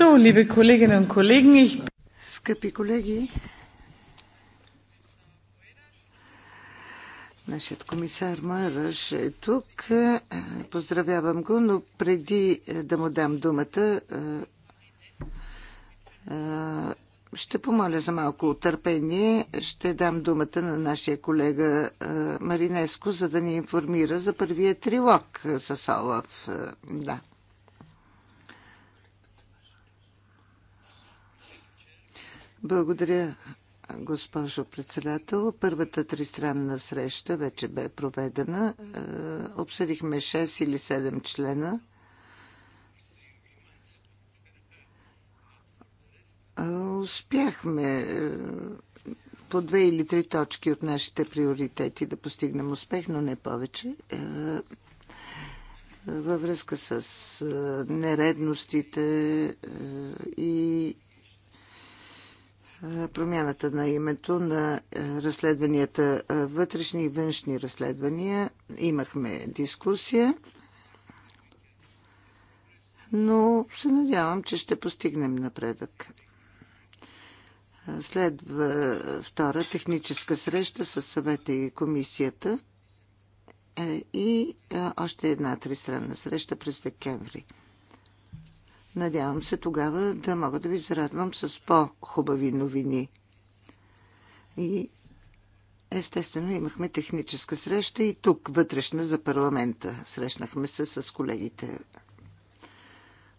So, liebe Kolleginnen und Kollegen, ich... Скъпи колеги, нашият комисар Мараш е тук. Е, поздравявам го, но преди е, да му дам думата, е, ще помоля за малко търпение. Ще дам думата на нашия колега Маринеско, за да ни информира за първия трилог с Олаф. Да. Благодаря, госпожо председател. Първата тристранна среща вече бе проведена. Е, обсъдихме 6 или 7 члена. Е, успяхме е, по две или три точки от нашите приоритети да постигнем успех, но не повече. Във връзка с нередностите и промяната на името на разследванията, вътрешни и външни разследвания. Имахме дискусия, но се надявам, че ще постигнем напредък. Следва втора техническа среща с съвета и комисията е, и още една тристранна среща през декември. Надявам се тогава да мога да ви зарадвам с по-хубави новини. И естествено имахме техническа среща и тук, вътрешна за парламента. Срещнахме се с колегите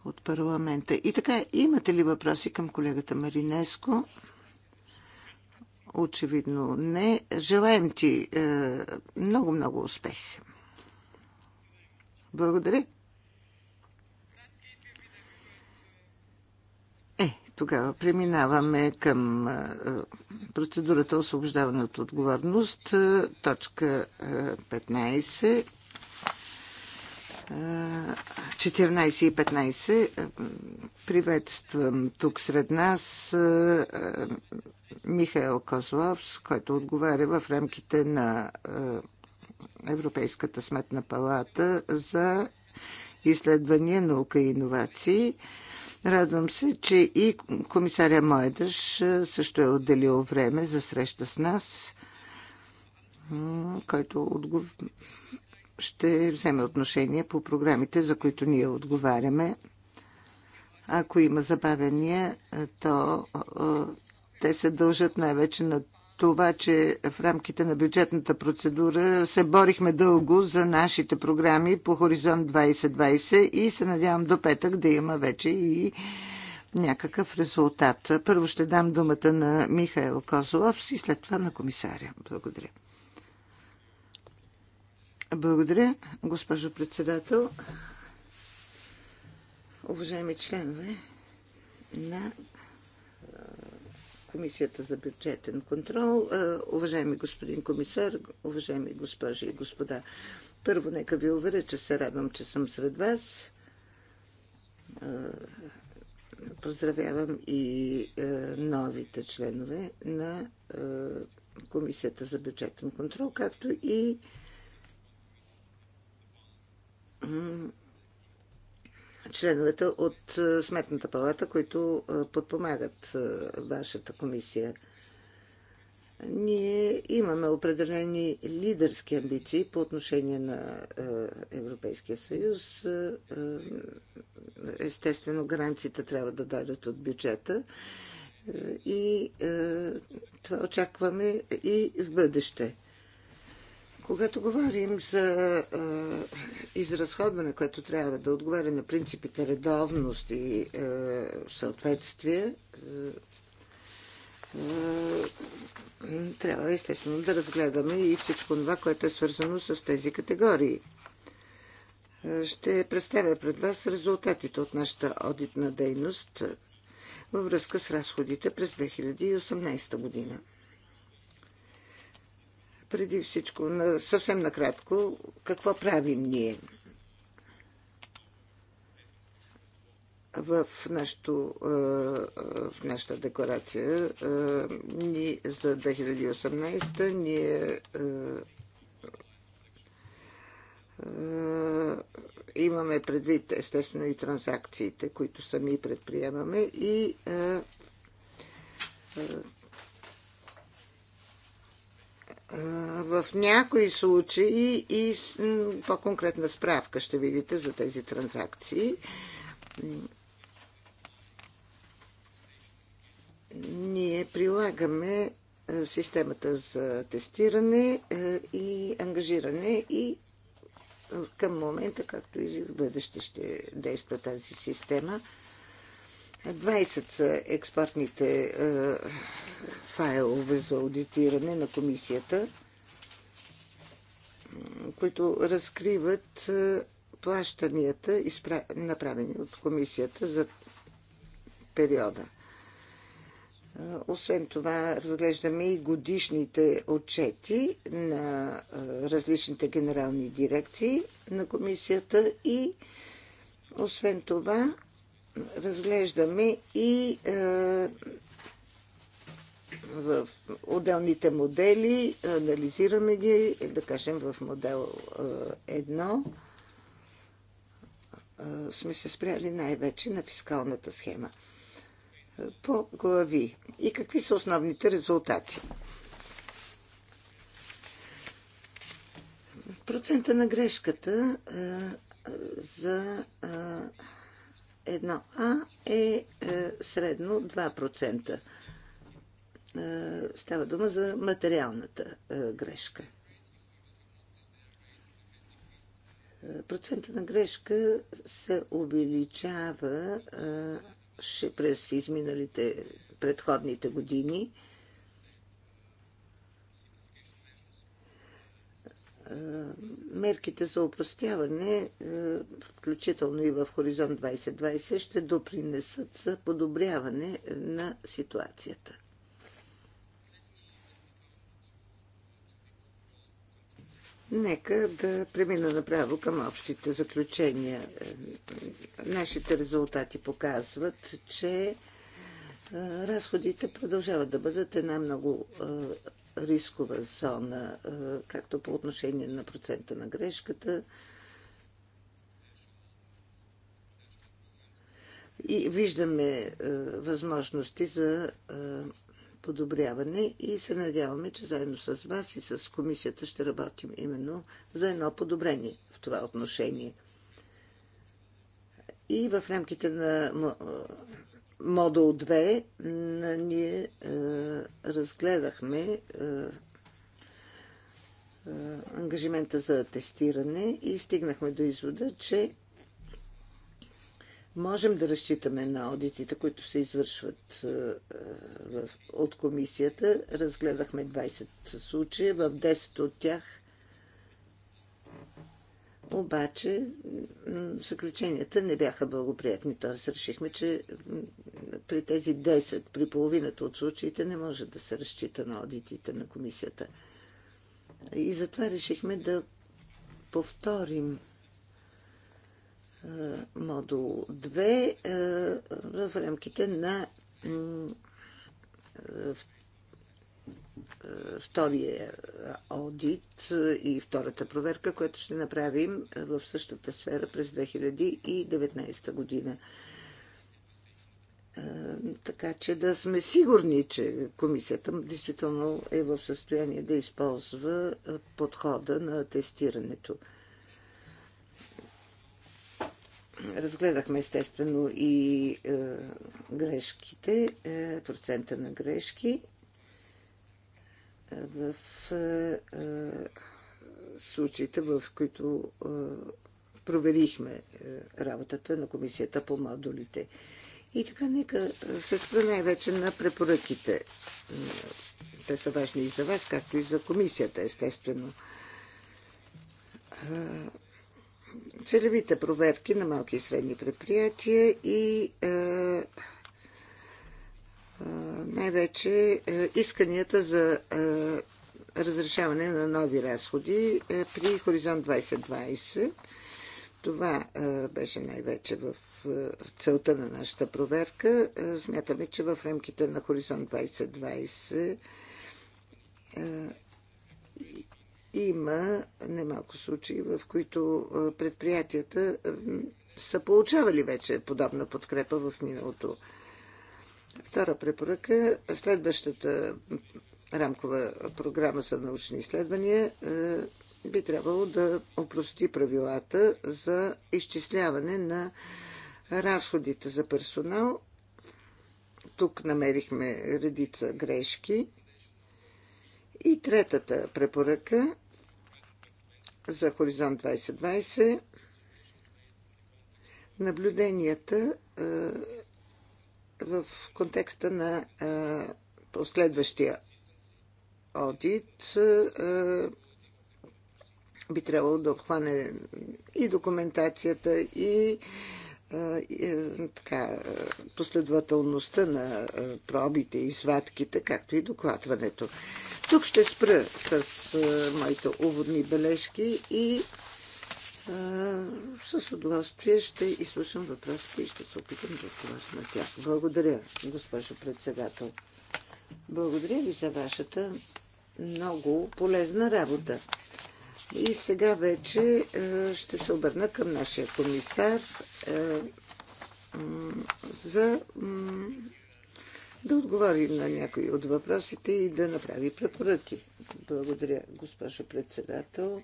от парламента. И така, имате ли въпроси към колегата Маринеско? Очевидно не. Желаем ти е, много-много е, успех. Благодаря. Тогава преминаваме към процедурата освобождаване от отговорност. Точка 15. 14 и 15. Приветствам тук сред нас Михаил Козловс, който отговаря в рамките на Европейската сметна палата за изследвания, наука и иновации. Радвам се, че и комисаря Моедъш също е отделил време за среща с нас, който ще вземе отношение по програмите, за които ние отговаряме. Ако има забавения, то те се дължат най-вече на това, че в рамките на бюджетната процедура се борихме дълго за нашите програми по Хоризонт 2020 и се надявам до петък да има вече и някакъв резултат. Първо ще дам думата на Михаил Козлов и след това на комисаря. Благодаря. Благодаря, госпожо председател. Уважаеми членове на Комисията за бюджетен контрол. Е, уважаеми господин комисар, уважаеми госпожи и господа, първо нека ви уверя, че се радвам, че съм сред вас. Е, поздравявам и е, новите членове на Комисията за бюджетен контрол, както и членовете от е, Сметната палата, които е, подпомагат е, вашата комисия. Ние имаме определени лидерски амбиции по отношение на Европейския съюз. Естествено, гаранциите трябва да дадат от бюджета и това очакваме и в бъдеще. Когато говорим за изразходване, което трябва да отговаря на принципите редовност и съответствие, трябва естествено да разгледаме и всичко това, което е свързано с тези категории. Ще представя пред вас резултатите от нашата одитна дейност във връзка с разходите през 2018 година. Преди всичко, съвсем накратко, какво правим ние? в, нашото, в нашата декларация ни за 2018 ние имаме предвид естествено и транзакциите, които сами предприемаме и в някои случаи и по-конкретна справка ще видите за тези транзакции. Ние прилагаме системата за тестиране и ангажиране и към момента, както и в бъдеще ще действа тази система. 20 са експортните файлове за аудитиране на комисията, които разкриват плащанията, направени от комисията за периода. Освен това, разглеждаме и годишните отчети на различните генерални дирекции на комисията и освен това разглеждаме и в отделните модели, анализираме ги, да кажем в модел 1 сме се спряли най-вече на фискалната схема по глави. И какви са основните резултати? Процента на грешката за 1А е средно 2%. Става дума за материалната грешка. Процента на грешка се увеличава през изминалите предходните години. мерките за опростяване, включително и в Хоризонт 2020, ще допринесат за подобряване на ситуацията. Нека да премина направо към общите заключения. Нашите резултати показват, че е, разходите продължават да бъдат една много е, рискова зона, е, както по отношение на процента на грешката. И виждаме възможности за подобряване и се надяваме, че заедно с вас и с комисията ще работим именно за едно подобрение в това отношение. И в рамките на модул 2 ние е, разгледахме е, е, ангажимента за тестиране и стигнахме до извода, че можем да разчитаме на аудитите, които се извършват е, е, от комисията. Разгледахме 20 случая, в 10 от тях обаче заключенията не бяха благоприятни. Т.е. решихме, че при тези 10, при половината от случаите не може да се разчита на аудитите на комисията. И затова решихме да повторим е, модул 2 е, в рамките на е, втория аудит и втората проверка, която ще направим в същата сфера през 2019 година. Така че да сме сигурни, че комисията действително е в състояние да използва подхода на тестирането. Разгледахме естествено и е, грешките, е, процента на грешки е, в е, е, случаите, в които е, проверихме е, работата на комисията по модулите. И така, нека е, се спра вече на препоръките. Е, те са важни и за вас, както и за комисията, естествено целевите проверки на малки и средни предприятия и е, е, най-вече е, исканията за е, разрешаване на нови разходи е, при Хоризонт 2020. Това е, беше най-вече в целта на нашата проверка. Смятаме, че в рамките на Хоризонт 2020 е има немалко случаи, в които предприятията са получавали вече подобна подкрепа в миналото. Втора препоръка. Следващата рамкова програма за научни изследвания би трябвало да опрости правилата за изчисляване на разходите за персонал. Тук намерихме редица грешки. И третата препоръка за Хоризонт 2020. Наблюденията в контекста на последващия одит би трябвало да обхване и документацията, и, така, последователността на пробите и сватките, както и докладването. Тук ще спра с моите уводни бележки и с удоволствие ще изслушам въпросите и ще се опитам да отговоря на тях. Благодаря, госпожо председател. Благодаря ви за вашата много полезна работа. И сега вече ще се обърна към нашия комисар за да отговори на някои от въпросите и да направи препоръки. Благодаря, госпожо председател.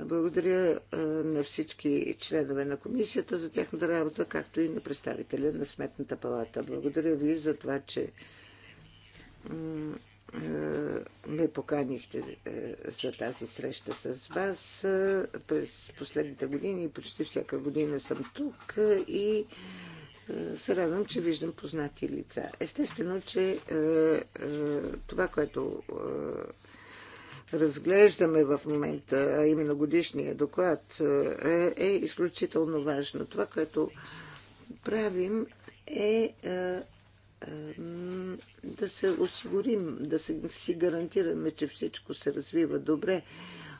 Благодаря на всички членове на комисията за тяхната работа, както и на представителя на Сметната палата. Благодаря ви за това, че ме поканихте е, за тази среща с вас. През последните години, почти всяка година съм тук и се радвам, че виждам познати лица. Естествено, че е, е, това, което е, разглеждаме в момента, а именно годишния доклад, е, изключително важно. Това, което правим е, да се осигурим, да си гарантираме, че всичко се развива добре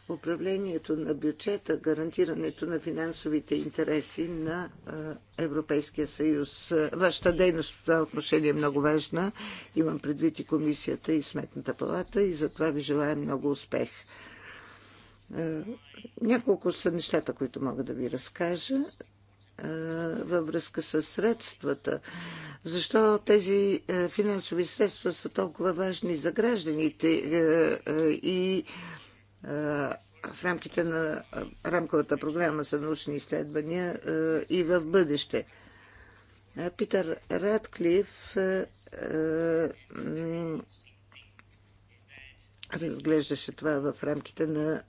управлението на бюджета, гарантирането на финансовите интереси на Европейския съюз. Вашата дейност в това отношение е много важна. Имам предвид и комисията и сметната палата и за това ви желая много успех. Няколко са нещата, които мога да ви разкажа във връзка с средствата. Защо тези финансови средства са толкова важни за гражданите и в рамките на рамковата програма за научни изследвания и в бъдеще. Питър Радклиф разглеждаше това в рамките на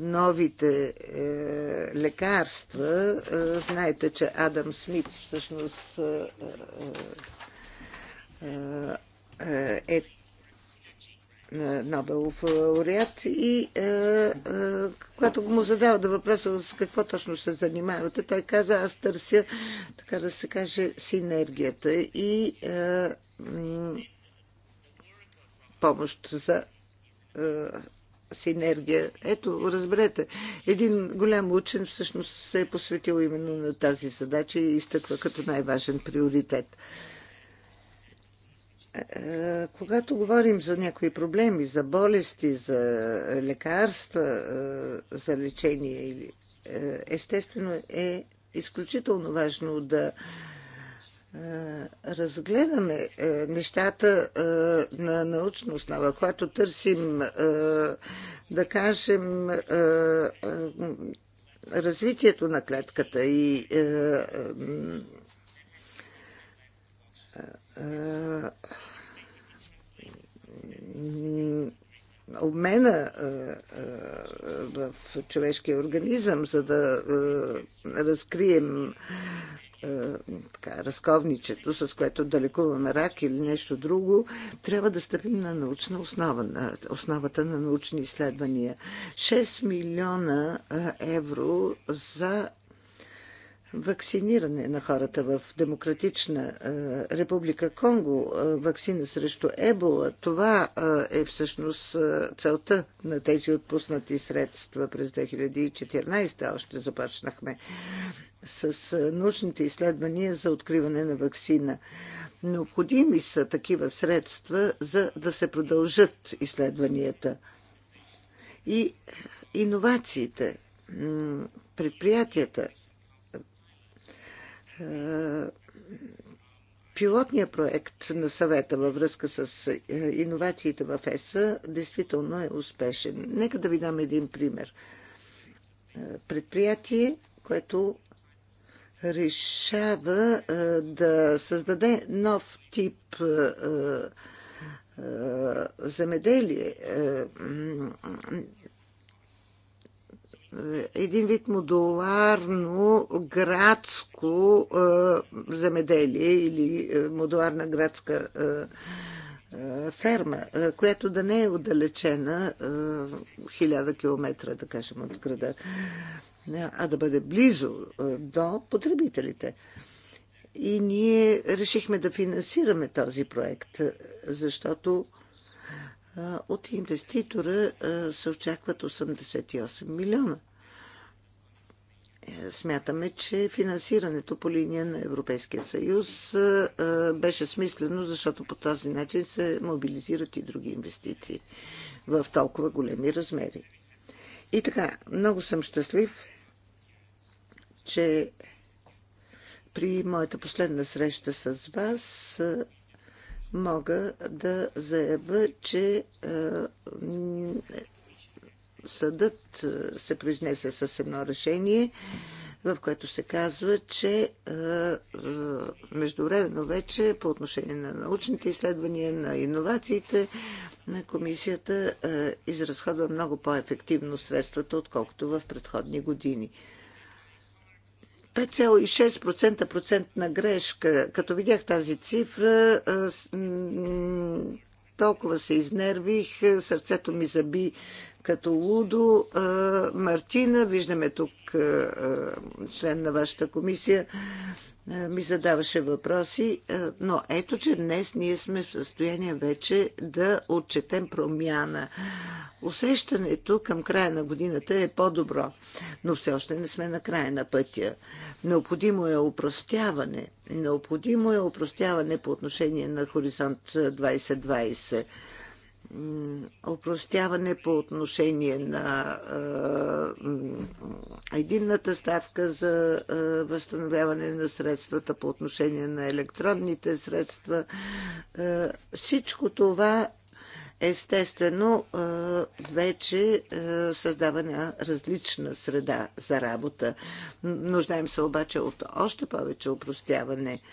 новите е, лекарства. Знаете, че Адам Смит всъщност е Нобелов лауреат и е, е, когато му задава да въпроса с какво точно се занимавате, той казва, аз търся, така да се каже, синергията и е, помощ за е, синергия. Ето, разберете, един голям учен всъщност се е посветил именно на тази задача и изтъква като най-важен приоритет. Е, когато говорим за някои проблеми, за болести, за лекарства, е, за лечение, е, естествено е изключително важно да разгледаме нещата на научна основа, когато търсим, да кажем, развитието на клетката и е, обмена е, е, в човешкия организъм, за да разкрием така, разковничето, с което да лекуваме рак или нещо друго, трябва да стъпим на научна основа, на основата на научни изследвания. 6 милиона евро за вакциниране на хората в Демократична е, република Конго, е, вакцина срещу ебола. Това е, е всъщност целта на тези отпуснати средства през 2014. Още започнахме с нужните изследвания за откриване на вакцина. Необходими са такива средства, за да се продължат изследванията. И иновациите, предприятията – е, пилотния проект на съвета във връзка с е, иновациите в ЕСА действително е успешен. Нека да ви дам един пример. Е, предприятие, което решава да създаде нов тип земеделие, един вид модуларно градско е, земеделие или е, модуларна градска е, е, ферма, е, която да не е отдалечена хиляда е, километра, да кажем, от града, а да бъде близо е, до потребителите. И ние решихме да финансираме този проект, защото от инвеститора се очакват 88 милиона. Е, смятаме, че финансирането по линия на Европейския съюз беше смислено, защото по този начин се мобилизират и други инвестиции в толкова големи размери. И така, много съм щастлив, че при моята последна среща с вас мога да заявя, че съдът се произнесе с едно решение, в което се казва, че междувременно вече по отношение на научните изследвания, на иновациите, на комисията изразходва много по-ефективно средствата, отколкото в предходни години. 5,6% процентна грешка. Като видях тази цифра, толкова се изнервих, сърцето ми заби като лудо. Мартина, виждаме тук член на вашата комисия, е, ми задаваше въпроси, е, но ето, че днес ние сме в състояние вече да отчетем промяна. Усещането към края на годината е по-добро, но все още не сме на края на пътя. Необходимо е упростяване. Необходимо е упростяване по отношение на Хоризонт 2020 опростяване по отношение на единната ставка за възстановяване на средствата, по отношение на електронните средства. Всичко това естествено вече създава на различна среда за работа. Нуждаем се обаче от още повече опростяване –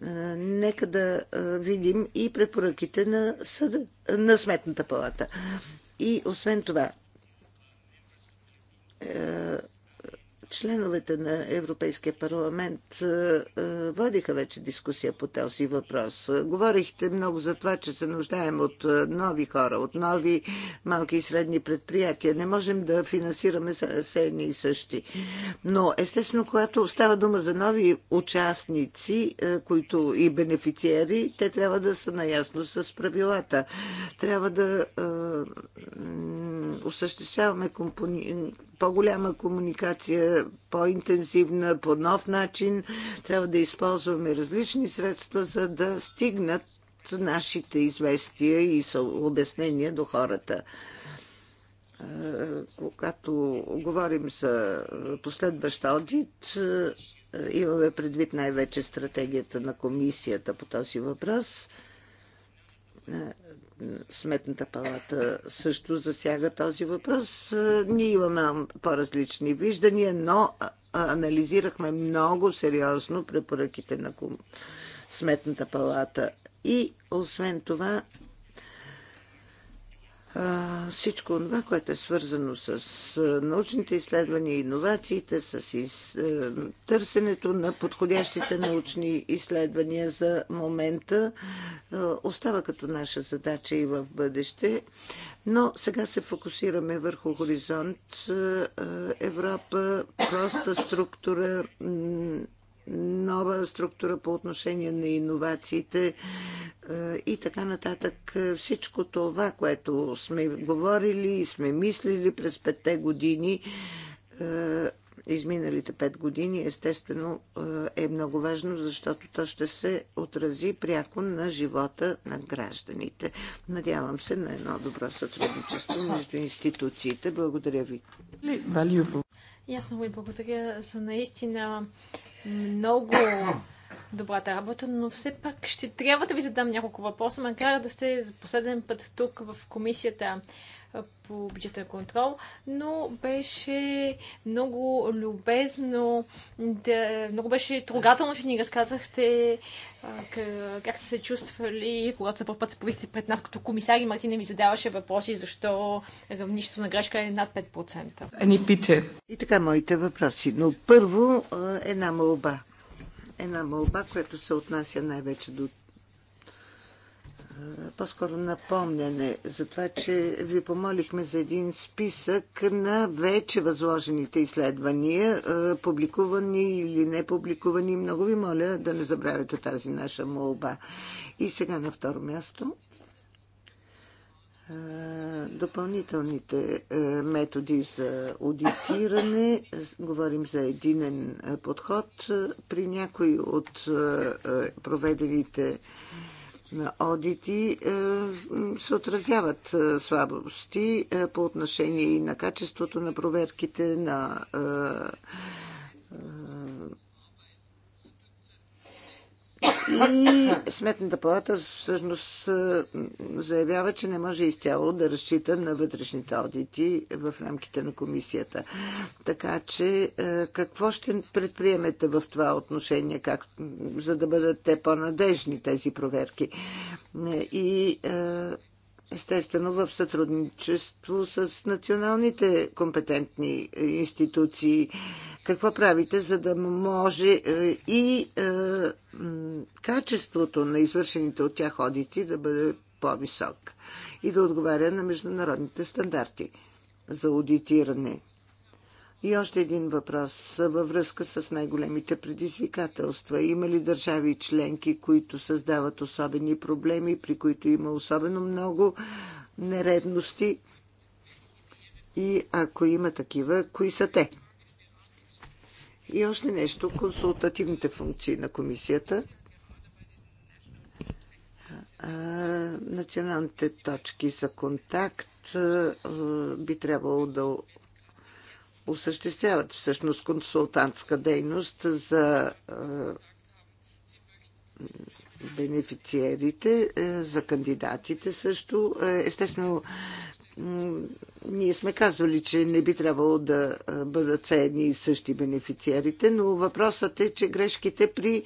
нека да видим и препоръките на, съда, на Сметната палата. И освен това, е, членовете на Европейския парламент е, е, водиха вече дискусия по този въпрос. Говорихте много за това, че се нуждаем от е, нови хора, от нови малки и средни предприятия. Не можем да финансираме се едни и същи. Но естествено, когато става дума за нови участници, които и бенефициери, те трябва да са наясно с правилата. Трябва да осъществяваме компони по-голяма комуникация, по-интензивна, по нов начин. Трябва да използваме различни средства, за да стигнат нашите известия и обяснения до хората. Е, когато говорим за последващ одит, е, имаме предвид най-вече стратегията на комисията по този въпрос е, Сметната палата също засяга този въпрос. Е, ние имаме по-различни виждания, но анализирахме много сериозно препоръките на Сметната палата. И освен това всичко това, което е свързано с научните изследвания, иновациите, с из... търсенето на подходящите научни изследвания за момента, остава като наша задача и в бъдеще. Но сега се фокусираме върху хоризонт Европа, проста структура, нова структура по отношение на иновациите е, и така нататък. Всичко това, което сме говорили и сме мислили през петте години, е, изминалите пет години, естествено е, е много важно, защото то ще се отрази пряко на живота на гражданите. Надявам се на едно добро сътрудничество между институциите. Благодаря ви. Ясно ви благодаря за наистина много добрата работа, но все пак ще трябва да ви задам няколко въпроса, макар да сте за последен път тук в комисията по бюджетен контрол, но беше много любезно, да, много беше трогателно, че ни разказахте как сте се чувствали, когато за първ път се появихте пред нас като комисар и Мартина ми задаваше въпроси, защо равнището на грешка е над 5%. Ни пите. И така, моите въпроси. Но първо една молба. Една молба, която се отнася най-вече до по-скоро напомняне за това, че ви помолихме за един списък на вече възложените изследвания, е, публикувани или не публикувани. Много ви моля да не забравяте тази наша молба. И сега на второ място е, допълнителните е, методи за аудитиране. Говорим за единен подход. При някои от проведените одити е, се отразяват е, слабости е, по отношение и на качеството на проверките, на И Сметната палата всъщност заявява, че не може изцяло да разчита на вътрешните аудити в рамките на комисията. Така че какво ще предприемете в това отношение, как, за да бъдат те по-надежни тези проверки? И естествено в сътрудничество с националните компетентни институции. Какво правите, за да може е, и е, качеството на извършените от тях одити да бъде по-висок и да отговаря на международните стандарти за аудитиране? И още един въпрос във връзка с най-големите предизвикателства. Има ли държави членки, които създават особени проблеми, при които има особено много нередности? И ако има такива, кои са те? И още нещо, консултативните функции на комисията. Националните точки за контакт би трябвало да осъществяват всъщност консултантска дейност за е, бенефициерите, е, за кандидатите също. Е, естествено, ние сме казвали, че не би трябвало да бъдат все едни и същи бенефициарите, но въпросът е, че грешките при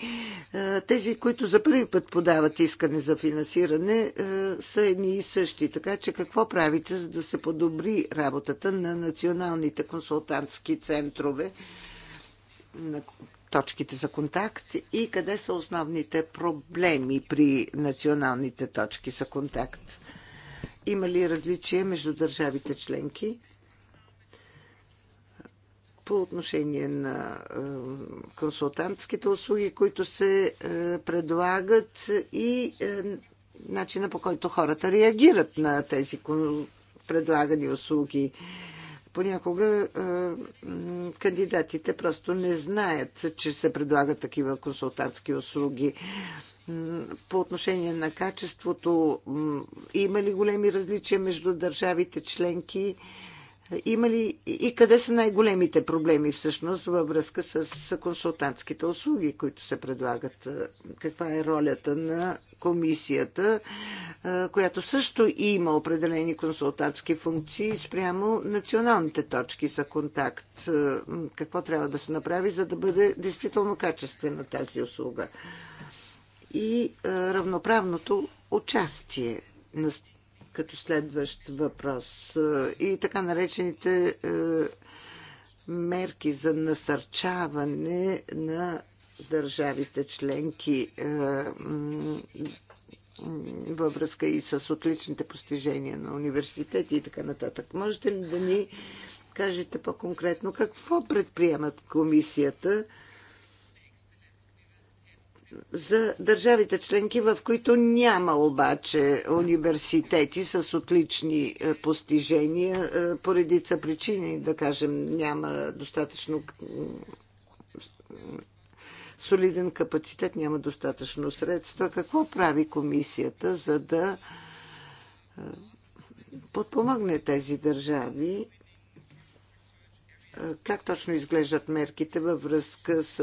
тези, които за първи път подават искане за финансиране, са едни и същи. Така че какво правите, за да се подобри работата на националните консултантски центрове, на точките за контакт и къде са основните проблеми при националните точки за контакт? Има ли различия между държавите членки по отношение на е, консултантските услуги, които се е, предлагат и е, начина по който хората реагират на тези предлагани услуги? понякога кандидатите просто не знаят, че се предлагат такива консултантски услуги по отношение на качеството? Има ли големи различия между държавите членки? Има ли и къде са най-големите проблеми всъщност във връзка с консултантските услуги, които се предлагат? Каква е ролята на комисията, която също има определени консултантски функции спрямо националните точки за контакт? Какво трябва да се направи, за да бъде действително качествена тази услуга? и равноправното участие на, като следващ въпрос и така наречените мерки за насърчаване на държавите членки във връзка и с отличните постижения на университети и така нататък. Можете ли да ни кажете по-конкретно какво предприемат комисията за държавите членки, в които няма обаче университети с отлични е, постижения е, по редица причини, да кажем, няма достатъчно солиден капацитет, няма достатъчно средства. Какво прави комисията, за да е, подпомогне тези държави как точно изглеждат мерките във връзка с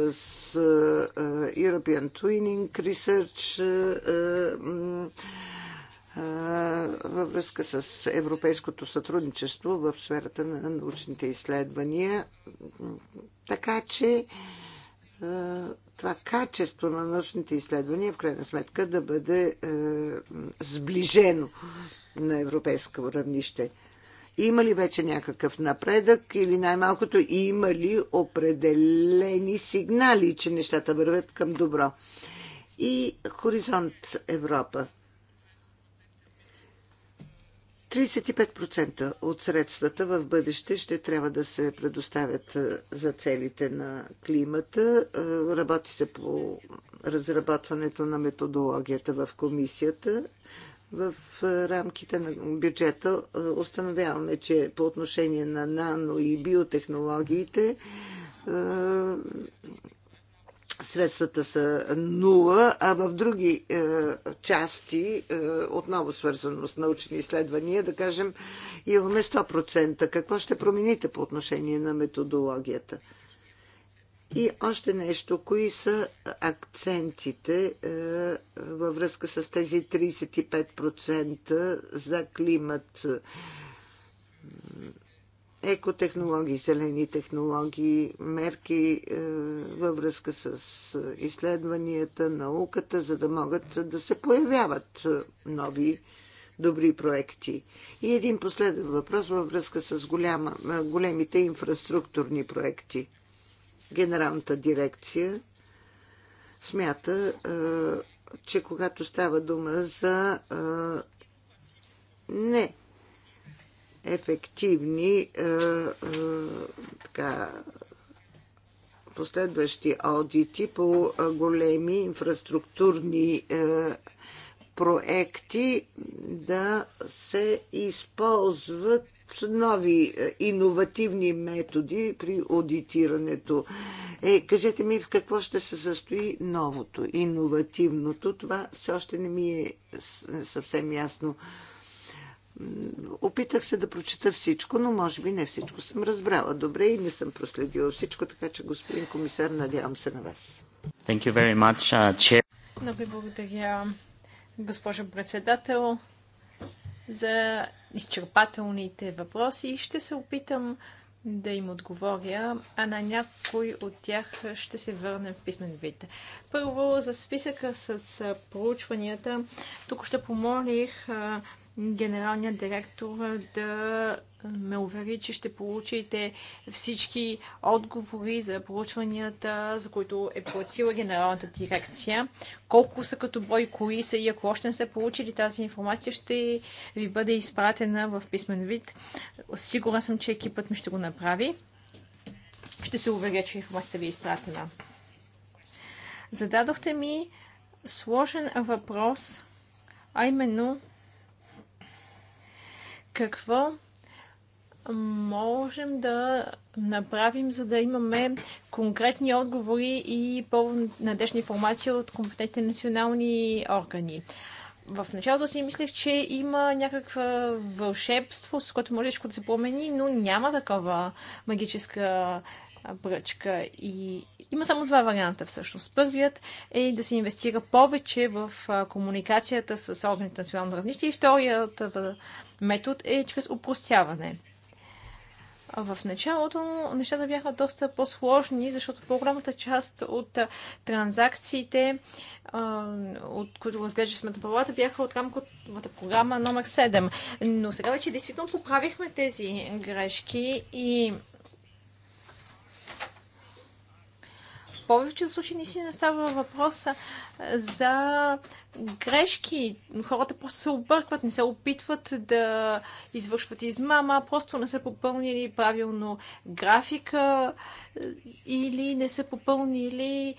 European Twinning Research, във връзка с европейското сътрудничество в сферата на научните изследвания? Така че това качество на научните изследвания в крайна сметка да бъде сближено на европейско равнище. Има ли вече някакъв напредък или най-малкото има ли определени сигнали, че нещата вървят към добро? И Хоризонт Европа. 35% от средствата в бъдеще ще трябва да се предоставят за целите на климата. Работи се по разработването на методологията в комисията в рамките на бюджета установяваме, че по отношение на нано и биотехнологиите средствата са нула, а в други части, отново свързано с научни изследвания, да кажем, имаме 100%. Какво ще промените по отношение на методологията? И още нещо, кои са акцентите е, във връзка с тези 35% за климат, екотехнологии, зелени технологии, мерки е, във връзка с изследванията, науката, за да могат да се появяват е, нови добри проекти. И един последен въпрос във връзка с голяма, големите инфраструктурни проекти – генералната дирекция смята, е, че когато става дума за е, не ефективни е, така, последващи аудити по големи инфраструктурни проекти да се използват нови е, иновативни методи при аудитирането. Е, кажете ми в какво ще се състои новото, иновативното. Това все още не ми е съвсем ясно. Опитах се да прочета всичко, но може би не всичко съм разбрала добре и не съм проследила всичко, така че господин комисар, надявам се на вас. Thank you very much, uh, Много благодаря, госпожо председател за изчерпателните въпроси и ще се опитам да им отговоря, а на някой от тях ще се върнем в писмен вид. Първо, за списъка с проучванията, тук ще помолих генералният директор да ме увери, че ще получите всички отговори за проучванията, за които е платила генералната дирекция. Колко са като брой, кои са и ако още не са получили тази информация, ще ви бъде изпратена в писмен вид. Сигурна съм, че екипът ми ще го направи. Ще се уверя, че информацията ви е изпратена. Зададохте ми сложен въпрос, а именно какво можем да направим, за да имаме конкретни отговори и по надежни информация от компетентните национални органи. В началото си мислех, че има някаква вълшебство, с което може да се промени, но няма такова магическа бръчка. И има само два варианта всъщност. Първият е да се инвестира повече в комуникацията с органите на национално равнище и вторият е метод е чрез упростяване. В началото нещата бяха доста по-сложни, защото по-голямата част от транзакциите, от които разглежда сметната палата, бяха от рамковата програма номер 7. Но сега вече действително поправихме тези грешки и повечето случаи не си не става въпроса за грешки. Хората просто се объркват, не се опитват да извършват измама, просто не са попълнили правилно графика или не са попълнили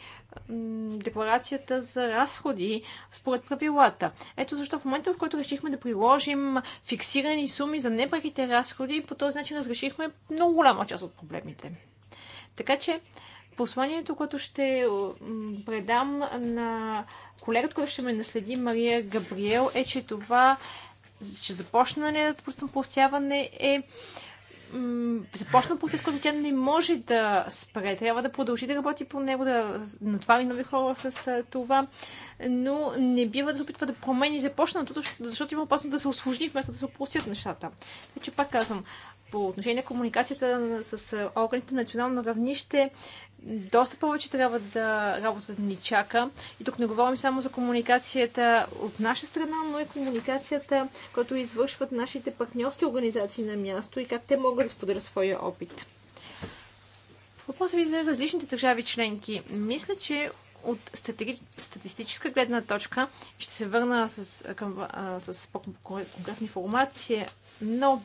декларацията за разходи според правилата. Ето защо в момента, в който решихме да приложим фиксирани суми за непреките разходи, по този начин разрешихме много голяма част от проблемите. Така че посланието, което ще предам на колегата, който ще ме наследи, Мария Габриел, е, че това, че започна постяване е започна процес, който тя не може да спре. Трябва да продължи да работи по него, да натвари нови хора с това, но не бива да се опитва да промени започнатото, защото има опасност да се осложни вместо да се опростят нещата. Така значи, че пак казвам, по отношение на комуникацията с органите на национално равнище, доста повече трябва да работата ни чака. И тук не говорим само за комуникацията от наша страна, но и комуникацията, която извършват нашите партньорски организации на място и как те могат да споделят своя опит. Въпросът ви за различните държави членки. Мисля, че от статистическа гледна точка ще се върна с, към, а, с по-конкретна информация, но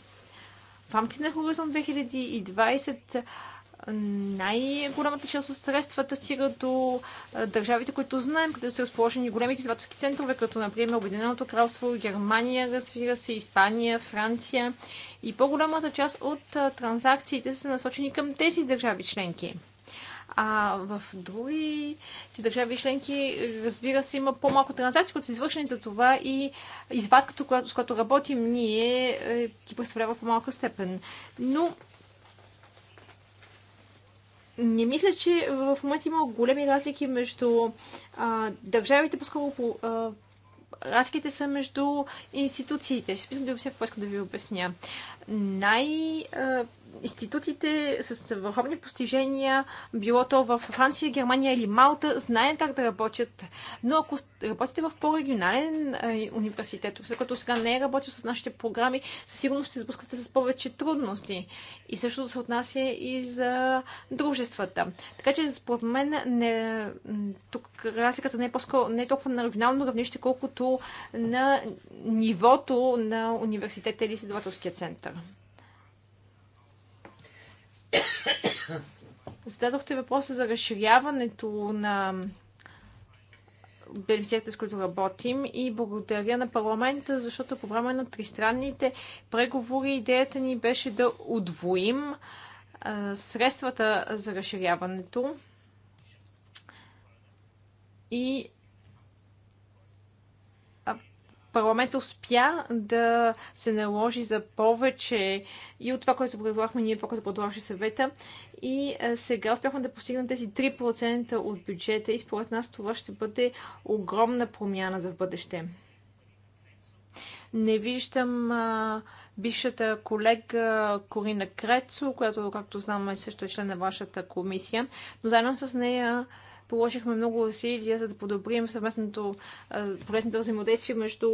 в рамките на Хоризонт 2020 най-голямата част от средствата стига до държавите, които знаем, където са разположени големите изследователски центрове, като например Обединеното кралство, Германия, разбира се, Испания, Франция. И по-голямата част от транзакциите са насочени към тези държави членки. А в други държави членки, разбира се, има по-малко транзакции, които са извършени за това и извадката, с която работим ние, е, ги представлява по-малка степен. Но не мисля, че в момента има големи разлики между а, държавите, по-скоро по, разликите са между институциите. Ще да обясня какво иска да ви обясня. Най- а, институтите с върховни постижения, било то в Франция, Германия или Малта, знаят как да работят. Но ако работите в по-регионален университет, като сега не е работил с нашите програми, със сигурност се сблъсквате с повече трудности. И също се отнася и за дружествата. Така че, според мен, не, тук разликата не е, по-скоро, не е толкова на регионално равнище, колкото на нивото на университета или изследователския център. Зададохте въпроса за разширяването на бенефициентите, с които работим и благодаря на парламента, защото по време на тристранните преговори идеята ни беше да удвоим а, средствата за разширяването и парламент успя да се наложи за повече и от това, което предлагахме ние, това, което предлагаше съвета. И сега успяхме да постигнем тези 3% от бюджета и според нас това ще бъде огромна промяна за в бъдеще. Не виждам а, бившата колега Корина Крецо, която, както знам, също е член на вашата комисия, но заедно с нея положихме много усилия, за да подобрим съвместното полезното взаимодействие между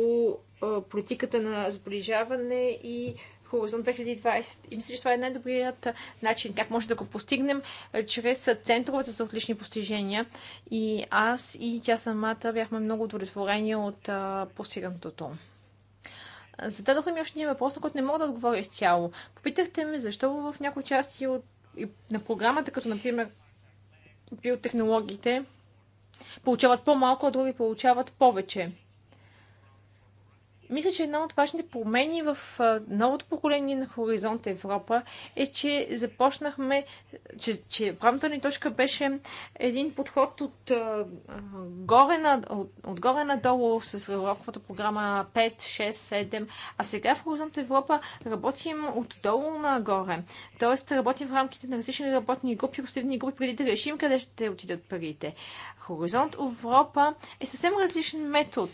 политиката на сближаване и Хоризонт 2020. И мисля, че това е най-добрият начин как може да го постигнем чрез центровете за отлични постижения. И аз и тя самата бяхме много удовлетворени от постигнатото. Зададоха ми още един въпрос, на който не мога да отговоря изцяло. Попитахте ме защо в някои части от, на програмата, като например биотехнологиите получават по-малко, а други получават повече. Мисля, че една от важните промени в новото поколение на Хоризонт Европа е, че започнахме, че, че правната ни точка беше един подход от, а, горе на, от, отгоре надолу с Европната програма 5, 6, 7, а сега в Хоризонт Европа работим отдолу нагоре. Тоест работим в рамките на различни работни групи, последни групи, преди да решим къде ще отидат парите. Хоризонт Европа е съвсем различен метод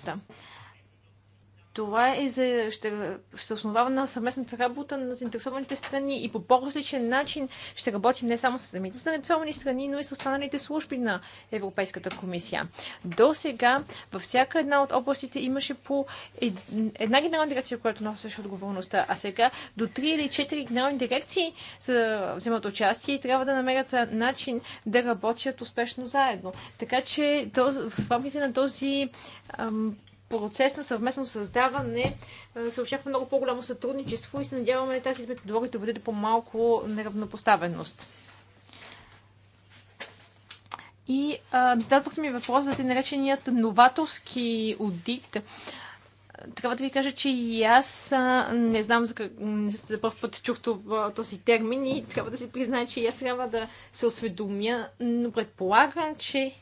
това е за, ще, ще се основава на съвместната работа на заинтересованите страни и по по-различен начин ще работим не само с самите заинтересовани страни, но и с останалите служби на Европейската комисия. До сега във всяка една от областите имаше по една генерална дирекция, която носеше отговорността, а сега до три или четири генерални дирекции за вземат участие и трябва да намерят начин да работят успешно заедно. Така че в рамките на този процес на съвместно създаване се очаква много по-голямо сътрудничество и се надяваме тази методология да доведе до по-малко неравнопоставеност. И зададохте ми въпрос за нареченият новаторски аудит. Трябва да ви кажа, че и аз а, не знам за, как, за първ път чух това, този термин и трябва да се признае, че и аз трябва да се осведомя, но предполагам, че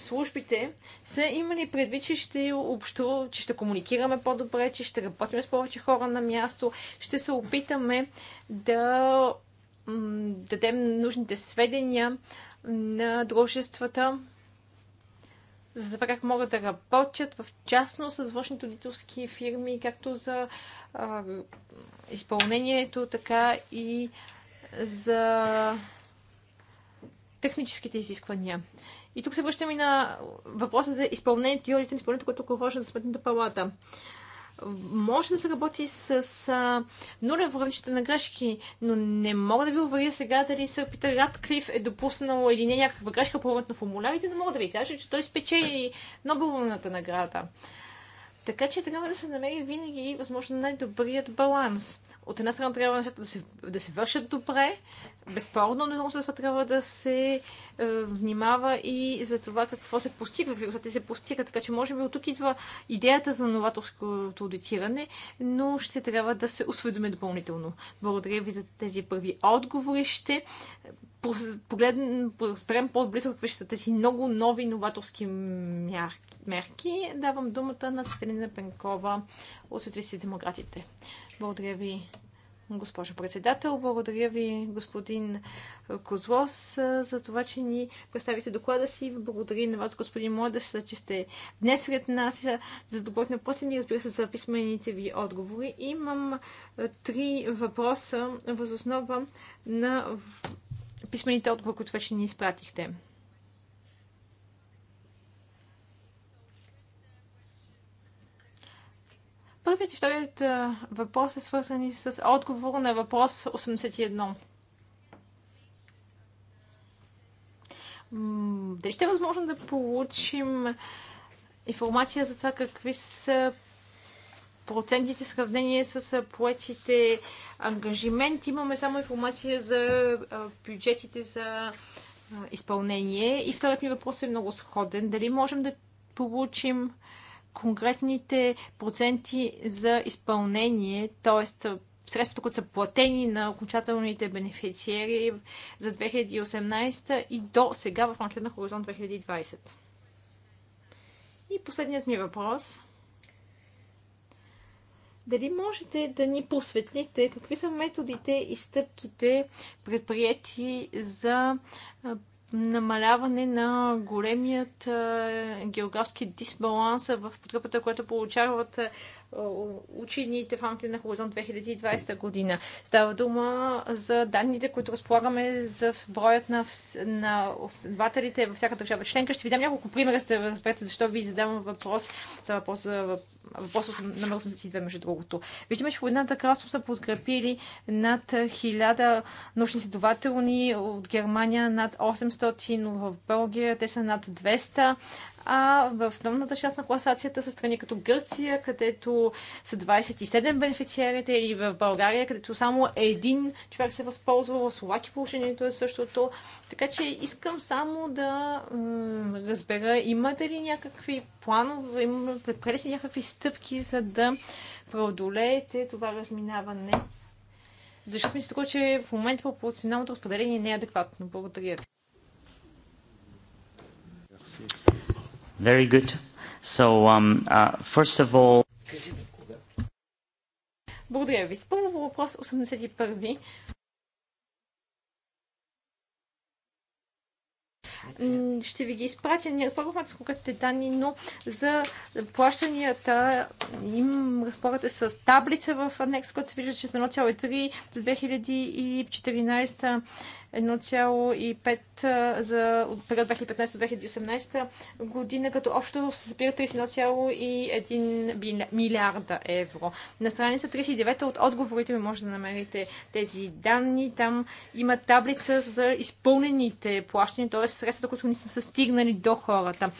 службите са имали предвид, че ще общуваме, че ще комуникираме по-добре, че ще работим с повече хора на място, ще се опитаме да дадем нужните сведения на дружествата за това как могат да работят, в частност с външните аудиторски фирми, както за а, изпълнението, така и за техническите изисквания. И тук се връщаме на въпроса за изпълнението и одитен изпълнението, което говореше за Сметната палата. Може да се работи с, с нулево равнище на грешки, но не мога да ви уверя сега дали сър Питър Радклиф е допуснал или не някаква грешка по на формулярите, но мога да ви кажа, че той спечели Нобеловната награда. Така че трябва да се намери винаги възможно най-добрият баланс. От една страна трябва нещата да се, да се вършат добре, безспорно, но науката трябва да се е, внимава и за това какво се постига, какви резултати се постига. Така че може би от тук идва идеята за новаторското аудитиране, но ще трябва да се осведоме допълнително. Благодаря ви за тези първи отговори. Ще погледнем, разберем по-близо какви ще са тези много нови новаторски мерки. Давам думата на Светелина Пенкова от Светлиси демократите. Благодаря ви госпожо председател. Благодаря ви, господин Козлос, за това, че ни представите доклада си. Благодаря на вас, господин Младеш, за че сте днес сред нас, за да на въпроси ни, разбира се, за писмените ви отговори. Имам три въпроса възоснова на писмените отговори, които вече ни изпратихте. Първият и вторият въпрос е свързани с отговор на въпрос 81. Дали ще е възможно да получим информация за това какви са процентите в сравнение с поетите ангажименти. Имаме само информация за бюджетите за изпълнение. И вторият ми въпрос е много сходен. Дали можем да получим конкретните проценти за изпълнение, т.е. средствата, които са платени на окончателните бенефициери за 2018 и до сега в рамките на Хоризонт 2020. И последният ми въпрос. Дали можете да ни просветлите какви са методите и стъпките предприяти за намаляване на големият географски дисбаланс в подкрепата, която получават учените в рамките на Хоризонт 2020 година. Става дума за данните, които разполагаме за броят на, на основателите във всяка държава членка. Ще ви дам няколко примера, за да разберете защо ви задавам въпрос. за е въпрос, въпрос номер 82, между другото. Виждаме, че в едната кралство са подкрепили над 1000 научни следователни от Германия, над 800 в Белгия, те са над 200 а в долната част на класацията са страни като Гърция, където са 27 бенефициарите, или в България, където само един човек се възползва, в Словакия положението е същото. Така че искам само да разбера, имате ли някакви планове, предприели си някакви стъпки, за да преодолеете това разминаване? Защото ми се че в момента пропорционалното разпределение не е адекватно. Благодаря ви. Very good. So, um, uh, first of all... Благодаря ви. Първо въпрос 81. ще ви ги изпратя. Ние разполагаме с конкретните данни, но за плащанията им разполагате с таблица в анекс, която се вижда, че е 1,3 за 2014 1,5 за период 2015-2018 година, като общо се събира 31,1 милиарда евро. На страница 39 от отговорите ми може да намерите тези данни. Там има таблица за изпълнените плащания, т.е. средствата, които не са стигнали до хората.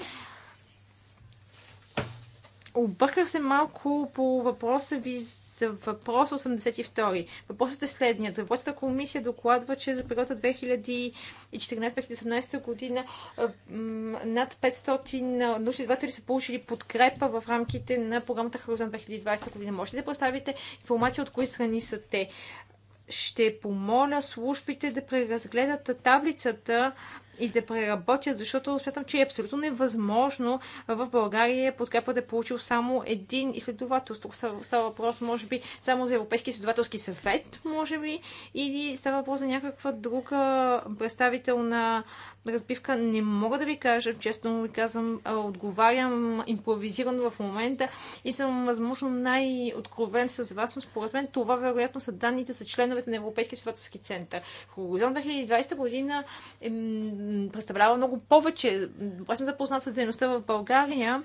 Обърках се малко по въпроса ви за с въпрос 82. Въпросът е следният. Въпросната комисия докладва, че за периода 2014-2018 година над 500 научни дватели са получили подкрепа в рамките на програмата Хорозан 2020 година. Можете да представите информация от кои страни са те? ще помоля службите да преразгледат таблицата и да преработят, защото смятам, че е абсолютно невъзможно в България подкрепа да е получил само един изследовател. Тук става въпрос, може би, само за Европейски изследователски съвет, може би, или става въпрос за някаква друга представителна разбивка не мога да ви кажа, честно ви казвам, отговарям импровизирано в момента и съм възможно най-откровен с вас, но според мен това вероятно са данните за членовете на Европейския световски център. Хоризонт 2020 година е, представлява много повече. Аз съм запознат с дейността в България.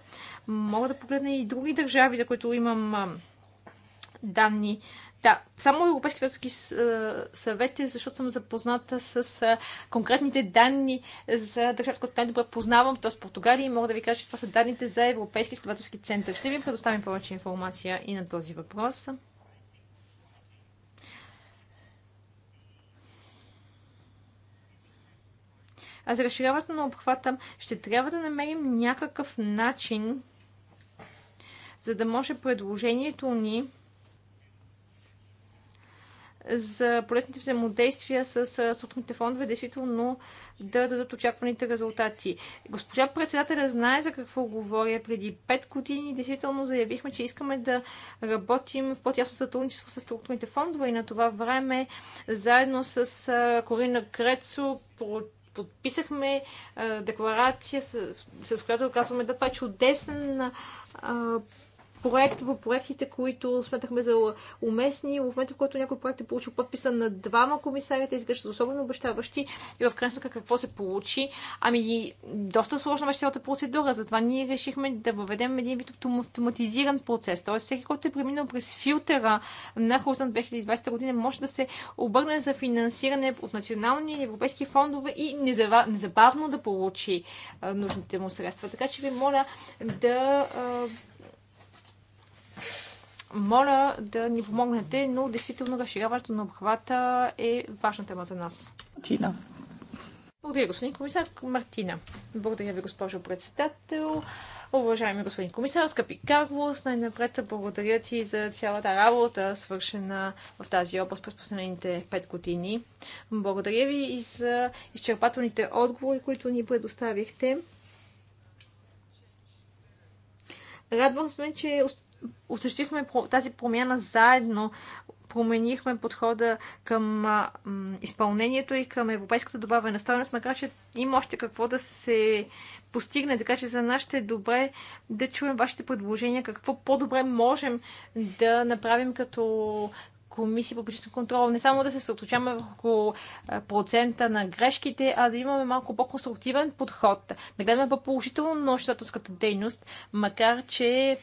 Мога да погледна и други държави, за които имам данни да, само Европейски федерски съвет е, защото съм запозната с конкретните данни за държавата, която най-добре познавам, т.е. Португалия, и мога да ви кажа, че това са данните за Европейски изследователски център. Ще ви предоставим повече информация и на този въпрос. А за разширяването на обхвата ще трябва да намерим някакъв начин, за да може предложението ни за полезните взаимодействия с структурните фондове, действително да дадат очакваните резултати. Госпожа председателя знае за какво говоря. Преди 5 години действително заявихме, че искаме да работим в по-тясно сътрудничество с структурните фондове и на това време заедно с Корина Крецо подписахме декларация, с, която казваме да това е чудесен проект по проектите, които сметахме за уместни. В момента, в който някой проект е получил подписа на двама комисарите, изглежда особено обещаващи и в крайна сметка какво се получи. Ами, доста сложна беше цялата процедура, затова ние решихме да въведем един вид автоматизиран процес. Тоест, всеки, който е преминал през филтъра на Хоризонт 2020 година, може да се обърне за финансиране от национални и европейски фондове и незабавно да получи нужните му средства. Така че ви моля да моля да ни помогнете, но действително разширяването на обхвата е важна тема за нас. Тина. Благодаря, господин комисар Мартина. Благодаря ви, госпожо председател. Уважаеми господин комисар, скъпи Карлос, най-напред благодаря ти за цялата работа, свършена в тази област през последните 5 години. Благодаря ви и за изчерпателните отговори, които ни предоставихте. Радвам се, че осъщихме тази промяна заедно, променихме подхода към изпълнението и към европейската добавена стоеност, макар че има още какво да се постигне, така че за нас ще е добре да чуем вашите предложения, какво по-добре можем да направим като комисия по публичен контрол, не само да се съоточаваме върху процента на грешките, а да имаме малко по-конструктивен подход, да гледаме по-положително на щатовската дейност, макар че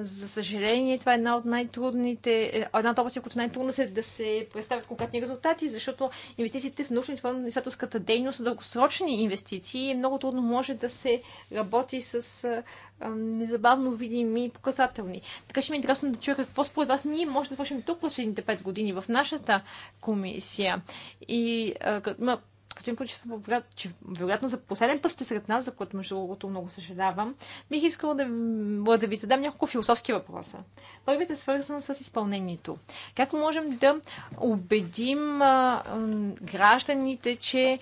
за съжаление, това е една от най-трудните, е, една от областите, които най-трудно се да се представят конкретни резултати, защото инвестициите в научно-изследователската дейност са дългосрочни инвестиции и много трудно може да се работи с незабавно видими и показателни. Така ще ми е интересно да чуя какво според вас ние може да свършим тук през следните 5 години в нашата комисия. И а, като им получих, че вероятно за последен път сте сред нас, за което между другото много съжалявам, бих искала да, да ви задам няколко философски въпроса. Първият е свързан с изпълнението. Как можем да убедим а, гражданите, че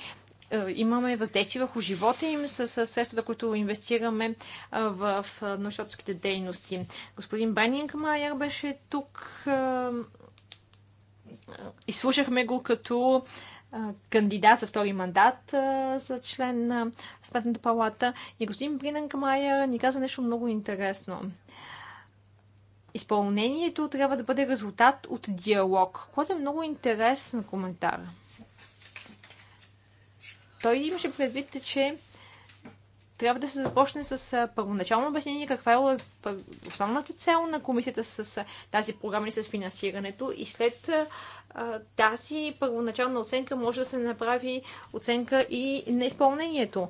е, имаме въздействие върху живота им с средствата, които инвестираме е, в е, научателските дейности. Господин Майер беше тук. Изслушахме го като кандидат за втори мандат за член на Сметната палата. И господин Майер ни каза нещо много интересно. Изпълнението трябва да бъде резултат от диалог, което е много интересен коментар. Той имаше предвид, че трябва да се започне с първоначално обяснение каква е основната цел на комисията с тази програма и с финансирането и след тази първоначална оценка може да се направи оценка и на изпълнението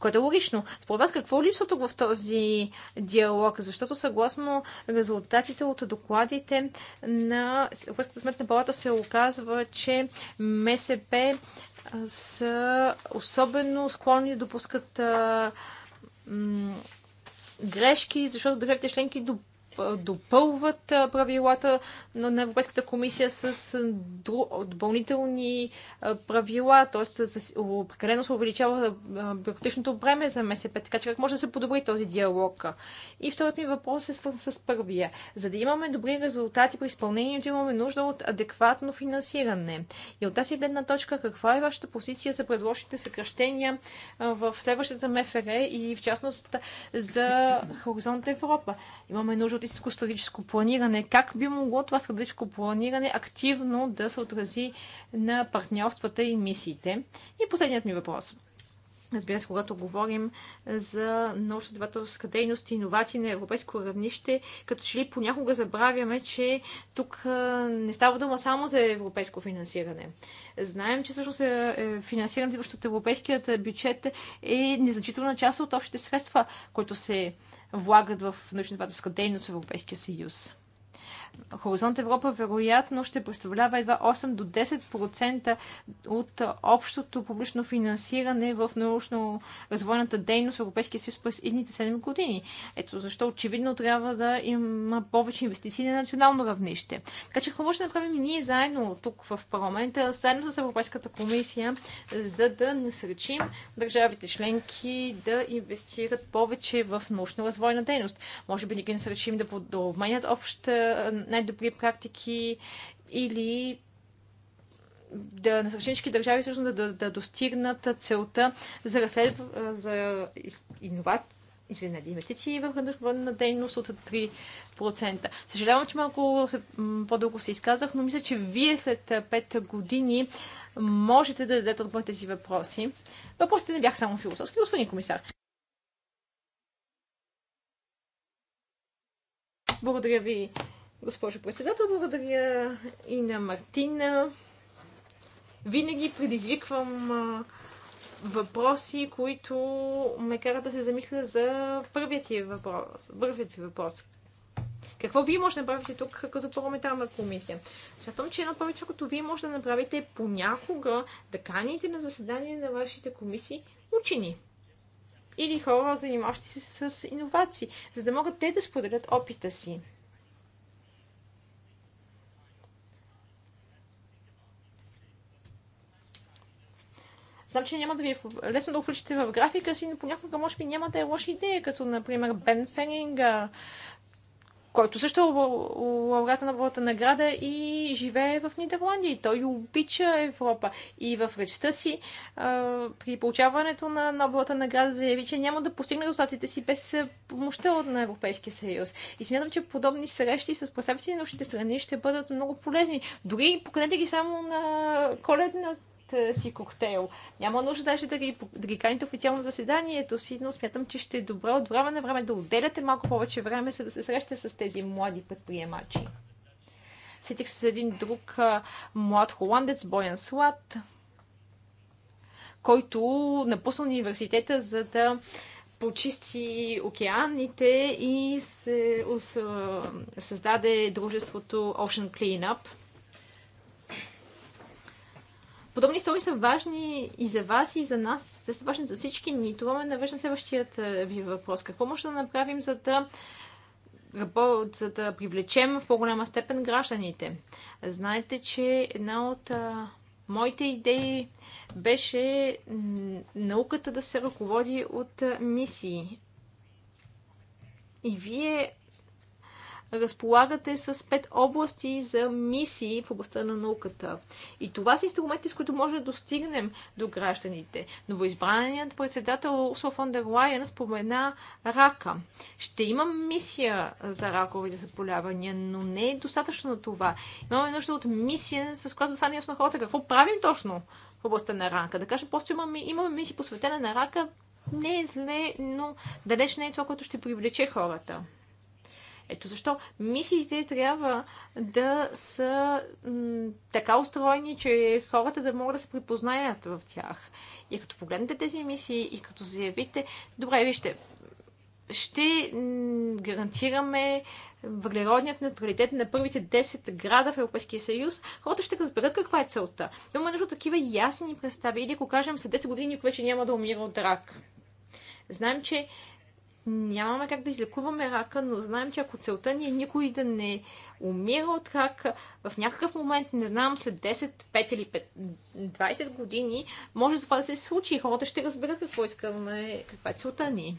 което е логично. Според вас какво липсва липсвато в този диалог? Защото съгласно резултатите от докладите на Европейската сметна палата се оказва, че МСП са особено склонни да допускат грешки, защото държавите членки допълват правилата на Европейската комисия с допълнителни правила, т.е. прекалено се увеличава бюрократичното бреме за МСП, така че как може да се подобри този диалог? И вторият ми въпрос е свързан с първия. За да имаме добри резултати при изпълнението, имаме нужда от адекватно финансиране. И от тази гледна точка, каква е вашата позиция за предложените съкръщения в следващата МФР и в частност за Хоризонт Европа? Имаме нужда от истинско стратегическо планиране. Как би могло това стратегическо планиране активно да се отрази на партньорствата и мисиите? И последният ми въпрос. Разбира се, когато говорим за научно-изследователска дейност и иновации на европейско равнище, като че ли понякога забравяме, че тук не става дума само за европейско финансиране. Знаем, че всъщност е, е, финансирането от европейският бюджет е незначителна част от общите средства, които се влагат в научно-изследователска дейност в Европейския съюз. Хоризонт Европа вероятно ще представлява едва 8 до 10% от общото публично финансиране в научно-развойната дейност в Европейския съюз през едните 7 години. Ето защо очевидно трябва да има повече инвестиции на национално равнище. Така че какво ще направим ние заедно тук в парламента, заедно с Европейската комисия, за да насречим държавите членки да инвестират повече в научно-развойна дейност. Може би ни ги насречим да обменят обща най-добри практики или да насърчим всички държави всъщност да, да, да достигнат целта за, разследва, за иновации извинете, нали, инвестиции в хранителна дейност от 3%. Съжалявам, че малко по-дълго се изказах, но мисля, че вие след 5 години можете да дадете отговор тези въпроси. Въпросите не бяха само философски, господин комисар. Благодаря ви, госпожо председател. Благодаря и на Мартина. Винаги предизвиквам въпроси, които ме карат да се замисля за първият ви въпрос. Първият ви въпрос. Какво вие може да направите тук като парламентарна комисия? Смятам, че едно повече, като вие може да направите е понякога да каните на заседание на вашите комисии учени или хора, занимаващи се с иновации, за да могат те да споделят опита си. Знам, че няма да ви е лесно да увличате в графика си, но понякога може би няма да е лоша идея, като например Бен Фенинга, който също е лауреата на Волата награда и живее в Нидерландия. И той обича Европа. И в речта си при получаването на Нобелата награда заяви, че няма да постигне достатите си без помощта от на Европейския съюз. И смятам, че подобни срещи с представители на общите страни ще бъдат много полезни. Дори поканете ги само на коледната е, си коктейл. Няма нужда даже да ги, да ги каните официално заседанието си, но смятам, че ще е добре от време на време да отделяте малко повече време, за да се срещате с тези млади предприемачи. Сетих се с един друг млад холандец, Боян Слад, който напусна университета, за да почисти океаните и се създаде дружеството Ocean Cleanup подобни истории са важни и за вас, и за нас. Те са важни за всички ни. Това ме навежда на следващият е, ви въпрос. Какво може да направим, за да за да привлечем в по-голяма степен гражданите. Знаете, че една от а, моите идеи беше науката да се ръководи от а, мисии. И вие разполагате с пет области за мисии в областта на науката. И това са инструменти, с които може да достигнем до гражданите. Новоизбраният председател Урсула фон дер Лайен спомена рака. Ще има мисия за раковите заболявания, но не е достатъчно на това. Имаме нужда от мисия, с която стане ясно хората какво правим точно в областта на рака. Да кажем, просто имаме, имаме мисия посветена на рака, не е зле, но далеч не е това, което ще привлече хората. Ето защо мисиите трябва да са така устроени, че хората да могат да се припознаят в тях. И като погледнете тези мисии и като заявите, добре, вижте, ще гарантираме въглеродният неутралитет на първите 10 града в Европейския съюз, хората ще разберат каква е целта. Имаме нужда такива ясни представи или ако кажем след 10 години вече няма да умира от рак. Знаем, че нямаме как да излекуваме рака, но знаем, че ако целта ни е никой да не умира от рак, в някакъв момент, не знам, след 10, 5 или 5, 20 години, може това да се случи и хората ще разберат какво искаме, каква е целта ни.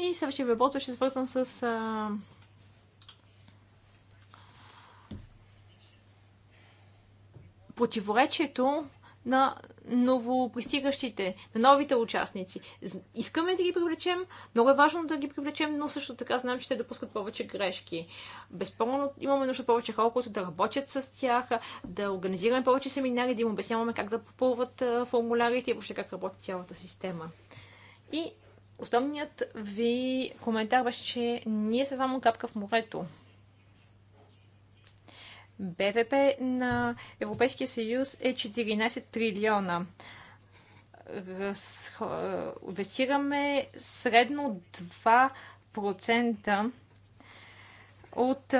И следващия въпрос беше свързан с а, противоречието на новопристигащите, на новите участници. Искаме да ги привлечем, много е важно да ги привлечем, но също така знам, че ще допускат повече грешки. Безспорно имаме нужда повече хора, които да работят с тях, да организираме повече семинари, да им обясняваме как да попълват формулярите и въобще как работи цялата система. И основният ви коментар беше, че ние сме само капка в морето. БВП на Европейския съюз е 14 трилиона. Е, инвестираме средно 2% от е,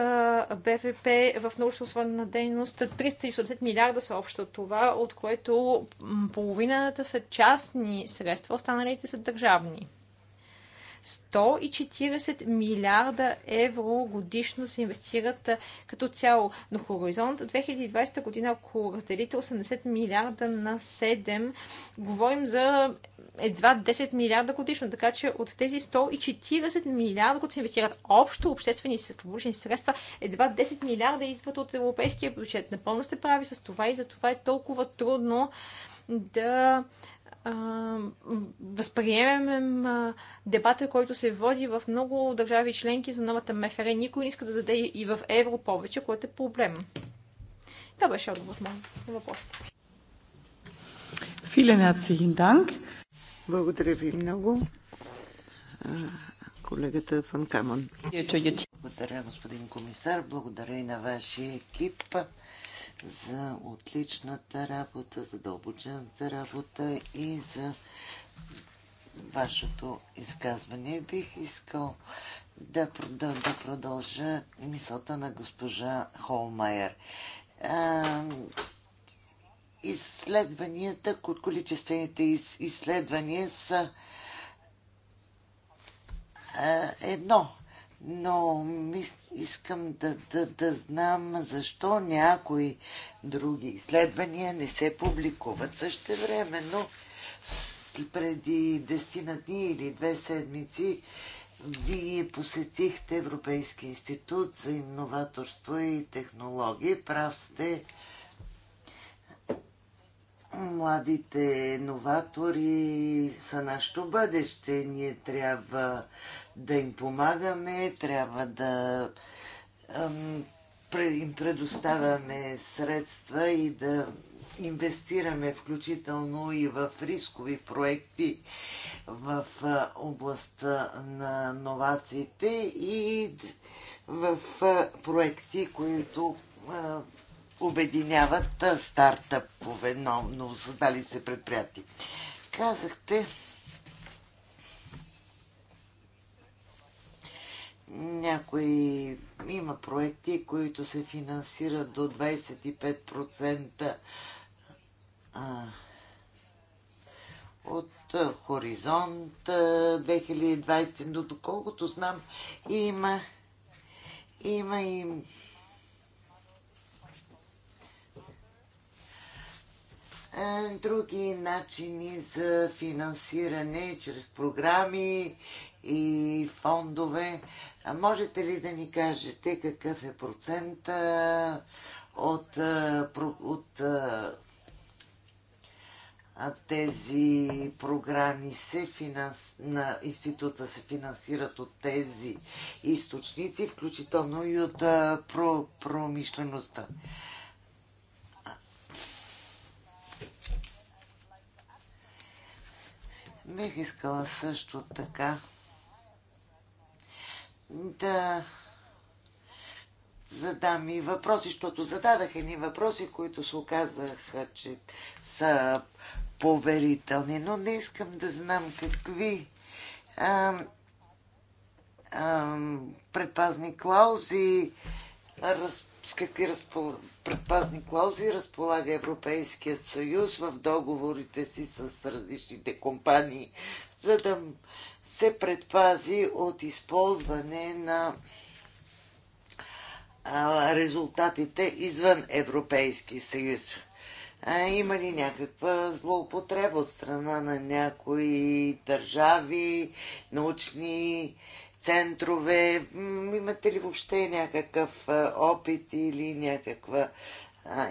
БВП в научно-освоена дейност. 380 милиарда са общо това, от което половината са частни средства, останалите са държавни. 140 милиарда евро годишно се инвестират като цяло. Но Хоризонт 2020 година, ако разделите 80 милиарда на 7, говорим за едва 10 милиарда годишно. Така че от тези 140 милиарда, които се инвестират общо обществени публични средства, едва 10 милиарда идват от европейския бюджет. Напълно сте прави с това и за това е толкова трудно да възприемем дебата, който се води в много държави членки за новата МФР. Никой не иска да даде и в евро повече, което е проблем. Това беше отговор на въпросите. Vielen herzlichen Благодаря ви много. Колегата Фан Камон. Благодаря, господин комисар. Благодаря и на вашия екип за отличната работа, за дълбочената работа и за вашето изказване. Бих искал да, да, да продължа мисълта на госпожа Холмайер. А, изследванията, количествените из, изследвания са а, едно – но искам да, да, да знам защо някои други изследвания не се публикуват също време, но Преди десетина дни или две седмици вие посетихте Европейски институт за инноваторство и технологии. Прав сте младите новатори са нашето бъдеще. Ние трябва да им помагаме, трябва да им предоставяме средства и да инвестираме включително и в рискови проекти в областта на новациите и в проекти, които обединяват стартъпове, но, но създали се предприятия. Казахте, някои има проекти, които се финансират до 25% от Хоризонт 2020, но доколкото знам, има, има и други начини за финансиране чрез програми и фондове. А можете ли да ни кажете какъв е процента от, от тези програми се финанс... на института се финансират от тези източници, включително и от про... промишлеността. Бих искала също така да задам и въпроси, защото зададах едни въпроси, които се оказаха, че са поверителни, но не искам да знам какви а, а, предпазни клаузи раз, с какви разпол... предпазни клаузи разполага Европейският съюз в договорите си с различните компании, за да се предпази от използване на резултатите извън Европейски съюз. А, има ли някаква злоупотреба от страна на някои държави, научни центрове? Имате ли въобще някакъв опит или някаква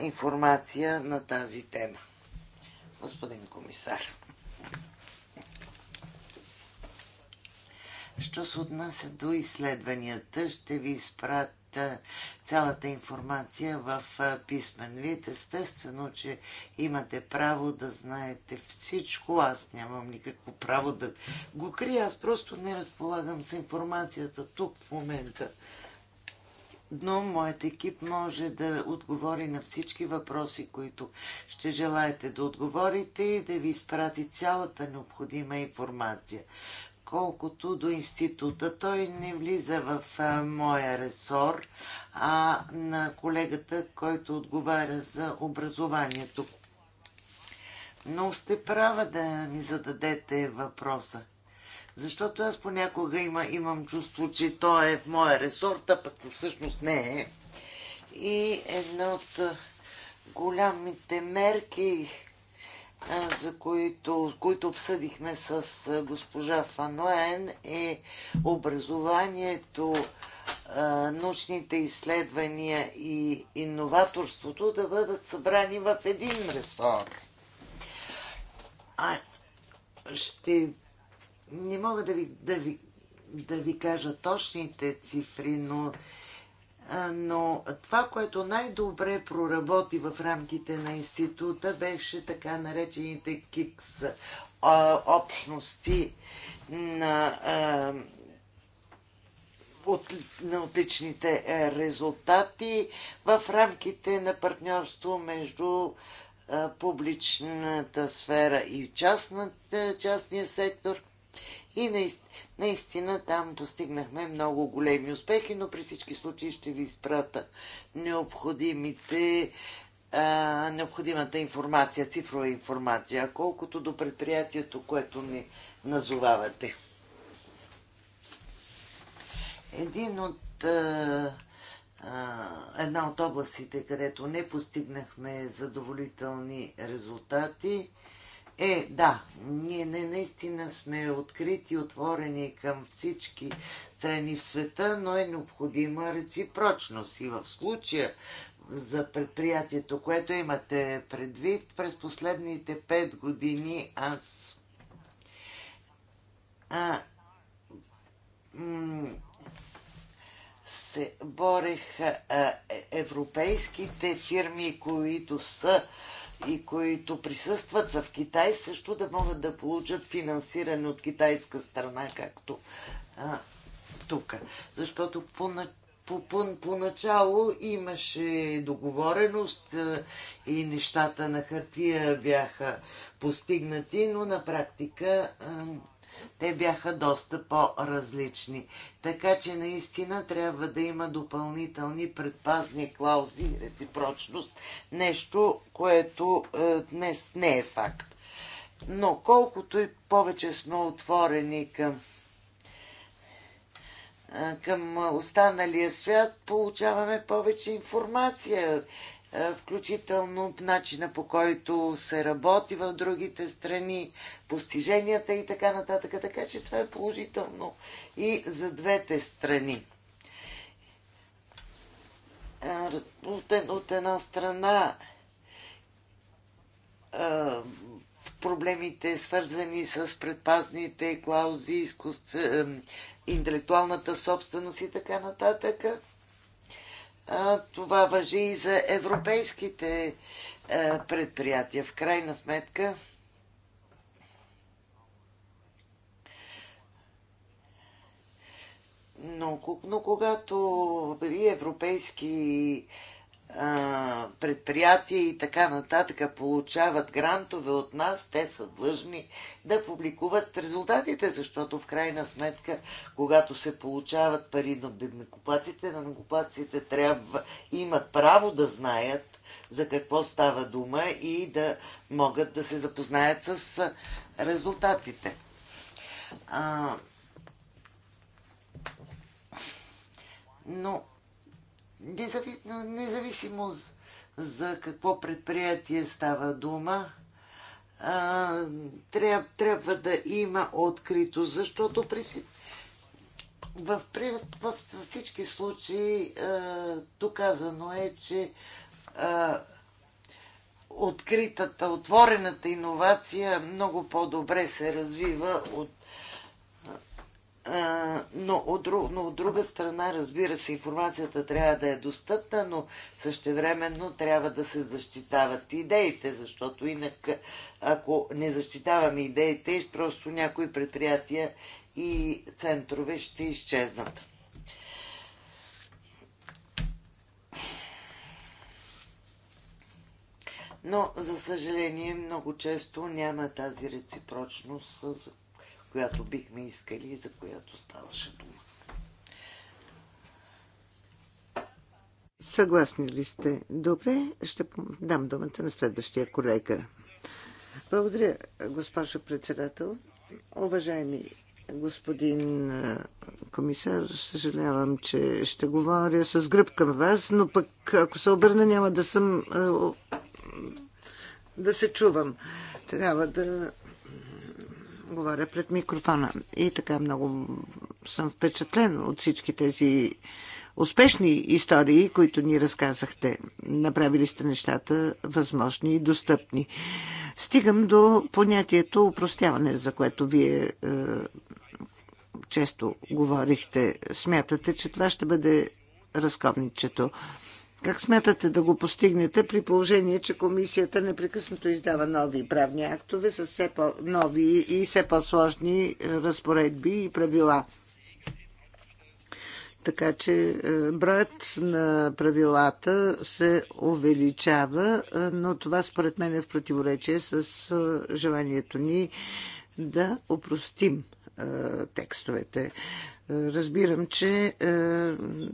информация на тази тема? Господин комисар. Що се отнася до изследванията, ще ви изпратя цялата информация в писмен вид. Естествено, че имате право да знаете всичко. Аз нямам никакво право да го крия. Аз просто не разполагам с информацията тук в момента. Но моят екип може да отговори на всички въпроси, които ще желаете да отговорите и да ви изпрати цялата необходима информация. Колкото до института, той не влиза в а, моя ресор, а на колегата, който отговаря за образованието. Но сте права да ми зададете въпроса. Защото аз понякога има, имам чувство, че той е в моя ресор, а пък всъщност не е. И една от голямите мерки, за които, които обсъдихме с госпожа Фанлен е образованието, научните изследвания и иноваторството да бъдат събрани в един ресор. А ще не мога да ви, да ви, да ви кажа точните цифри, но но това, което най-добре проработи в рамките на института, беше така наречените КИКС общности на, от, на отличните резултати в рамките на партньорство между публичната сфера и частната, частния сектор. И наистина там достигнахме много големи успехи, но при всички случаи ще ви изпрата необходимите а, необходимата информация, цифрова информация, колкото до предприятието, което ни назовавате. Един от, а, а, една от областите, където не постигнахме задоволителни резултати, е да, ние не, наистина сме открити, отворени към всички страни в света, но е необходима реципрочност. И в случая за предприятието, което имате предвид, през последните пет години аз а, се борех а, е, европейските фирми, които са и които присъстват в Китай, също да могат да получат финансиране от китайска страна, както а, тук. Защото по, по, по, поначало имаше договореност а, и нещата на хартия бяха постигнати, но на практика а, те бяха доста по-различни. Така че наистина трябва да има допълнителни предпазни клаузи реципрочност, нещо, което е, днес не е факт. Но колкото и повече сме отворени към е, към останалия свят, получаваме повече информация е, включително начина по който се работи в другите страни, постиженията и така нататък. Така че това е положително и за двете страни. Е, е, от една страна проблемите, свързани с предпазните клаузи, интелектуалната собственост и така нататък това въжи и за европейските е, предприятия. В крайна сметка, но, но когато и европейски предприятия и така нататък получават грантове от нас, те са длъжни да публикуват резултатите, защото в крайна сметка, когато се получават пари на денокоплаците, денокоплаците трябва, имат право да знаят за какво става дума и да могат да се запознаят с резултатите. А, но Незави... Независимо за какво предприятие става дума, а, трябва да има открито, защото при, в, при, в, в, във всички случаи а, доказано е, че а, откритата, отворената иновация много по-добре се развива от но от, друг, но от друга страна, разбира се, информацията трябва да е достъпна, но същевременно трябва да се защитават идеите, защото инак, ако не защитаваме идеите, просто някои предприятия и центрове ще изчезнат. Но, за съжаление, много често няма тази реципрочност, за която бихме искали и за която ставаше дума. Съгласни ли сте? Добре, ще дам думата на следващия колега. Благодаря, госпожо председател. Уважаеми господин комисар, съжалявам, че ще говоря с гръб към вас, но пък ако се обърна няма да съм да се чувам. Трябва да Говоря пред микрофона. И така много съм впечатлен от всички тези успешни истории, които ни разказахте. Направили сте нещата възможни и достъпни. Стигам до понятието упростяване, за което вие е, често говорихте. Смятате, че това ще бъде разковничето. Как смятате да го постигнете при положение, че комисията непрекъснато издава нови правни актове с все по-нови и все по-сложни е, разпоредби и правила? Така че е, броят на правилата се увеличава, е, но това според мен е в противоречие с желанието ни да опростим е, текстовете. Е, разбирам, че е,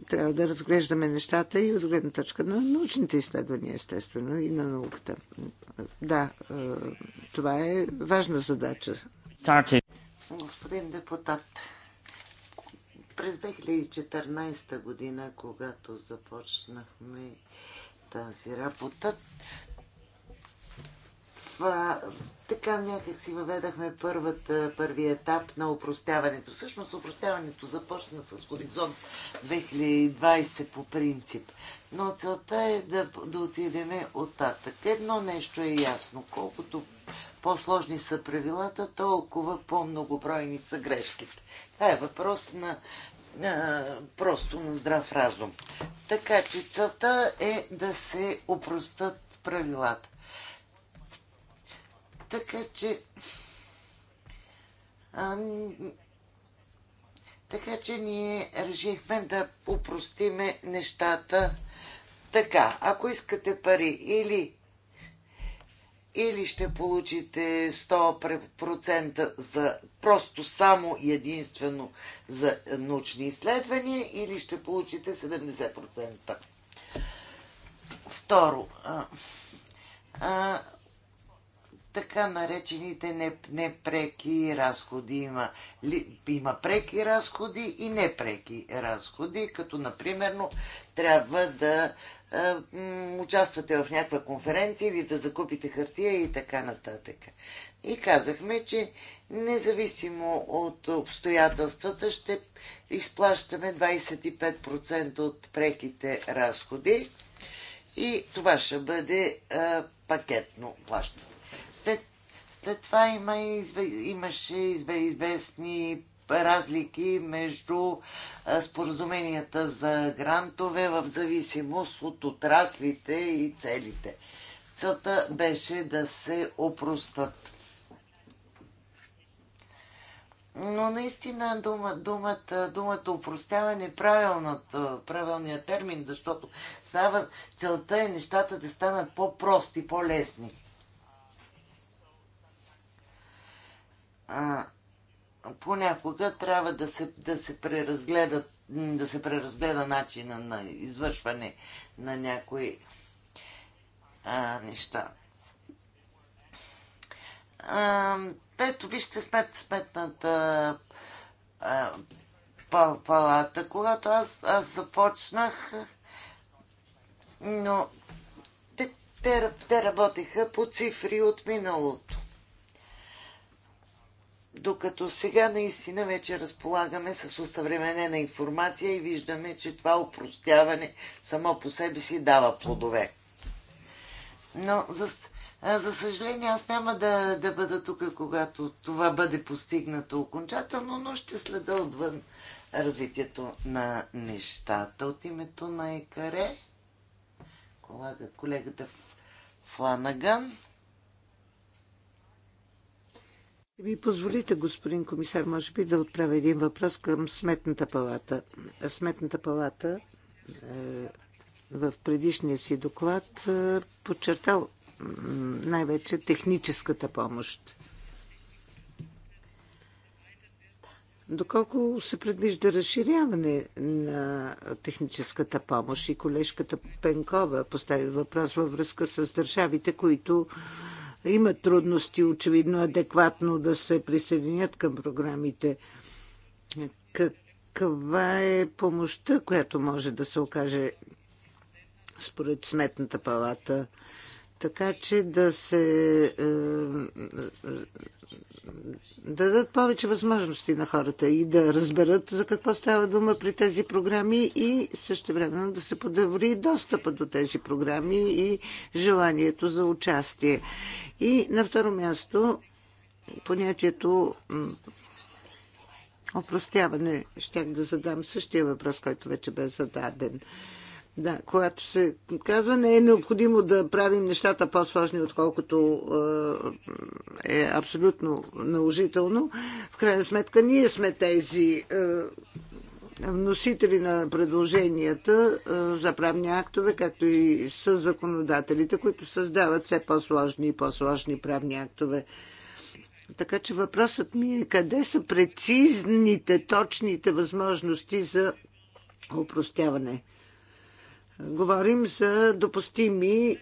трябва да разглеждаме нещата и от гледна точка на научните изследвания, естествено, и на науката. Да, това е важна задача. Господин депутат, през 2014 година, когато започнахме тази работа, а, така някак си въведахме първата, първи етап на упростяването. Всъщност упростяването започна с хоризонт 2020 по принцип. Но целта е да, да отидем оттатък. Едно нещо е ясно. Колкото по-сложни са правилата, толкова по-многобройни са грешките. Това е въпрос на просто на здрав разум. Така че целта е да се опростат правилата. Така че... А, така че ние решихме да упростиме нещата така. Ако искате пари или или ще получите 100% за просто само единствено за научни изследвания, или ще получите 70%. Второ, а, а, така наречените непреки разходи. Има, ли, има преки разходи и непреки разходи, като например трябва да а, м, участвате в някаква конференция или да закупите хартия и така нататък. И казахме, че независимо от обстоятелствата ще изплащаме 25% от преките разходи и това ще бъде а, пакетно плащане. След, след това има, имаше известни разлики между споразуменията за грантове в зависимост от отраслите и целите. Целта беше да се опростат. Но наистина дума, думата, думата упростяване е правилният термин, защото става, целта е нещата да станат по-прости, по-лесни. а, понякога трябва да се, да се преразгледа да се преразгледа начина на извършване на някои а, неща. А, ето, вижте смет, сметната а, пал, палата. Когато аз, аз започнах, но те, те, те работиха по цифри от миналото. Докато сега наистина вече разполагаме с усъвременена информация и виждаме, че това упростяване само по себе си дава плодове. Но за, за съжаление аз няма да, да бъда тук, когато това бъде постигнато окончателно, но ще следа отвън развитието на нещата. От името на Екаре, колегата Фланаган. Ми позволите, господин комисар, може би да отправя един въпрос към Сметната палата. Сметната палата е, в предишния си доклад е, подчертал най-вече техническата помощ. Доколко се предвижда разширяване на техническата помощ и колежката Пенкова постави въпрос във връзка с държавите, които имат трудности, очевидно, адекватно да се присъединят към програмите. Каква е помощта, която може да се окаже според Сметната палата? така че да се е, дадат повече възможности на хората и да разберат за какво става дума при тези програми и също време да се подобри достъпа до тези програми и желанието за участие. И на второ място понятието опростяване. Щях да задам същия въпрос, който вече бе зададен. Да, когато се казва, не е необходимо да правим нещата по-сложни, отколкото е, е абсолютно наложително. В крайна сметка, ние сме тези е, вносители на предложенията е, за правни актове, както и с законодателите, които създават все по-сложни и по-сложни правни актове. Така че въпросът ми е къде са прецизните, точните възможности за упростяване. Говорим за допустими е,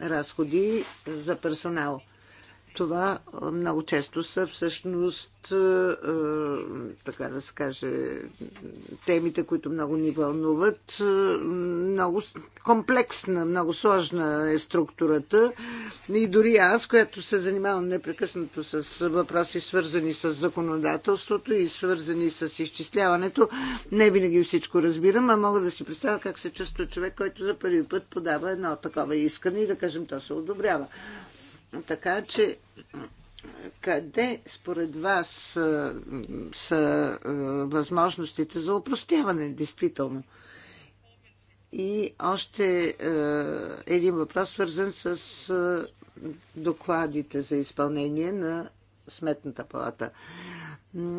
разходи за персонал това много често са всъщност, така да се каже, темите, които много ни вълнуват. Много комплексна, много сложна е структурата. И дори аз, която се занимавам непрекъснато с въпроси, свързани с законодателството и свързани с изчисляването, не винаги всичко разбирам, а мога да си представя как се чувства човек, който за първи път подава едно такова искане и да кажем, то се одобрява. Така че къде според вас са, са възможностите за упростяване, действително? И още е, един въпрос, свързан с е, докладите за изпълнение на Сметната палата.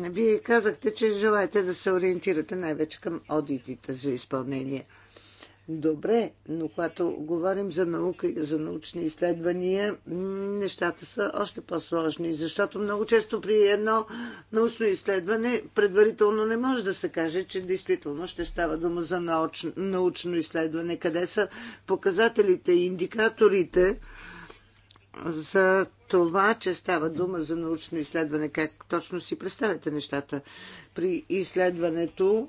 Вие казахте, че желаете да се ориентирате най-вече към одитите за изпълнение – добре, но когато говорим за наука и за научни изследвания, нещата са още по-сложни, защото много често при едно научно изследване предварително не може да се каже, че действително ще става дума за научно, изследване. Къде са показателите и индикаторите за това, че става дума за научно изследване? Как точно си представяте нещата? При изследването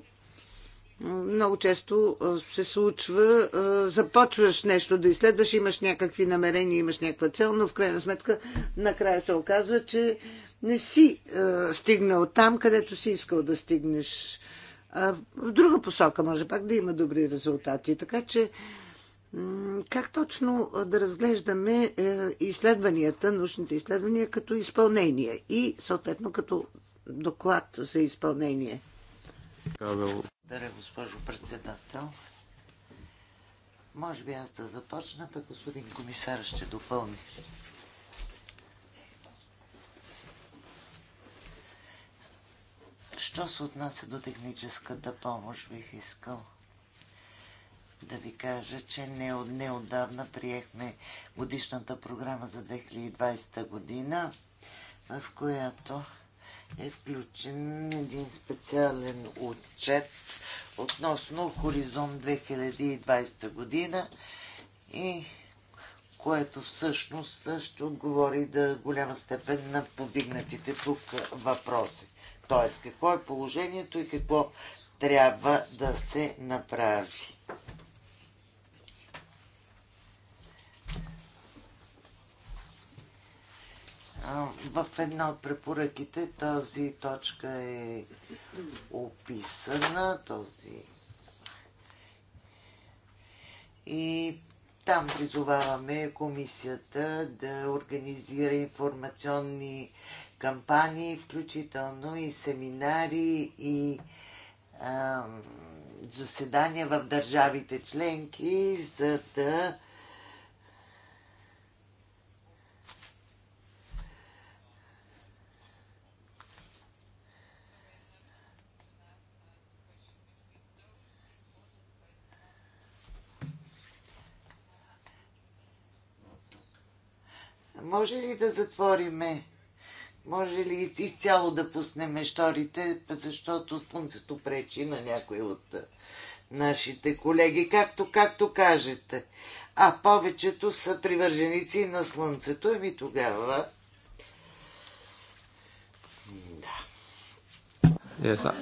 много често се случва, започваш нещо да изследваш, имаш някакви намерения, имаш някаква цел, но в крайна сметка накрая се оказва, че не си стигнал там, където си искал да стигнеш. В друга посока може пак да има добри резултати. Така че как точно да разглеждаме е, изследванията, научните изследвания като изпълнение и съответно като доклад за изпълнение? Благодаря, госпожо председател. Може би аз да започна, пък господин комисар ще допълни. Що се отнася до техническата помощ, бих искал да ви кажа, че не, неодавна приехме годишната програма за 2020 година, в която е включен един специален отчет относно Хоризонт 2020 година и което всъщност ще отговори да голяма степен на повдигнатите тук въпроси. Тоест, какво е положението и какво трябва да се направи. в една от препоръките тази точка е описана, този и там призоваваме комисията да организира информационни кампании, включително и семинари и а, заседания в държавите членки, за да Може ли да затвориме? Може ли изцяло да пуснем шторите, защото слънцето пречи на някой от нашите колеги, както, както кажете. А повечето са привърженици на слънцето. Еми тогава... Да. Yes,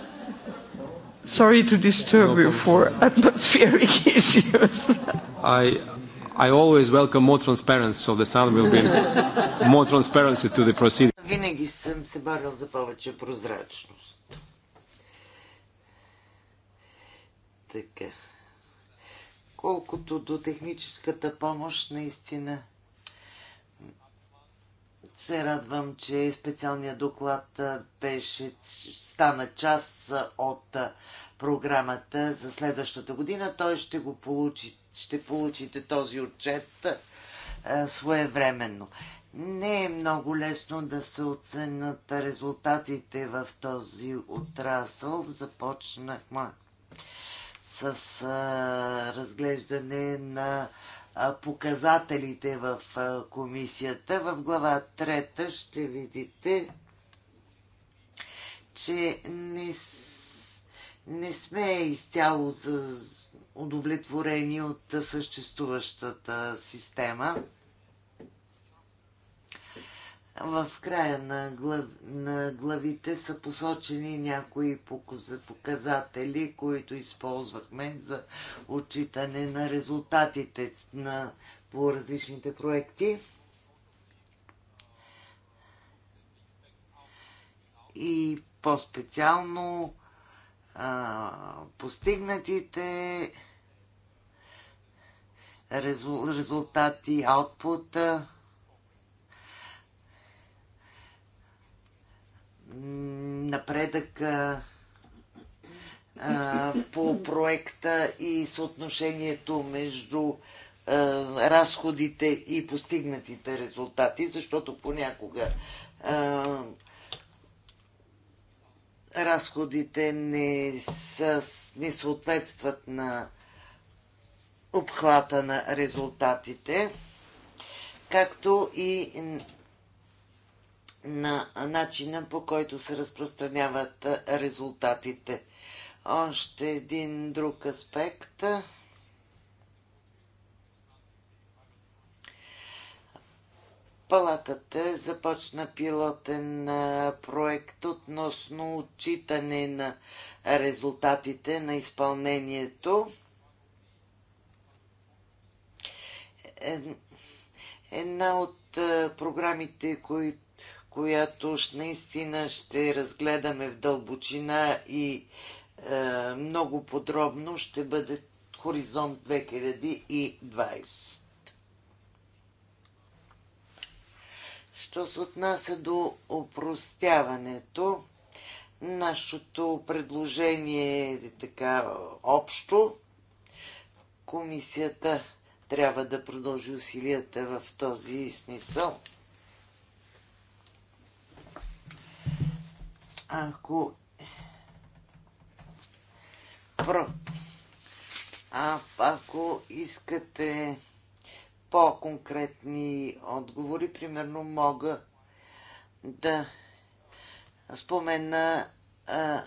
Sorry to disturb no, you for atmospheric issues. I, I always welcome more transparency, so the sound will be more transparency to the proceeding. Винаги съм се борил за повече прозрачност. Така. Колкото до техническата помощ, наистина се радвам, че специалният доклад беше, стана част от програмата за следващата година. Той ще го получи ще получите този отчет своевременно. Не е много лесно да се оценят резултатите в този отрасъл. Започнахме с разглеждане на показателите в комисията. В глава трета ще видите, че не, не сме изцяло за удовлетворени от съществуващата система. В края на, глав, на главите са посочени някои показатели, които използвахме за отчитане на резултатите на, по различните проекти. И по-специално а, постигнатите резул, резултати, аутпута. напредък а, по проекта и съотношението между а, разходите и постигнатите резултати, защото понякога а, разходите не, са, не съответстват на обхвата на резултатите, както и на начина по който се разпространяват резултатите. Още един друг аспект – Палатата започна пилотен проект относно отчитане на резултатите на изпълнението. Една от програмите, кои, която наистина ще разгледаме в дълбочина и е, много подробно, ще бъде Хоризонт 2020. Що се отнася до опростяването, нашето предложение е така общо. Комисията трябва да продължи усилията в този смисъл. Ако Про. А ако искате по-конкретни отговори. Примерно мога да спомена а,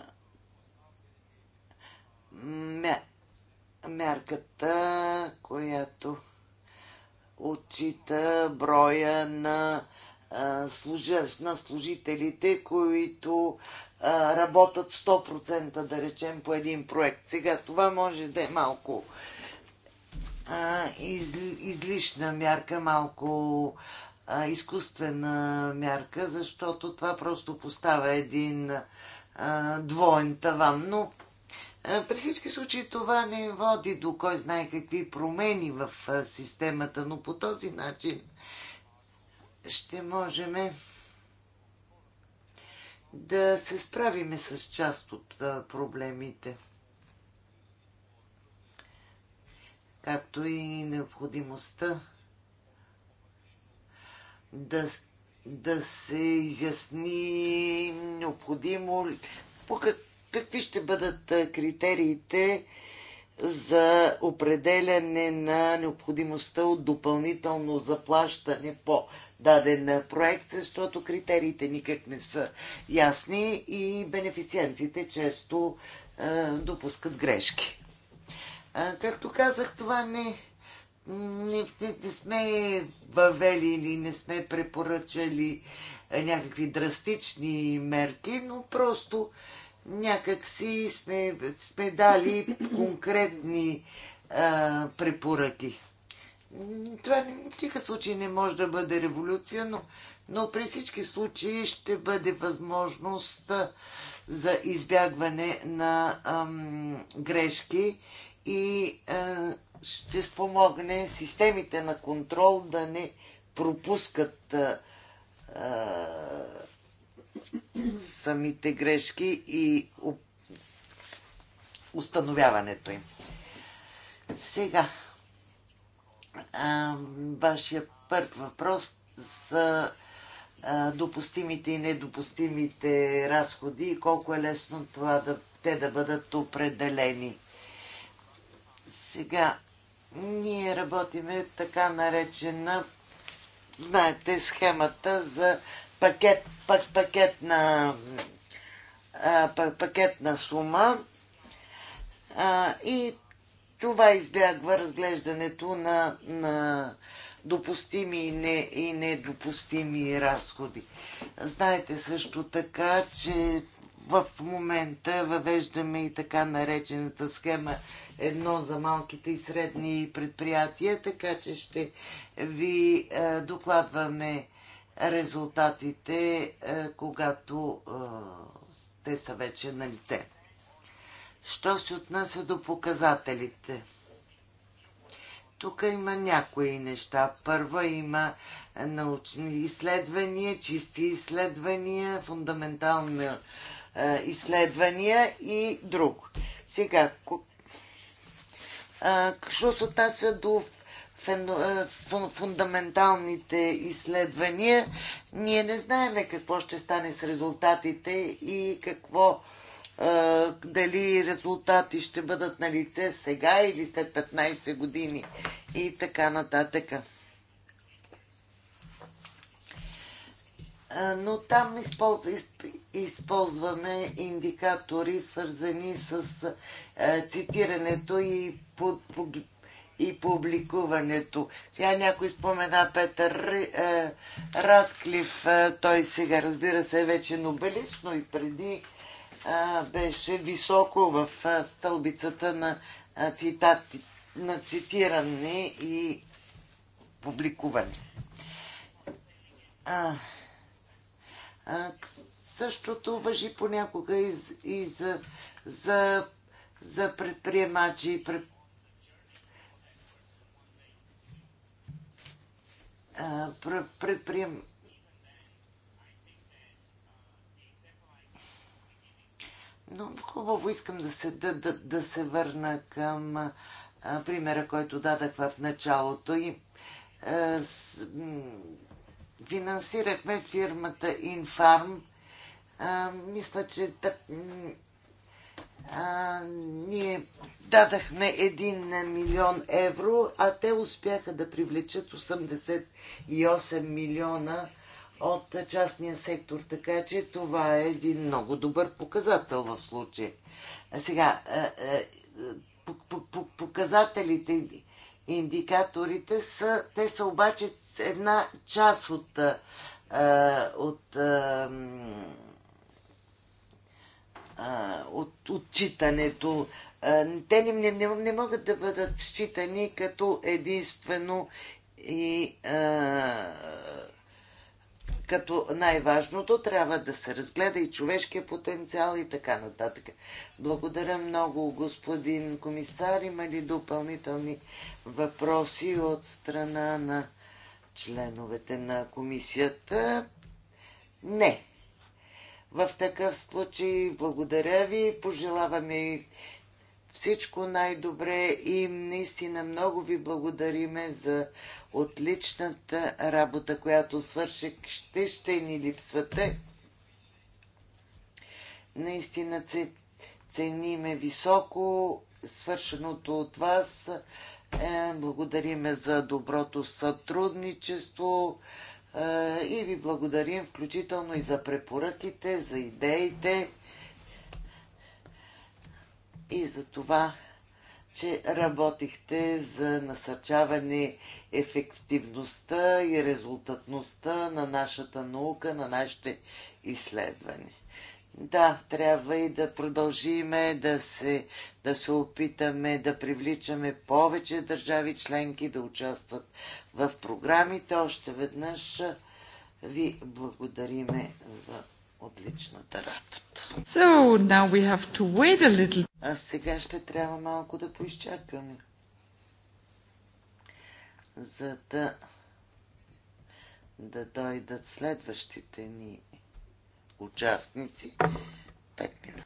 мярката, която отчита броя на, а, служа, на служителите, които а, работят 100% да речем по един проект. Сега това може да е малко а, из, излишна мярка, малко а, изкуствена мярка, защото това просто поставя един а, двоен таван. Но при всички случаи това не води до кой знае какви промени в системата, но по този начин ще можем да се справиме с част от проблемите. както и необходимостта да, да се изясни необходимо по как, какви ще бъдат критериите за определяне на необходимостта от допълнително заплащане по даден проект, защото критериите никак не са ясни и бенефициентите често е, допускат грешки. Както казах, това не, не, не, не сме въвели или не сме препоръчали някакви драстични мерки, но просто някакси сме, сме дали конкретни а, препоръки. Това в никакъв случай не може да бъде революция, но, но при всички случаи ще бъде възможност за избягване на ам, грешки и е, ще спомогне системите на контрол да не пропускат е, е, самите грешки и установяването им. Сега, е, вашия първ въпрос за допустимите и недопустимите разходи и колко е лесно това да, те да бъдат определени. Сега ние работиме така наречена, знаете, схемата за пакет, пак, пакет на пакетна сума а, и това избягва разглеждането на, на допустими и, не, и недопустими разходи. Знаете също така, че в момента въвеждаме и така наречената схема едно за малките и средни предприятия, така че ще ви е, докладваме резултатите, е, когато е, те са вече на лице. Що се отнася до показателите? Тук има някои неща. Първа има научни изследвания, чисти изследвания, фундаментална е, изследвания и друго. Сега, що се отнася до е, фундаменталните изследвания, ние не знаеме какво ще стане с резултатите и какво е, дали резултати ще бъдат на лице сега или след 15 години и така нататък. но там използваме индикатори, свързани с цитирането и, под, и публикуването. Сега някой спомена Петър Радклиф, той сега, разбира се, е вече нобелист, но и преди беше високо в стълбицата на, цитати, на цитиране и публикуване. Същото въжи понякога и, и за, за, за предприемачи. Предприем... Но хубаво искам да се, да, да, да се върна към а, примера, който дадах в началото. И, а, с, финансирахме фирмата Инфарм. А, мисля, че да, а, ние дадахме 1 милион евро, а те успяха да привлечат 88 милиона от частния сектор. Така че това е един много добър показател в случая. Сега, показателите, индикаторите са, те са обаче една част от, от, от отчитането. Те не, не, не, не могат да бъдат считани като единствено и като най-важното трябва да се разгледа и човешкия потенциал и така нататък. Благодаря много, господин комисар. Има ли допълнителни въпроси от страна на членовете на комисията? Не. В такъв случай благодаря ви, пожелаваме всичко най-добре и наистина много ви благодариме за отличната работа, която Ще, ще ни липсвате. Наистина цениме високо свършеното от вас. Е, благодариме за доброто сътрудничество е, и ви благодарим включително и за препоръките, за идеите и за това, че работихте за насърчаване ефективността и резултатността на нашата наука, на нашите изследвания. Да, трябва и да продължиме да се, да се опитаме да привличаме повече държави членки да участват в програмите. Още веднъж ви благодариме за отличната работа. So, now we have to wait a little. А сега ще трябва малко да поизчакаме. За да, да дойдат следващите ни участници. 5 минути.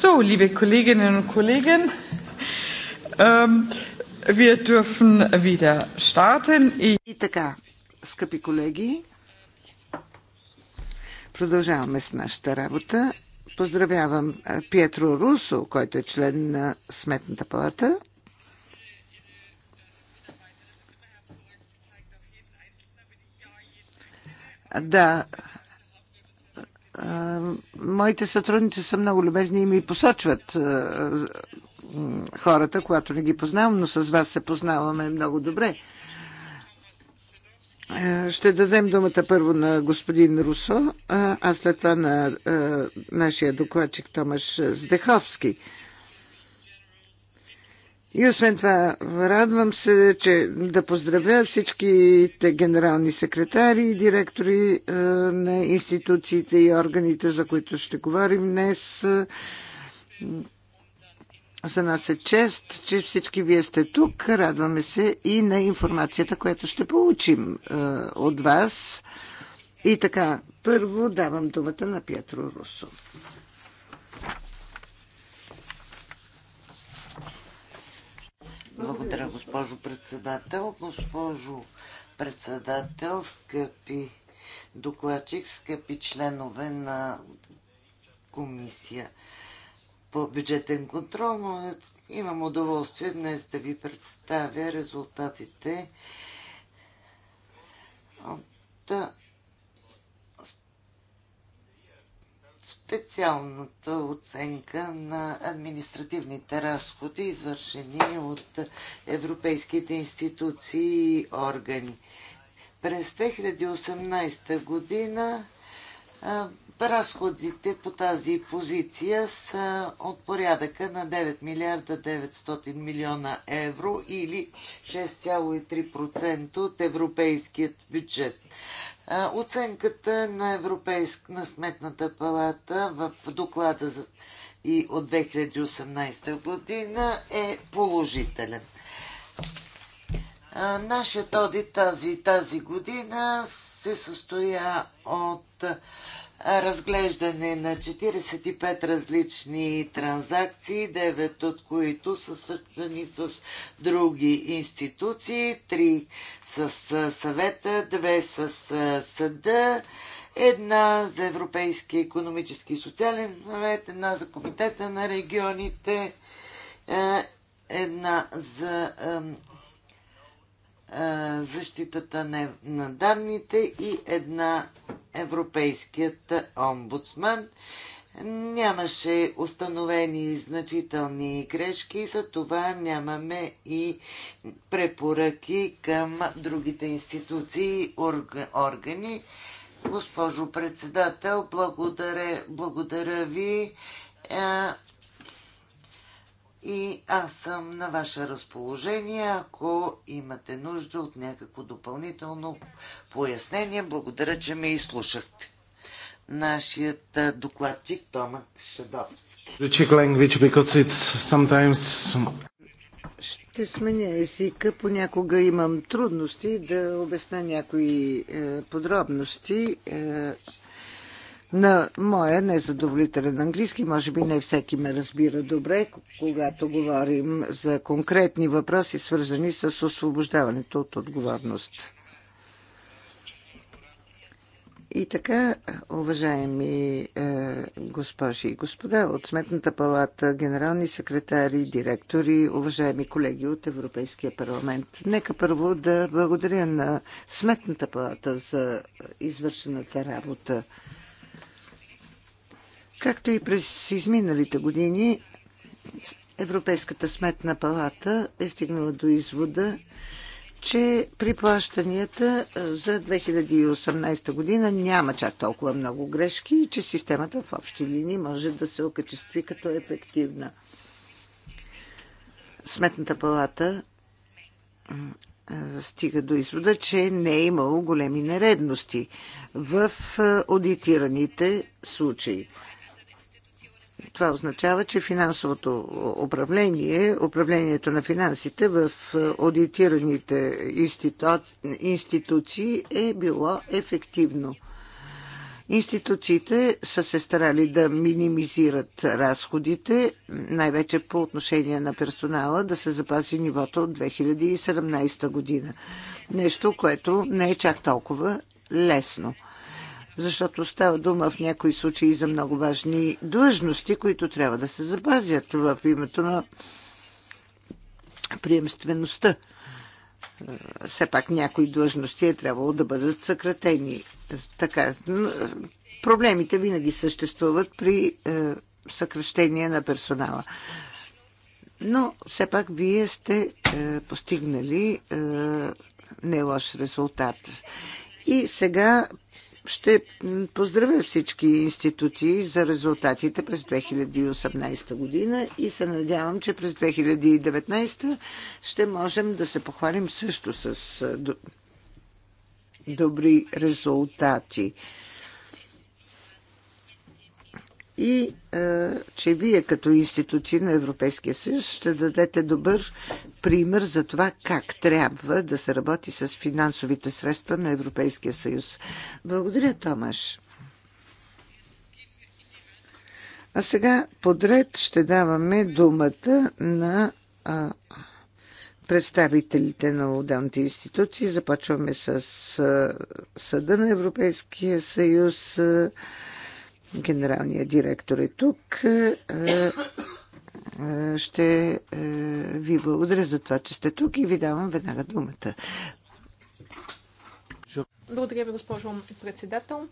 So, liebe Kolleginnen und Kollegen, ähm, wir dürfen wieder starten. И продължаваме с нашата работа. Поздравявам е, Пьетро Русо, който е член на Сметната палата. Да, моите сътрудници са много любезни и ми посочват е, е, хората, която не ги познавам, но с вас се познаваме много добре. Е, ще дадем думата първо на господин Русо, а след това на нашия докладчик Томаш Здеховски. И освен това, радвам се, че да поздравя всичките генерални секретари и директори е, на институциите и органите, за които ще говорим днес. За нас е чест, че всички вие сте тук. Радваме се и на информацията, която ще получим е, от вас. И така, първо давам думата на Петро Русо. Благодаря, госпожо председател. Госпожо председател, скъпи докладчик, скъпи членове на комисия по бюджетен контрол, но имам удоволствие днес да ви представя резултатите от специалната оценка на административните разходи, извършени от европейските институции и органи. През 2018 година разходите по тази позиция са от порядъка на 9 милиарда 900 милиона евро или 6,3% от европейският бюджет. Оценката на Европейск, на Сметната палата в доклада за, и от 2018 година е положителен. Нашият одит тази, тази година се състоя от разглеждане на 45 различни транзакции, 9 от които са свързани с други институции, 3 с съвета, 2 с съда, една за Европейския економически и социален съвет, една за Комитета на регионите, една за защитата на данните и една европейският омбудсман. Нямаше установени значителни грешки, за това нямаме и препоръки към другите институции и органи. Госпожо председател, благодаря, благодаря ви и аз съм на ваше разположение, ако имате нужда от някакво допълнително пояснение. Благодаря, че ме изслушахте. Нашият докладчик Тома Шадовски. Ще сменя езика. Понякога имам трудности да обясня някои е, подробности. Е, на моя незадоволителен английски. Може би не всеки ме разбира добре, когато говорим за конкретни въпроси, свързани с освобождаването от отговорност. И така, уважаеми е, госпожи и господа от Сметната палата, генерални секретари, директори, уважаеми колеги от Европейския парламент, нека първо да благодаря на Сметната палата за извършената работа. Както и през изминалите години, Европейската сметна палата е стигнала до извода, че при плащанията за 2018 година няма чак толкова много грешки и че системата в общи линии може да се окачестви като ефективна. Сметната палата стига до извода, че не е имало големи нередности в аудитираните случаи. Това означава, че финансовото управление, управлението на финансите в е, аудитираните институции е било ефективно. Институциите са се старали да минимизират разходите, най-вече по отношение на персонала, да се запази нивото от 2017 година. Нещо, което не е чак толкова лесно – защото става дума в някои случаи за много важни длъжности, които трябва да се запазят в името на приемствеността. Е, все пак някои длъжности е трябвало да бъдат съкратени. Така, проблемите винаги съществуват при е, съкръщение на персонала. Но все пак вие сте е, постигнали е, не лош резултат. И сега ще поздравя всички институции за резултатите през 2018 година и се надявам, че през 2019 ще можем да се похвалим също с добри резултати и а, е, че вие като институции на Европейския съюз ще дадете добър пример за това как трябва да се работи с финансовите средства на Европейския съюз. Благодаря, Томаш. А сега подред ще даваме думата на а, представителите на отделните институции. Започваме с а, Съда на Европейския съюз. А, Генералният директор е тук. Ще ви благодаря за това, че сте тук и ви давам веднага думата. Благодаря ви, госпожо председател.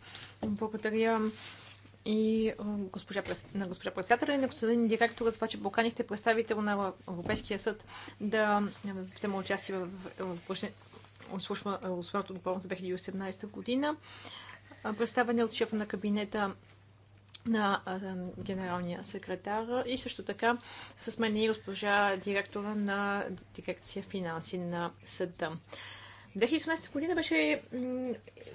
Благодаря и госпожа, на госпожа председателя и на господин директор за това, че поканихте представител на Европейския съд да взема участие в освобожденото отговорност за 2018 година. Представане от шефа на кабинета на генералния секретар и също така с мен и госпожа директора на дирекция финанси на съда. 2018 година беше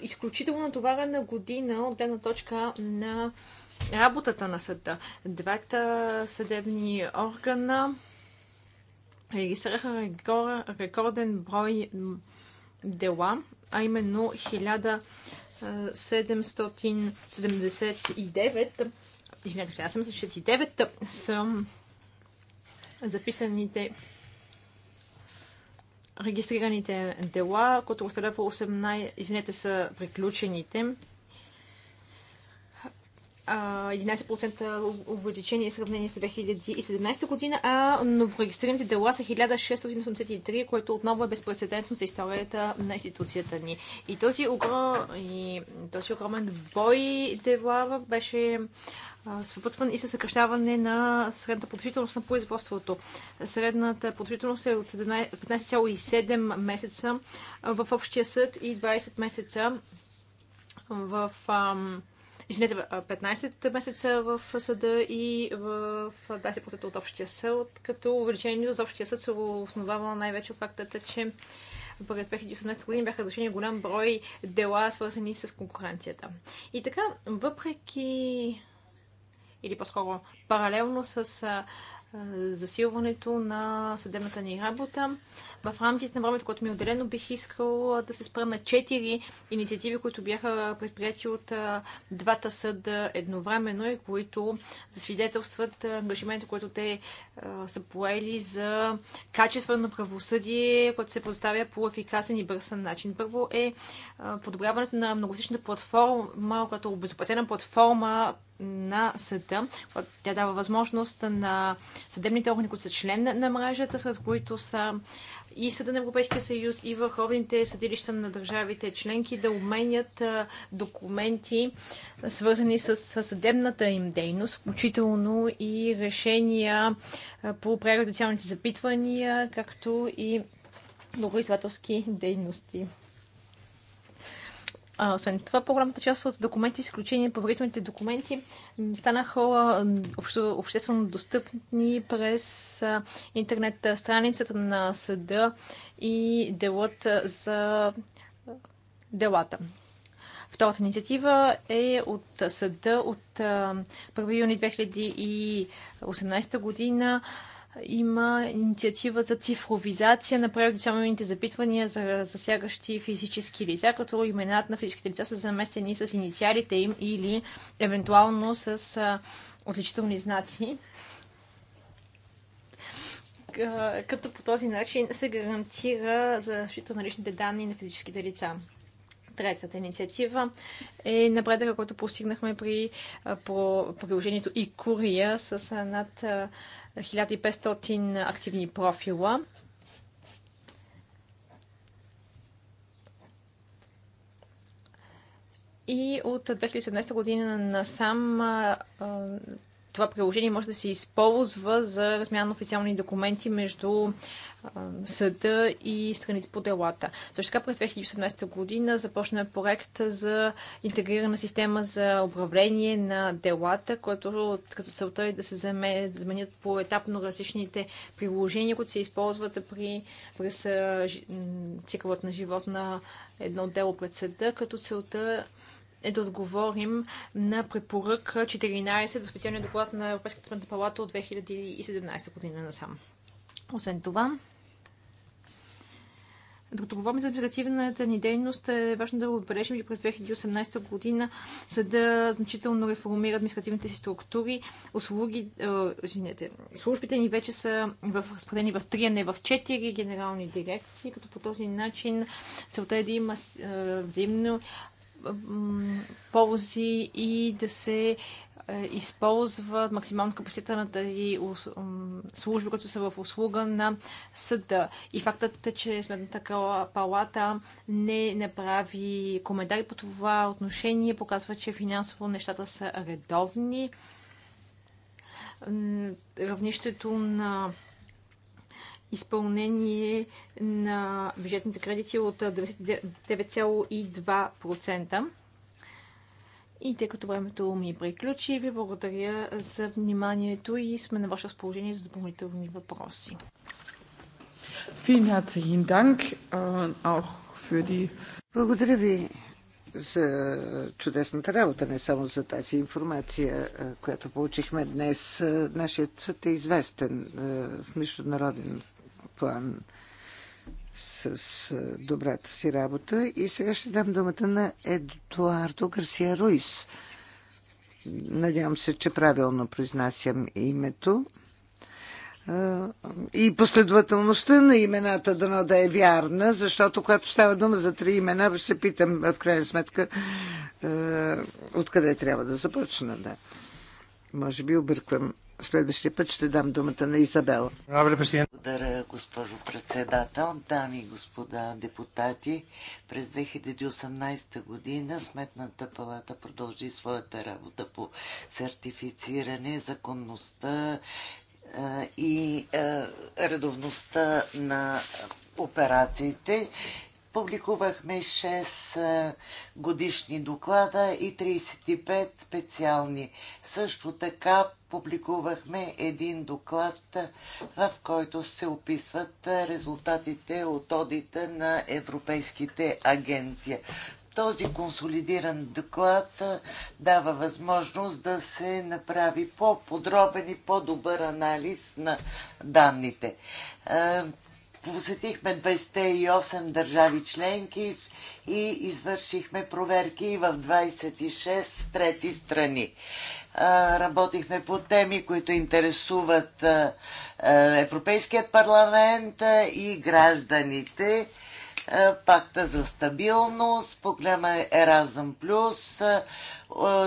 изключително натоварена година от гледна точка на работата на съда. Двата съдебни органа регистрираха рекорден брой дела, а именно 1000 779, извинете, 869 са записаните регистрираните дела, които представлява 18, извинете, са приключените. 11% увеличение в сравнение с 2017 година, а новорегистрираните дела са 1683, което отново е безпредседентно за историята на институцията ни. И този, огром, и този огромен бой дела беше съпътстван и със съкръщаване на средната продължителност на производството. Средната продължителност е от 15,7 месеца в общия съд и 20 месеца в ам, извинете, 15 месеца в съда и в 20% от общия съд, като увеличението за общия съд се основава най-вече от фактата, че през 2018 година бяха разрешени голям брой дела, свързани с конкуренцията. И така, въпреки или по-скоро паралелно с засилването на съдебната ни работа, в рамките на времето, което ми е отделено, бих искал да се спра на четири инициативи, които бяха предприяти от двата съда едновременно и които засвидетелстват ангажимента, който те са поели за качество на правосъдие, което се предоставя по ефикасен и бързан начин. Първо е подобряването на многосична платформа, която е обезопасена платформа на съда. Тя дава възможност на съдебните органи, които са член на мрежата, сред които са и Съда на Европейския съюз и върховните съдилища на държавите членки да обменят документи, свързани с съдебната им дейност, включително и решения по прерогативните запитвания, както и благоизвателски дейности освен това, по-голямата част от документи, изключение поверителните документи, станаха общо, обществено достъпни през интернет страницата на съда и делът за делата. Втората инициатива е от съда от 1 юни 2018 година има инициатива за цифровизация на преаудиционните запитвания за засягащи физически лица, като имената на физическите лица са заместени с инициалите им или евентуално с отличителни знаци като по този начин се гарантира защита на личните данни на физическите лица. Третата инициатива е напредъка, който постигнахме при по приложението и Курия с над 1500 активни профила. И от 2017 година насам това приложение може да се използва за размяна на официални документи между съда и страните по делата. Също така през 2018 година започна проект за интегрирана система за управление на делата, което като целта е да се заменят по-етапно различните приложения, които се използват при, през цикълът на живот на едно дело пред съда, като целта е да отговорим на препорък 14 в специалния доклад на Европейската сметна палата от 2017 година насам. Освен това, докато говорим за административната ни дейност, е важно да отбележим, че през 2018 година съда значително реформира административните си структури. Услуги, э, извинете, службите ни вече са в, разпределени в 3, а не в 4 генерални дирекции, като по този начин целта е да има е, взаимно ползи и да се е, използват максимално капацитета на тези служби, които са в услуга на съда. И фактът е, че Сметната палата не направи коментари по това отношение, показва, че финансово нещата са редовни. Равнището на изпълнение на бюджетните кредити от 99,2%. И тъй като времето ми приключи, ви благодаря за вниманието и сме на ваше разположение за допълнителни въпроси. Äh, благодаря ви за чудесната работа, не само за тази информация, която получихме днес. Нашият съд е известен в международен план с добрата си работа. И сега ще дам думата на Едуардо Гарсия Руис. Надявам се, че правилно произнасям името. И последователността на имената дано да е вярна, защото когато става дума за три имена, ще питам в крайна сметка откъде трябва да започна. Да. Може би обърквам Следващия път ще дам думата на Изабела. Благодаря, госпожо председател. Дами и господа депутати, през 2018 година Сметната палата продължи своята работа по сертифициране, законността и редовността на операциите Публикувахме 6 годишни доклада и 35 специални. Също така публикувахме един доклад, в който се описват резултатите от одита на европейските агенции. Този консолидиран доклад дава възможност да се направи по-подробен и по-добър анализ на данните посетихме 28 държави членки и извършихме проверки в 26 трети страни. Работихме по теми, които интересуват Европейският парламент и гражданите. Пакта за стабилност, програма е Еразъм Плюс,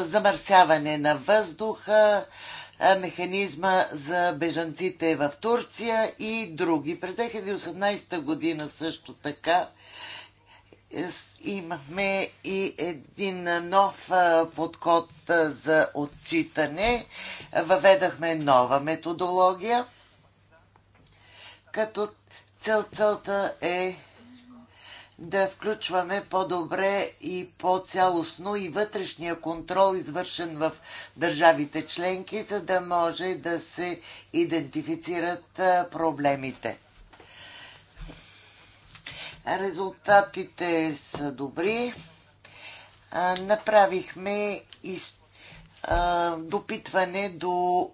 замърсяване на въздуха, механизма за бежанците в Турция и други. През 2018 година също така е, имахме и един нов подход за отчитане. Въведахме нова методология, като цел целта е да включваме по-добре и по-цялостно и вътрешния контрол, извършен в държавите членки, за да може да се идентифицират проблемите. Резултатите са добри. Направихме изпитания допитване до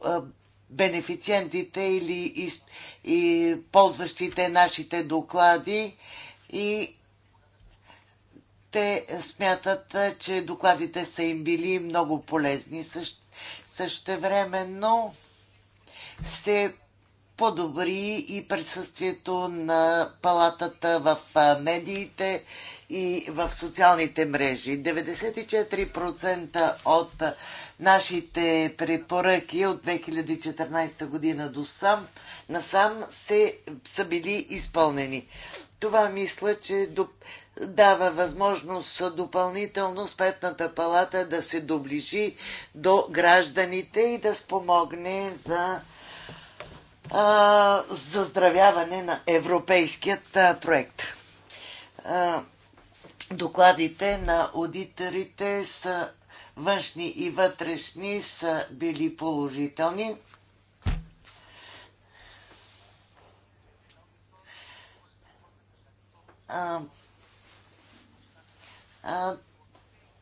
бенефициентите или ползващите нашите доклади и те смятат, че докладите са им били много полезни. Също, същевременно се подобри и присъствието на палатата в медиите и в социалните мрежи. 94% от нашите препоръки от 2014 година до сам, насам се, са били изпълнени. Това мисля, че дава възможност допълнително спетната палата да се доближи до гражданите и да спомогне за заздравяване на европейският проект. докладите на аудиторите са външни и вътрешни са били положителни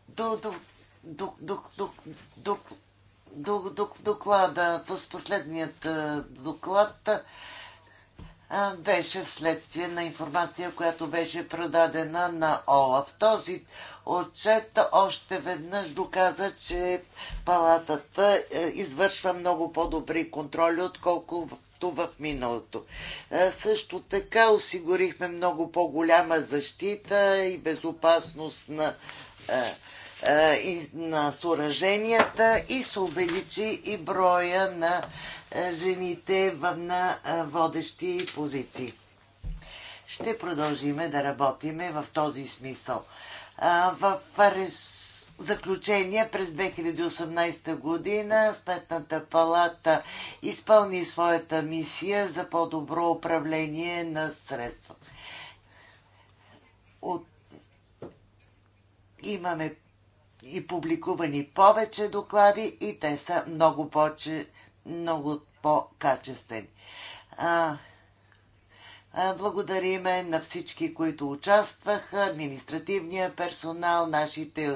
до, до, до, до, до, до, до, до, доклада, последният доклад беше вследствие на информация, която беше продадена на ОЛАФ. Този отчет още веднъж доказа, че палатата е, извършва много по-добри контроли, отколко в миналото. Също така осигурихме много по-голяма защита и безопасност на, на съоръженията и се увеличи и броя на жените на водещи позиции. Ще продължиме да работиме в този смисъл. В Париж заключение през 2018 година Сметната палата изпълни своята мисия за по-добро управление на средства. От... Имаме и публикувани повече доклади и те са много, по много по-качествени. А, е, благодариме на всички, които участваха, административния персонал, нашите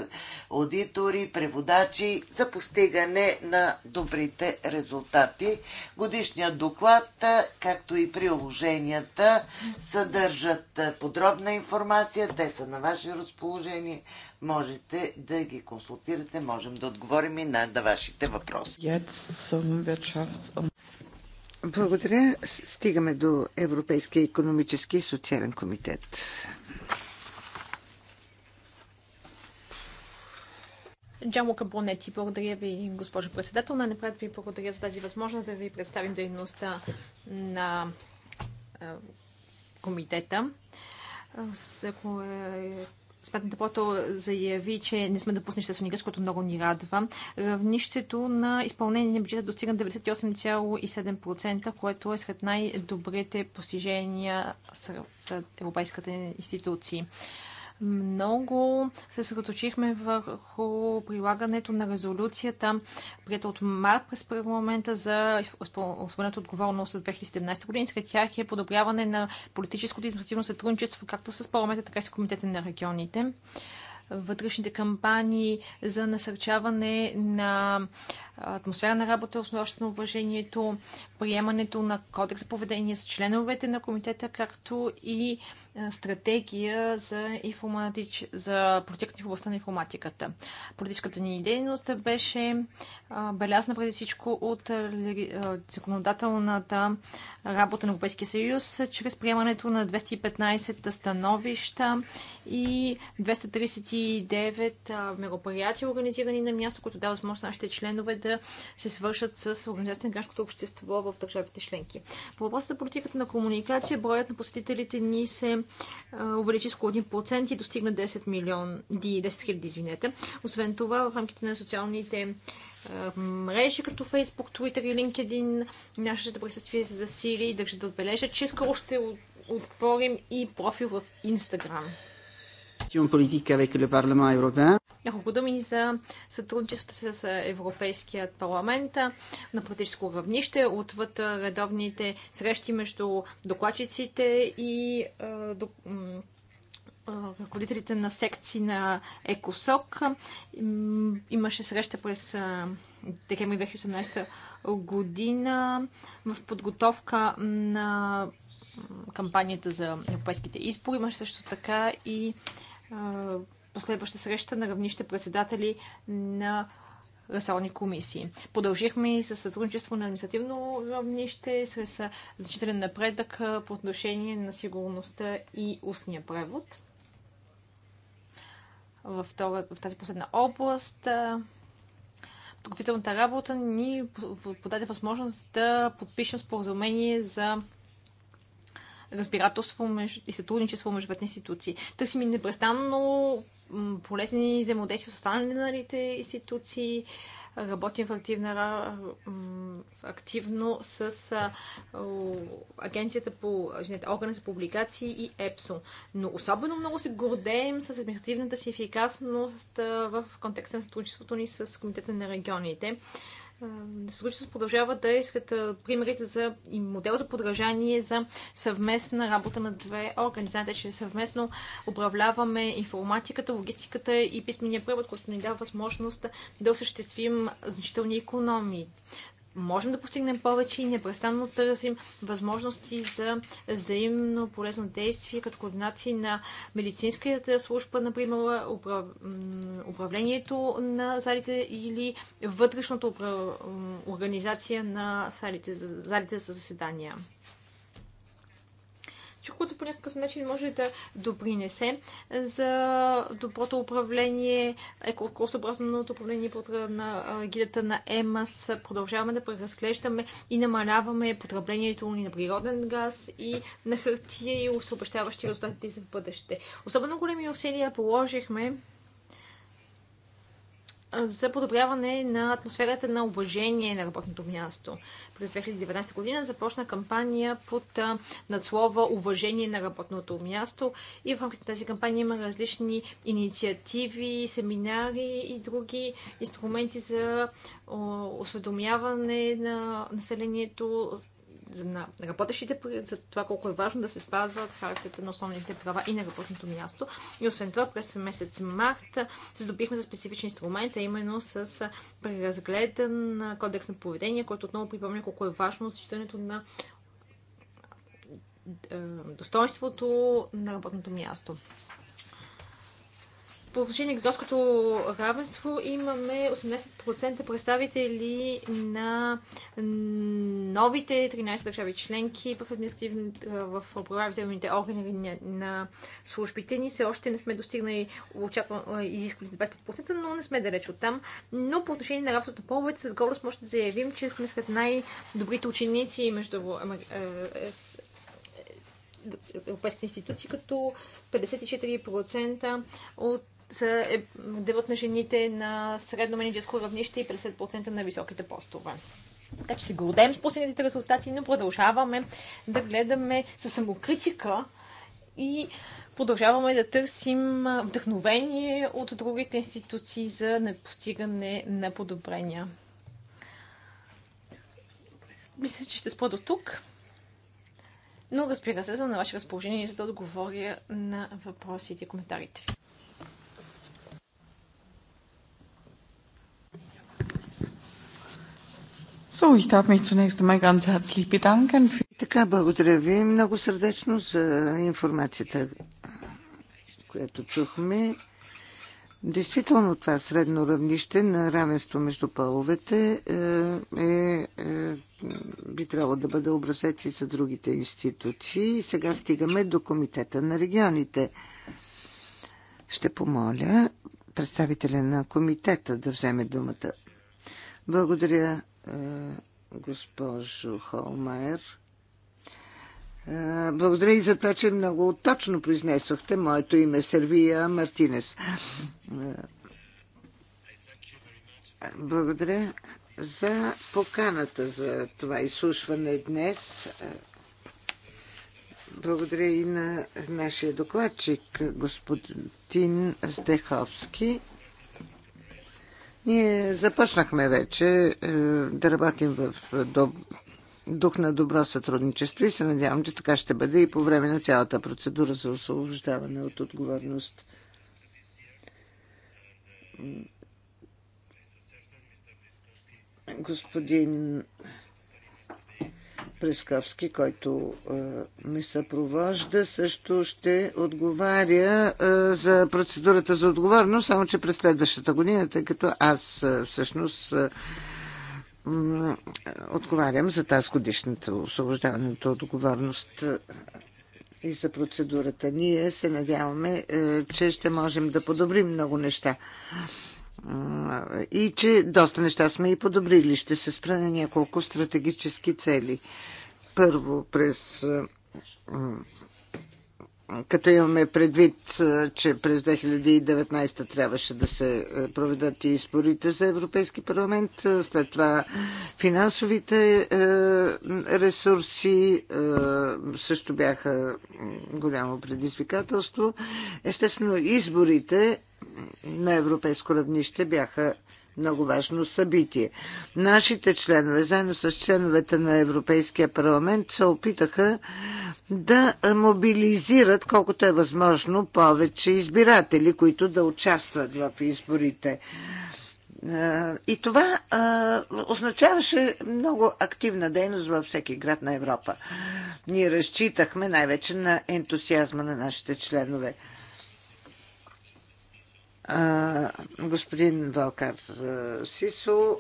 аудитори, преводачи за постигане на добрите резултати. Годишният доклад, е, както и приложенията, съдържат е, подробна информация. Те са на ваше разположение. Можете да ги консултирате, можем да отговорим и на вашите въпроси. Благодаря. Стигаме до Европейския економически и социален комитет. Джамо Кабонети, благодаря ви, госпожо председател. На напред ви благодаря за тази възможност да ви представим дейността на комитета. Е, Сметната плата заяви, че не сме допуснали съществени риск, което много ни радва. Равнището на изпълнение на бюджета достига 98,7%, което е сред най-добрите постижения сред европейските институции. Много се съсредоточихме върху прилагането на резолюцията, прията от март през парламента за освободената отговорност за 2017 година. Сред тях е подобряване на политическото и административно сътрудничество, както с парламента, така и с комитета на регионите вътрешните кампании за насърчаване на атмосфера на работа, е основаща на уважението, приемането на кодекс за поведение с членовете на комитета, както и е, стратегия за, информатич... за политиката в областта на информатиката. Политическата ни дейност беше е, белязна преди всичко от законодателната работа на Европейския съюз, чрез приемането на 215 становища и 239 мероприятия, организирани на място, които дава възможност нашите членове да се свършат с организацията на гражданското общество в държавите членки. По въпроса за политиката на комуникация, броят на посетителите ни се увеличи с около 1% и достигна 10 милион, 10 000, извинете. Освен това, в рамките на социалните мрежи като Facebook, Twitter и LinkedIn. Нашето присъствие се засили и държа да отбележа, че скоро ще отворим и профил в Instagram. Политика avec le Parlement européen. Няколко думи за сътрудничеството с Европейският парламент на политическо равнище, отвъд редовните срещи между докладчиците и ръководителите на секции на ЕКОСОК. Имаше среща през декември 2018 година в подготовка на кампанията за европейските избори. Имаше също така и последваща среща на равнище председатели на ресорни комисии. Продължихме и с сътрудничество на административно равнище, с значителен напредък по отношение на сигурността и устния превод. в тази последна област подготвителната работа ни подаде възможност да подпишем споразумение за разбирателство между, и сътрудничество между двете институции. Търсим и непрестанно полезни взаимодействия с останалите институции, работим в активна, активно с агенцията по органа за публикации и ЕПСО. Но особено много се гордеем с административната си ефикасност в контекста на сътрудничеството ни с Комитета на регионите сътрудничество продължава да искат примерите за и модел за подражание за съвместна работа на две организации. че съвместно управляваме информатиката, логистиката и писмения превод, който ни дава възможност да осъществим значителни економии можем да постигнем повече и непрестанно търсим възможности за взаимно полезно действие, като координации на медицинската служба, например, управлението на залите или вътрешното организация на залите за заседания. Всичко, по някакъв начин може да допринесе за доброто управление, екологосъобразното управление под на гидата на ЕМАС. Продължаваме да преразглеждаме и намаляваме потреблението ни на природен газ и на хартия и усъобщаващи резултатите за бъдеще. Особено големи усилия положихме за подобряване на атмосферата на уважение на работното място. През 2019 година започна кампания под надслова Уважение на работното място и в рамките на тази кампания има различни инициативи, семинари и други инструменти за осведомяване на населението на работещите, за това колко е важно да се спазват характерите на основните права и на работното място. И освен това, през месец март се здобихме за специфични инструмента, именно с преразгледан кодекс на поведение, който отново припомня колко е важно зачитането на е, достоинството на работното място по отношение на равенство имаме 18% представители на новите 13 държави членки в, управителните органи на службите ни. Все още не сме достигнали изискването 25%, но не сме далеч от там. Но по отношение на равенството на половете с гордост може да заявим, че сме сред най-добрите ученици между е, европейските институции, като 54% от са е, делът на жените на средно менеджерско равнище и 50% на високите постове. Така че се гордеем с последните резултати, но продължаваме да гледаме със самокритика и продължаваме да търсим вдъхновение от другите институции за непостигане на подобрения. Мисля, че ще спра до тук. Но разбира се, съм на ваше разположение, за да отговоря на въпросите и коментарите ви. So, ich darf mich zunächst einmal ganz herzlich bedanken. Für... Така, благодаря ви много сърдечно за информацията, която чухме. Действително това средно равнище на равенство между половете е, е, е би трябвало да бъде образец и за другите институции. сега стигаме до Комитета на регионите. Ще помоля представителя на комитета да вземе думата. Благодаря госпожо Холмайер. Благодаря и за това, че много точно произнесохте моето име Сервия Мартинес. Благодаря за поканата за това изслушване днес. Благодаря и на нашия докладчик, господин Стеховски. Ние започнахме вече е, да работим в дух на добро сътрудничество и се надявам, че така ще бъде и по време на цялата процедура за освобождаване от отговорност. Господин Пресковски, който е, ми съпровожда, също ще отговаря е, за процедурата за отговорност, само че през следващата година, тъй като аз е, всъщност е, отговарям за тази годишната освобождаването от отговорност и за процедурата. Ние се надяваме, че ще можем да подобрим много неща и че доста неща сме и подобрили. Ще се спра на няколко стратегически цели. Първо, през като имаме предвид, че през 2019 трябваше да се проведат и изборите за Европейски парламент, след това финансовите ресурси също бяха голямо предизвикателство. Естествено, изборите на европейско равнище бяха много важно събитие. Нашите членове, заедно с членовете на Европейския парламент, се опитаха да мобилизират колкото е възможно повече избиратели, които да участват в изборите. И това означаваше много активна дейност във всеки град на Европа. Ние разчитахме най-вече на ентусиазма на нашите членове господин Валкар Сисо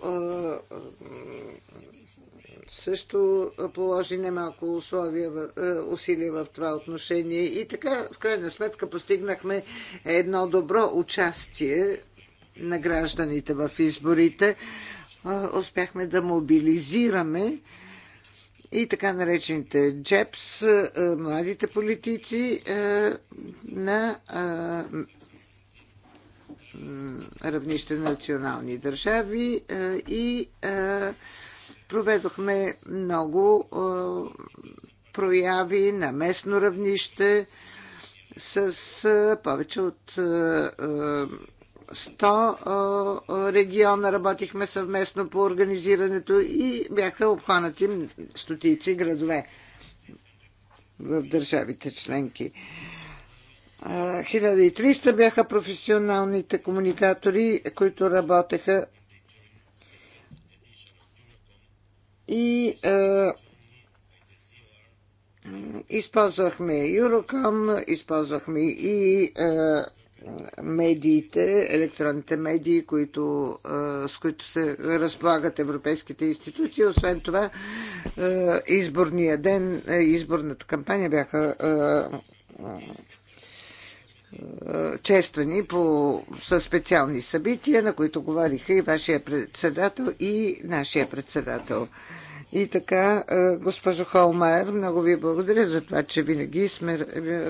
също положи немалко условия, усилия в това отношение и така в крайна сметка постигнахме едно добро участие на гражданите в изборите. Успяхме да мобилизираме и така наречените джепс, младите политици на равнище национални държави е, и е, проведохме много е, прояви на местно равнище с повече от 100 региона работихме съвместно по организирането и бяха обхванати стотици градове в държавите членки. 1300 бяха професионалните комуникатори, които работеха и е, използвахме Eurocom, използвахме и е, медиите, електронните медии, които, е, с които се разполагат европейските институции. Освен това, е, изборния ден, е, изборната кампания бяха е, е, чествани по, със специални събития, на които говориха и вашия председател, и нашия председател. И така, е, госпожо Холмайер, много ви благодаря за това, че винаги сме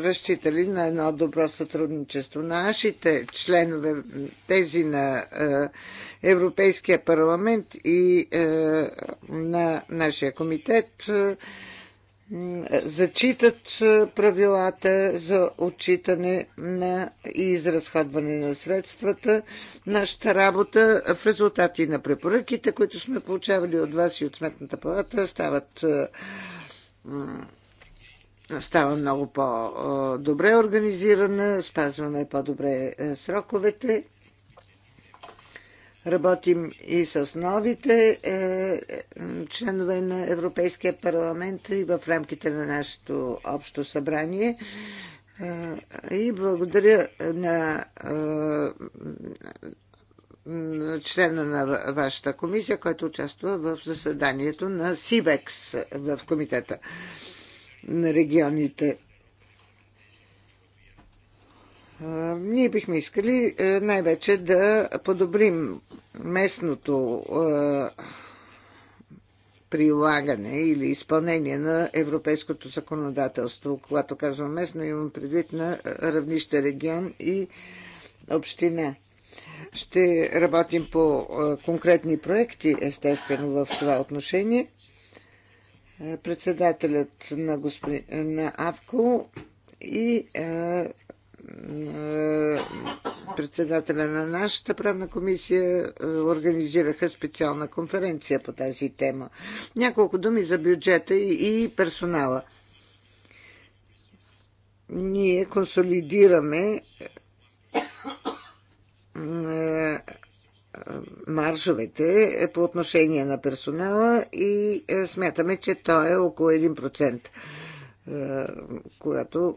разчитали на едно добро сътрудничество. Нашите членове, тези на е, Европейския парламент и на нашия комитет, зачитат правилата за отчитане на и изразходване на средствата. Нашата работа в резултати на препоръките, които сме получавали от вас и от Сметната палата, стават става много по-добре организирана, спазваме по-добре сроковете Работим и с новите е, членове на Европейския парламент и в рамките на нашето общо събрание. Е, и благодаря на е, члена на вашата комисия, който участва в заседанието на СИВЕКС в комитета на регионите. Ние бихме искали е, най-вече да подобрим местното е, прилагане или изпълнение на европейското законодателство. Когато казвам местно, имам предвид на равнище регион и община. Ще работим по е, конкретни проекти, естествено, в това отношение. Председателят на, господин, на АВКО и е, е, председателя на нашата правна комисия е, организираха специална конференция по тази тема. Няколко думи за бюджета и персонала. Ние консолидираме е, маржовете по отношение на персонала и смятаме, че то е около 1%, което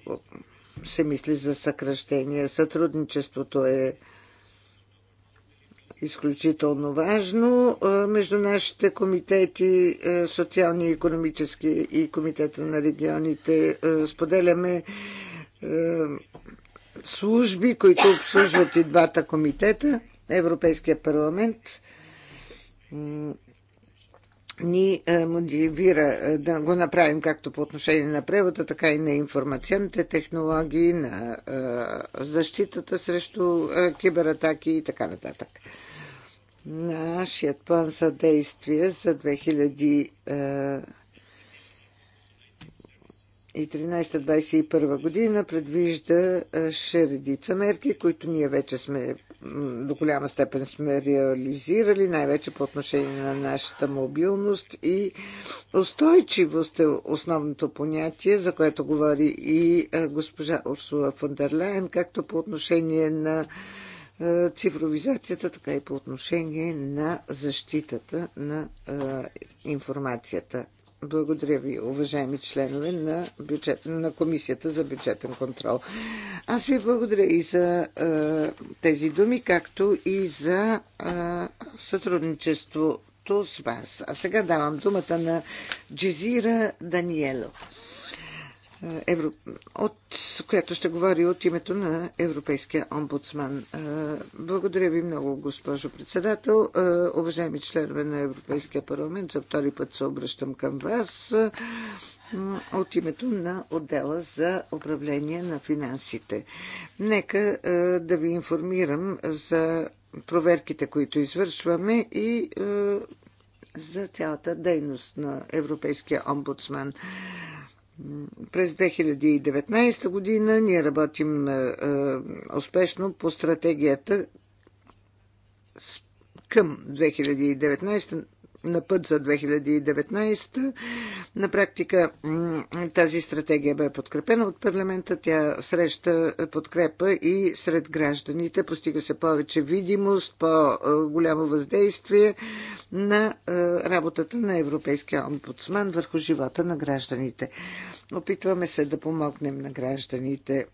се мисли за съкръщение. Сътрудничеството е изключително важно между нашите комитети, социални и економически и комитета на регионите. Споделяме служби, които обслужват и двата комитета, Европейския парламент ни е, мотивира е, да го направим както по отношение на превода, така и на информационните технологии, на е, защитата срещу кибератаки и така нататък. Нашият план за действие за 2013-2021 година предвижда шередица мерки, които ние вече сме до голяма степен сме реализирали, най-вече по отношение на нашата мобилност и устойчивост е основното понятие, за което говори и е, госпожа Урсула Фондерлайн, както по отношение на е, цифровизацията, така и по отношение на защитата на е, информацията. Благодаря ви, уважаеми членове на, бюджет, на Комисията за бюджетен контрол. Аз ви благодаря и за е, тези думи, както и за е, сътрудничеството с вас. А сега давам думата на Джезира Даниело евро... от... която ще говори от името на Европейския омбудсман. Е, благодаря ви много, госпожо председател. Е, уважаеми членове на Европейския парламент, за втори път се обръщам към вас е, от името на отдела за управление на финансите. Нека да ви информирам за проверките, които извършваме и за цялата дейност на Европейския омбудсман. През 2019 година ние работим е, е, успешно по стратегията към 2019 на път за 2019. На практика тази стратегия бе подкрепена от парламента. Тя среща подкрепа и сред гражданите. Постига се повече видимост, по-голямо въздействие на е, работата на Европейския омбудсман върху живота на гражданите. Опитваме се да помогнем на гражданите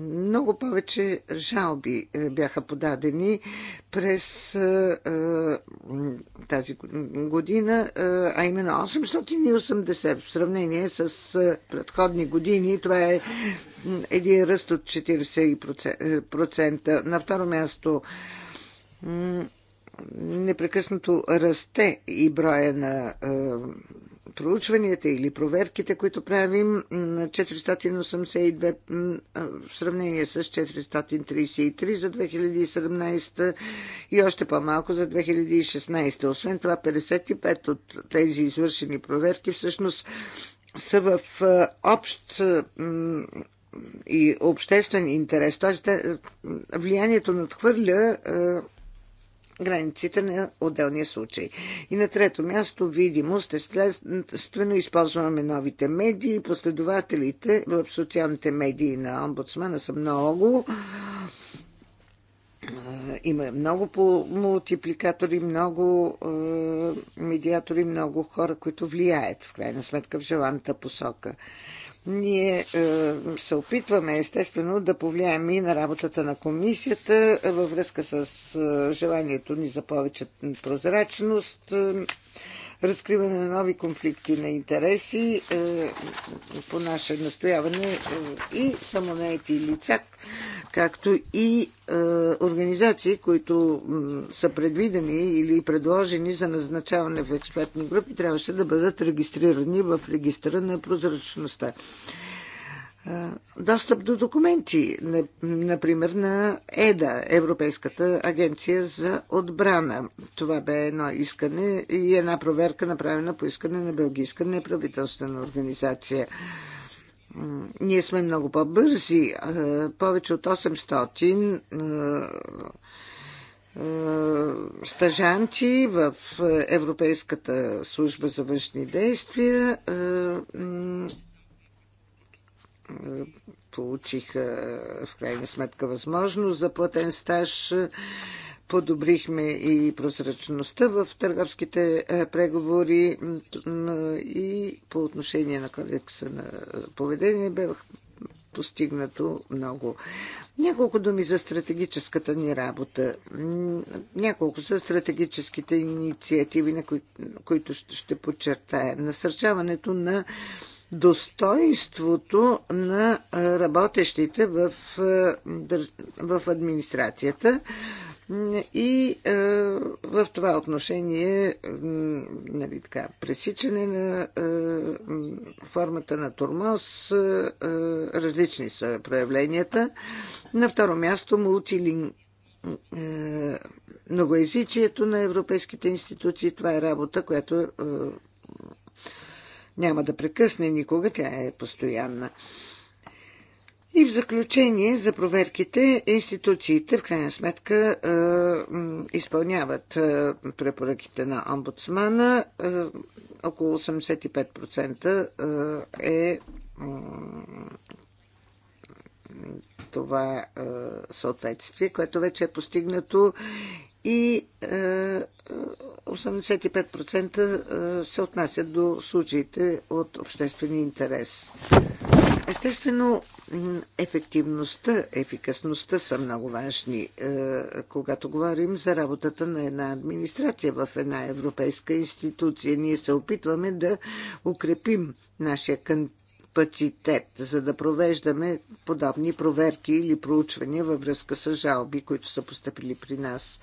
много повече жалби е, бяха подадени през е, е, тази година, а именно 880 в сравнение с предходни години. Това е един ръст от 40%. На второ място непрекъснато расте и броя на проучванията или проверките, които правим, 482 в сравнение с 433 за 2017 и още по-малко за 2016. Освен това, 55 от тези извършени проверки всъщност са в общ и обществен интерес. Тоест, влиянието надхвърля границите на отделния случай. И на трето място, видимост, естествено използваме новите медии. Последователите в социалните медии на омбудсмана са много. Е, има много мултипликатори, много е, медиатори, много хора, които влияят в крайна сметка в желаната посока. Ние е, се опитваме естествено да повлияем и на работата на комисията е, във връзка с е, желанието ни за повече прозрачност, разкриване на нови конфликти на интереси е, по наше настояване е, и самонаети лица, както и е, организации, които са предвидени или предложени за назначаване в експертни групи, трябваше да бъдат регистрирани в регистъра на прозрачността достъп до документи, например на ЕДА, Европейската агенция за отбрана. Това бе едно искане и една проверка направена по искане на Белгийска неправителствена организация. Ние сме много по-бързи. Повече от 800 стажанти в Европейската служба за външни действия получиха в крайна сметка възможност за платен стаж. Подобрихме и прозрачността в търговските е, преговори и по отношение на кодекса на поведение бях постигнато много. Няколко думи за стратегическата ни работа. Няколко за стратегическите инициативи, на които ще подчертая. Насърчаването на достоинството на работещите в, в администрацията. И е, в това отношение нали, така, пресичане на е, формата на турмоз, е, различни са проявленията. На второ място мултилинг многоязичието на европейските институции. Това е работа, която няма да прекъсне никога, тя е постоянна. И в заключение за проверките институциите в крайна сметка е, изпълняват е, препоръките на омбудсмана. Е, около 85% е, е това е, съответствие, което вече е постигнато и 85% е, е, се отнасят до случаите от обществени интерес. Естествено, ефективността, ефикасността са много важни, е, когато говорим за работата на една администрация в една европейска институция. Ние се опитваме да укрепим нашия капацитет, за да провеждаме подобни проверки или проучвания във връзка с жалби, които са поступили при нас.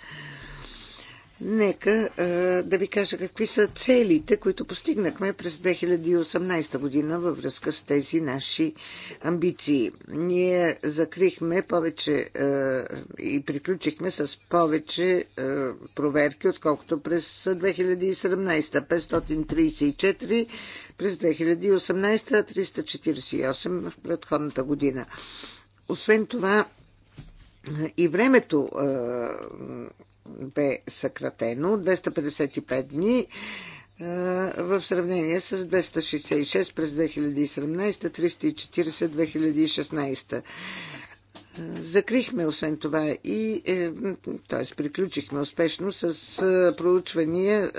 Нека а, да ви кажа какви са целите, които постигнахме през 2018 година във връзка с тези наши амбиции. Ние закрихме повече а, и приключихме с повече а, проверки, отколкото през 2017. 534 през 2018, 348 в предходната година. Освен това, и времето бе съкратено 255 дни е, в сравнение с 266 през 2017, 340 2016. Закрихме, освен това, и, е, т.е. приключихме успешно с е, проучвания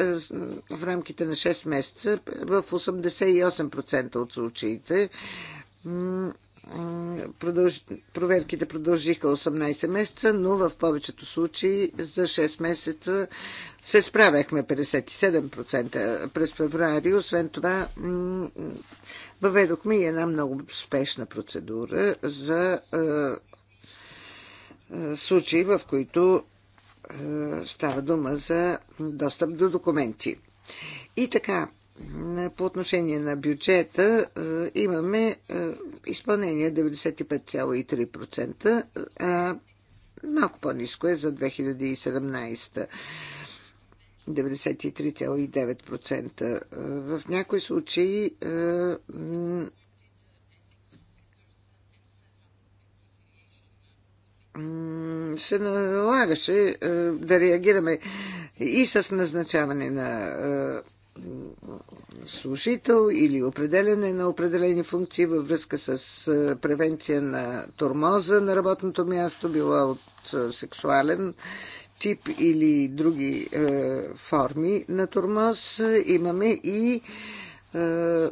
в рамките на 6 месеца в 88% от случаите Продълж... Проверките продължиха 18 месеца, но в повечето случаи за 6 месеца се справяхме 57% през февруари. Освен това, въведохме и една много успешна процедура за е, е, случаи, в които е, става дума за достъп до документи. И така, по отношение на бюджета е, имаме е, изпълнение 95,3%. Е, малко по-низко е за 2017. 93,9%. В някои случаи се налагаше да реагираме и с назначаване на служител или определене на определени функции във връзка с превенция на тормоза на работното място, било от сексуален тип или други е, форми на тормоз. Имаме и е,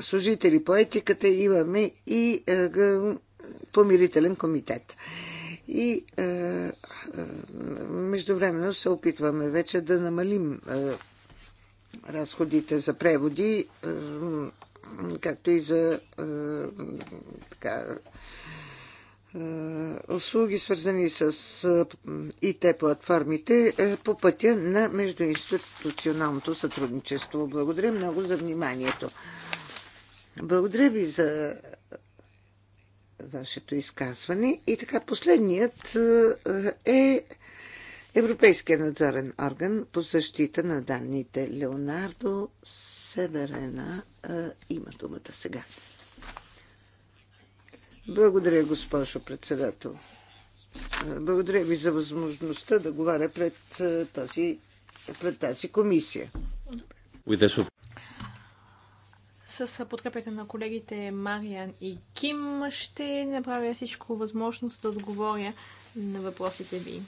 служители по етиката, имаме и е, помирителен комитет. И е, е, междувременно се опитваме вече да намалим е, разходите за преводи, е, както и за е, така, е, услуги, свързани с ИТ платформите по пътя на междуинституционалното сътрудничество. Благодаря много за вниманието. Благодаря ви за вашето изказване. И така, последният е Европейския надзорен орган по защита на данните. Леонардо Северена има думата сега. Благодаря, госпожо председател. Благодаря ви за възможността да говоря пред, тази, пред тази комисия. С подкрепята на колегите Мариан и Ким ще направя всичко възможност да отговоря на въпросите ви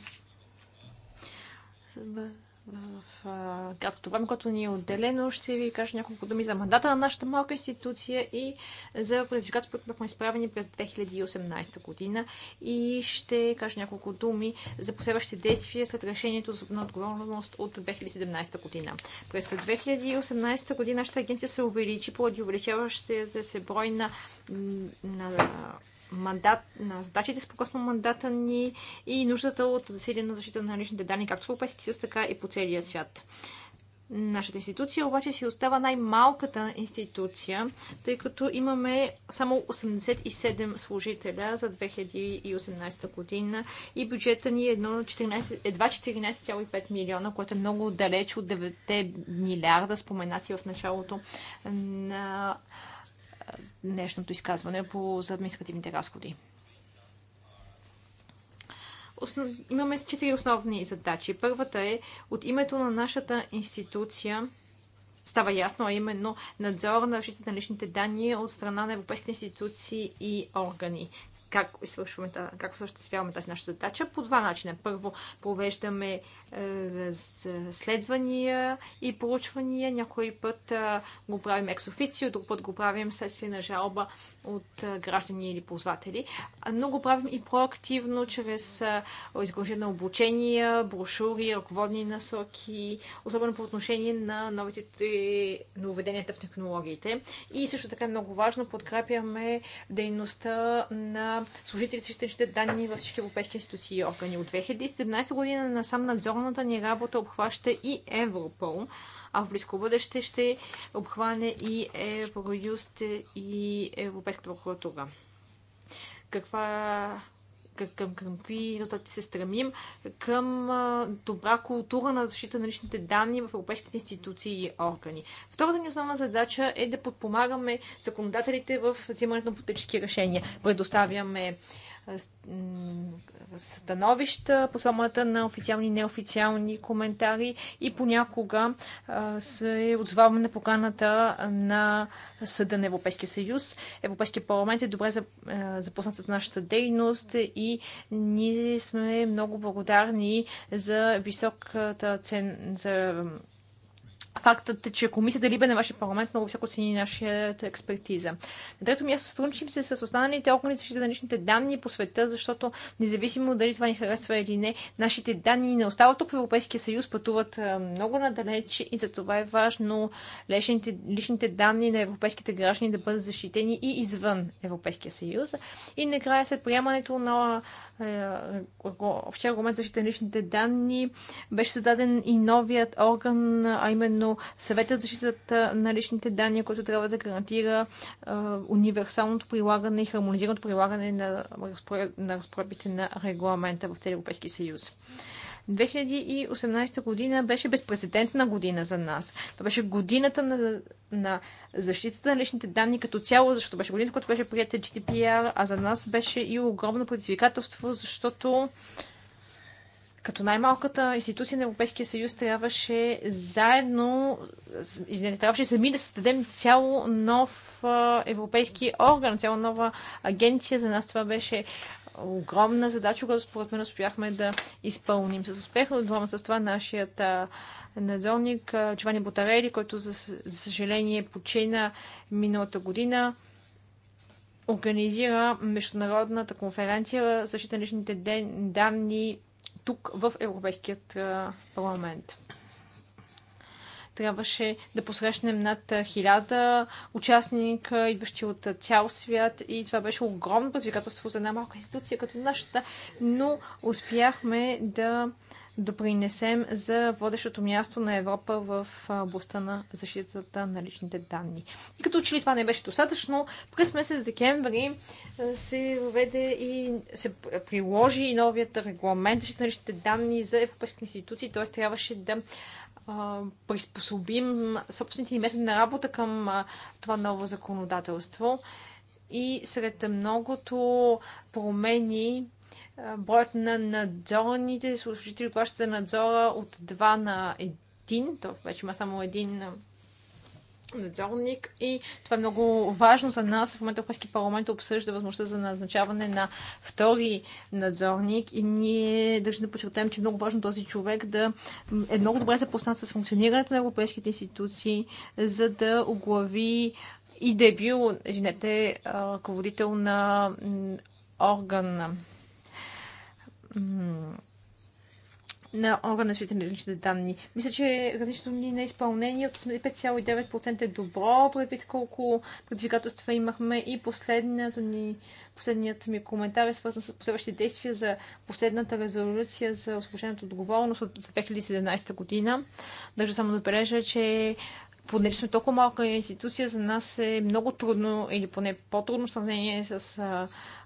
в краткото време, което ни е отделено, ще ви кажа няколко думи за мандата на нашата малка институция и за предизвикателството, което бяхме изправени през 2018 година и ще кажа няколко думи за последващите действия след решението на отговорност от 2017 година. През 2018 година нашата агенция се увеличи поради увеличаващия се брой на, на мандат, на задачите с по-късно мандата ни и нуждата от засилена защита на личните данни, както в Европейския съюз, така и по целия свят. Нашата институция обаче си остава най-малката институция, тъй като имаме само 87 служителя за 2018 година и бюджета ни е 14, едва 14,5 милиона, което е много далеч от 9 милиарда, споменати в началото на днешното изказване по, за административните разходи. Основ... Имаме четири основни задачи. Първата е от името на нашата институция става ясно, а именно надзор на защита на личните данни от страна на европейските институции и органи как, свършваме, как осъществяваме тази наша задача по два начина. Първо, провеждаме е, разследвания и проучвания. Някой път е, го правим ексофицио, друг път го правим следствие на жалба от е, граждани или ползватели. Но го правим и проактивно, чрез изглъжение на обучения, брошури, ръководни насоки, особено по отношение на новите нововеденията в технологиите. И също така е много важно подкрепяме дейността на Служителите ще ще данни във всички европейски институции и органи. От 2017 година сам надзорната ни работа обхваща и Европол, а в близко бъдеще ще обхване и Евроюст и Европейската прокуратура. Каква към какви резултати се стремим, към добра култура на защита на личните данни в европейските институции и органи. Втората ни основна задача е да подпомагаме законодателите в взимането на политически решения. Предоставяме становища по формата на официални и неофициални коментари и понякога се отзваваме на поканата на Съда на Европейския съюз. Европейския парламент е добре запознат с нашата дейност и ние сме много благодарни за високата цен, за фактът, е, че комисията Либе на вашия парламент много високо цени нашата експертиза. На трето място сътрудничим се с останалите органи за защита на личните данни по света, защото независимо дали това ни харесва или не, нашите данни не остават тук в Европейския съюз, пътуват много надалеч и за това е важно личните, личните данни на европейските граждани да бъдат защитени и извън Европейския съюз. И накрая след приемането на общия аргумент за защита на личните данни беше създаден и новият орган, а именно но съветът за защитата на личните данни, който трябва да гарантира универсалното прилагане и хармонизираното прилагане на, на разпоредбите на регламента в целия Европейски съюз. 2018 година беше безпредседентна година за нас. Това беше годината на, на защитата на личните данни като цяло, защото беше годината, която беше приятел GDPR, а за нас беше и огромно предизвикателство, защото като най-малката институция на Европейския съюз трябваше заедно, извинете, трябваше сами да създадем цяло нов европейски орган, цяло нова агенция. За нас това беше огромна задача, която според мен успяхме да изпълним с успех. Отдавам с това нашият надзорник Чувани Ботарели, който за, за съжаление почина миналата година организира международната конференция за защита на личните ден, данни тук в Европейският парламент. Трябваше да посрещнем над хиляда участника, идващи от цял свят и това беше огромно предизвикателство за една малка институция като нашата, но успяхме да допринесем за водещото място на Европа в областта на защитата на личните данни. И като че ли това не беше достатъчно, през месец декември се въведе и се приложи и новият регламент за на личните данни за европейските институции, т.е. трябваше да приспособим собствените методи на работа към това ново законодателство. И сред многото промени броят на надзорните служители, плащат за надзора от 2 на 1, т.е. вече има само един надзорник и това е много важно за нас. В момента Европейски парламент обсъжда възможността за назначаване на втори надзорник и ние държим да подчертаем, че е много важно този човек да е много добре запознат с функционирането на европейските институции, за да оглави и да е бил, извинете, ръководител на органа на органа на защита на личните данни. Мисля, че различното ни на изпълнение от 85,9% е добро, предвид колко предизвикателства имахме и последният ни, последният ми коментар е свързан с последващите действия за последната резолюция за освобождената отговорност от 2017 година. Държа само да отбележа, че понеже сме толкова малка институция, за нас е много трудно или поне по-трудно в сравнение с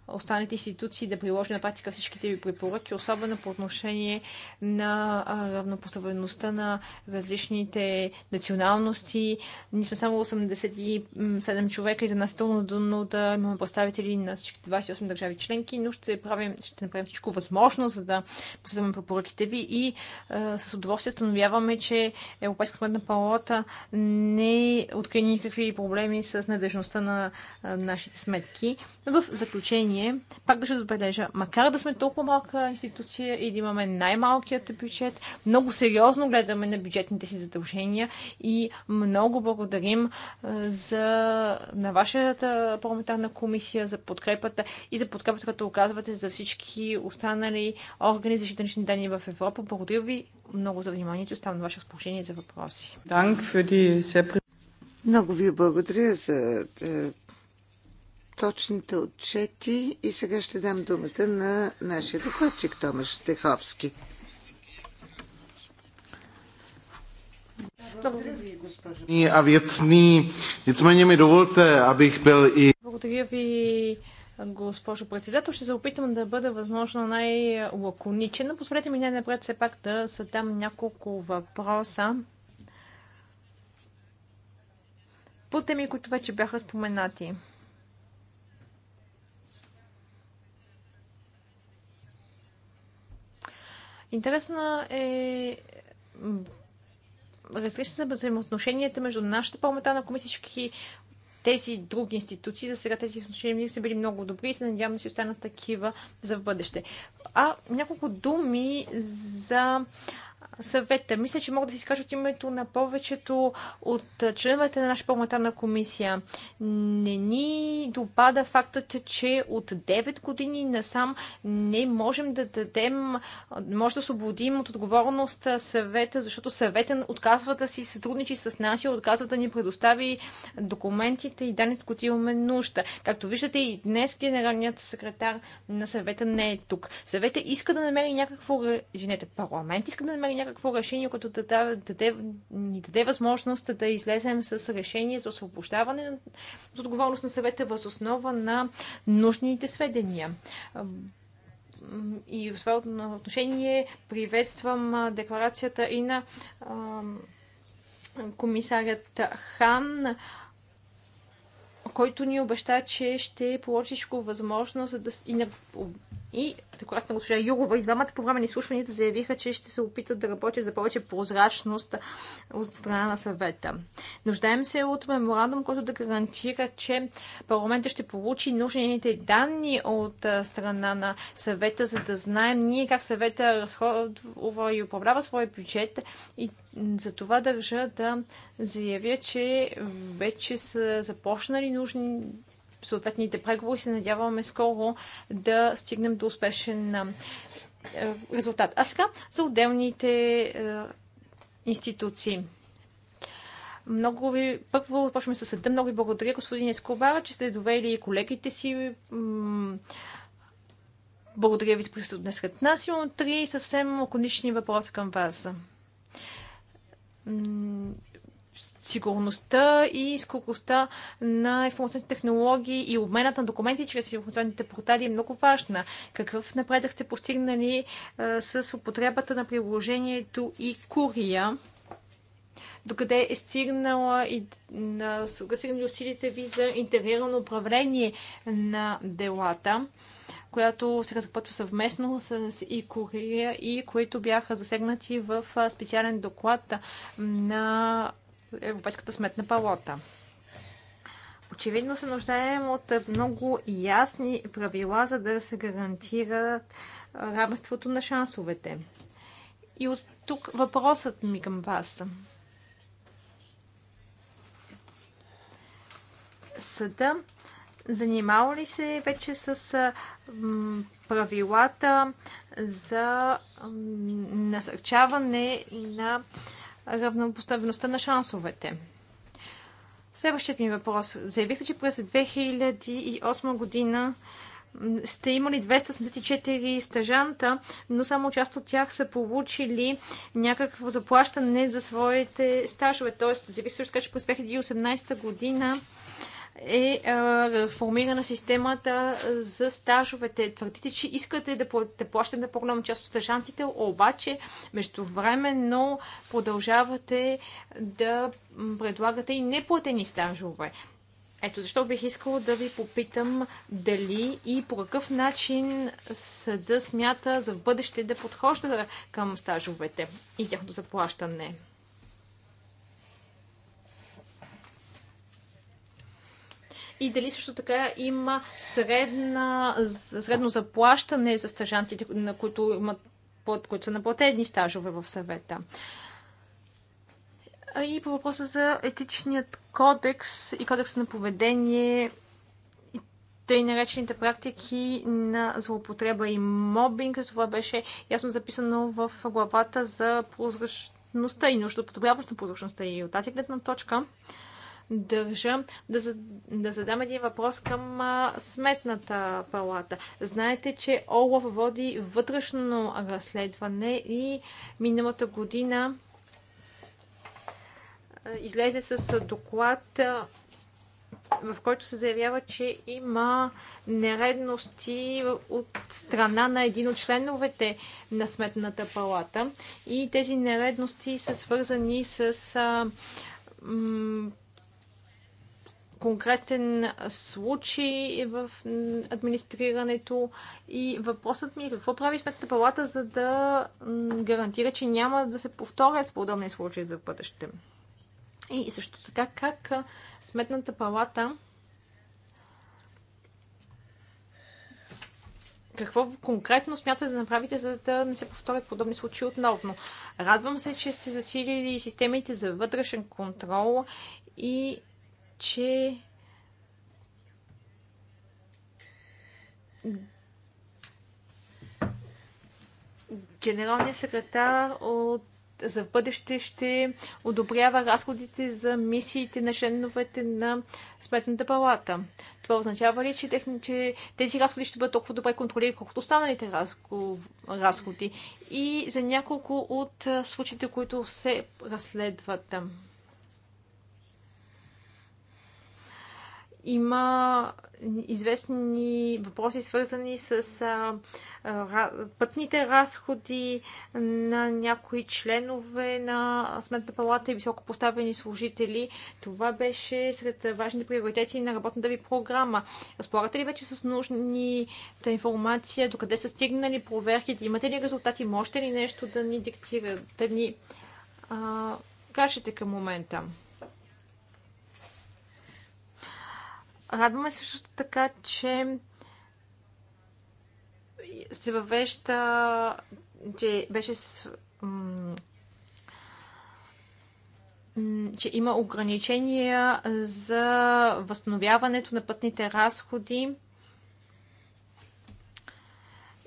останалите институции да приложи на практика всичките ви препоръки, особено по отношение на равнопоставеността на различните националности. Ние сме само 87 човека и за нас е трудно да имаме представители на всички 28 държави членки, но ще, правим, ще направим всичко възможно, за да последваме препоръките ви и а, с удоволствие установяваме, че Европейска сметна палата не открие никакви проблеми с надежността на а, нашите сметки. В заключение ние, пак ще отбележа, макар да сме толкова малка институция и да имаме най-малкият бюджет, много сериозно гледаме на бюджетните си задължения и много благодарим за, на вашата парламентарна комисия за подкрепата и за подкрепата, като оказвате за всички останали органи за житнични данни в Европа. Благодаря ви много за вниманието. и Оставам на ваше разположение за въпроси. Много ви благодаря за е, точните отчети и сега ще дам думата на нашия докладчик Томаш Стеховски. a věcný. Nicméně Благодаря ви, госпожо председател. Ще се опитам да бъда възможно най-лаконичен. Позволете ми най-напред все пак да задам няколко въпроса по теми, които вече бяха споменати. Интересна е различни за взаимоотношенията между нашата парламентарна комисия и всички тези други институции. За сега тези отношения са били много добри и се надявам да си останат такива за в бъдеще. А няколко думи за съвета. Мисля, че мога да си изкажа от името на повечето от членовете на нашата парламентарна комисия. Не ни допада фактът, че от 9 години насам не можем да дадем, може да освободим от отговорност съвета, защото съветът отказва да си сътрудничи с нас и отказва да ни предостави документите и данните, които имаме нужда. Както виждате и днес генералният секретар на съвета не е тук. Съвета иска да намери някакво, извинете, парламент иска да намери някакво решение, което да даде, даде, ни даде възможност да излезем с решение за освобождаване от отговорност на съвета въз основа на нужните сведения. И в това отношение приветствам декларацията и на комисарят Хан, който ни обеща, че ще получи всичко възможно за да, и на и така на госпожа Юрова и двамата по време на изслушванията заявиха, че ще се опитат да работят за повече прозрачност от страна на съвета. Нуждаем се от меморандум, който да гарантира, че парламентът ще получи нужните данни от страна на съвета, за да знаем ние как съвета разходва и управлява своя бюджет и за това държа да заявя, че вече са започнали нужни съответните преговори. Се надяваме скоро да стигнем до успешен е, резултат. А сега за отделните е, институции. Много ви... Първо започваме с съда. Много ви благодаря, господин Ескобара, че сте довели и колегите си. Благодаря ви за присъствието днес сред нас. Имам три съвсем лаконични въпроса към вас сигурността и скоростта на информационните технологии и обменът на документи чрез информационните портали е много важна. Какъв напредък сте постигнали а, с употребата на приложението и курия? докъде е стигнала и на, съгласени усилите ви за интегрирано управление на делата, която се разработва съвместно с и Корея и които бяха засегнати в специален доклад на Европейската сметна палата. Очевидно се нуждаем от много ясни правила, за да се гарантира равенството на шансовете. И от тук въпросът ми към вас. Съда занимава ли се вече с правилата за насърчаване на равнопоставеността на шансовете. Следващият ми въпрос. Заявихте, че през 2008 година сте имали 274 стажанта, но само част от тях са получили някакво заплащане за своите стажове. Тоест, заявихте също така, че през 2018 година е реформирана системата за стажовете. Твърдите, че искате да, да плащате на по-голяма част от стажантите, обаче междувременно продължавате да предлагате и неплатени стажове. Ето защо бих искала да ви попитам дали и по какъв начин съда смята за в бъдеще да подхожда към стажовете и тяхното заплащане. и дали също така има средна, средно заплащане за стажантите, на които имат под, които са на платени стажове в съвета. И по въпроса за етичният кодекс и кодекс на поведение тъй наречените практики на злоупотреба и мобинг. Това беше ясно записано в главата за прозрачността и нужда подобряващо прозрачността. И от тази гледна точка държа да, да задам един въпрос към сметната палата. Знаете, че ОЛАФ води вътрешно разследване и миналата година излезе с доклад, в който се заявява, че има нередности от страна на един от членовете на Сметната палата. И тези нередности са свързани с конкретен случай в администрирането и въпросът ми е какво прави Сметната палата, за да гарантира, че няма да се повторят подобни случаи за бъдеще. И също така как Сметната палата какво конкретно смятате да направите, за да не се повторят подобни случаи отново. Радвам се, че сте засилили системите за вътрешен контрол и че генералният секретар от за бъдеще ще одобрява разходите за мисиите на членовете на Сметната палата. Това означава ли, че, техни, че тези разходи ще бъдат толкова добре контролирани, колкото останалите разходи? И за няколко от случаите, които се разследват. има известни въпроси, свързани с а, а, пътните разходи на някои членове на Сметната палата и високо поставени служители. Това беше сред важните приоритети на работната ви програма. Разполагате ли вече с нужната информация? Докъде са стигнали проверките? Имате ли резултати? Можете ли нещо да ни диктирате, да ни а, кажете към момента? Радваме също така, че се въвежда, че беше с, че има ограничения за възстановяването на пътните разходи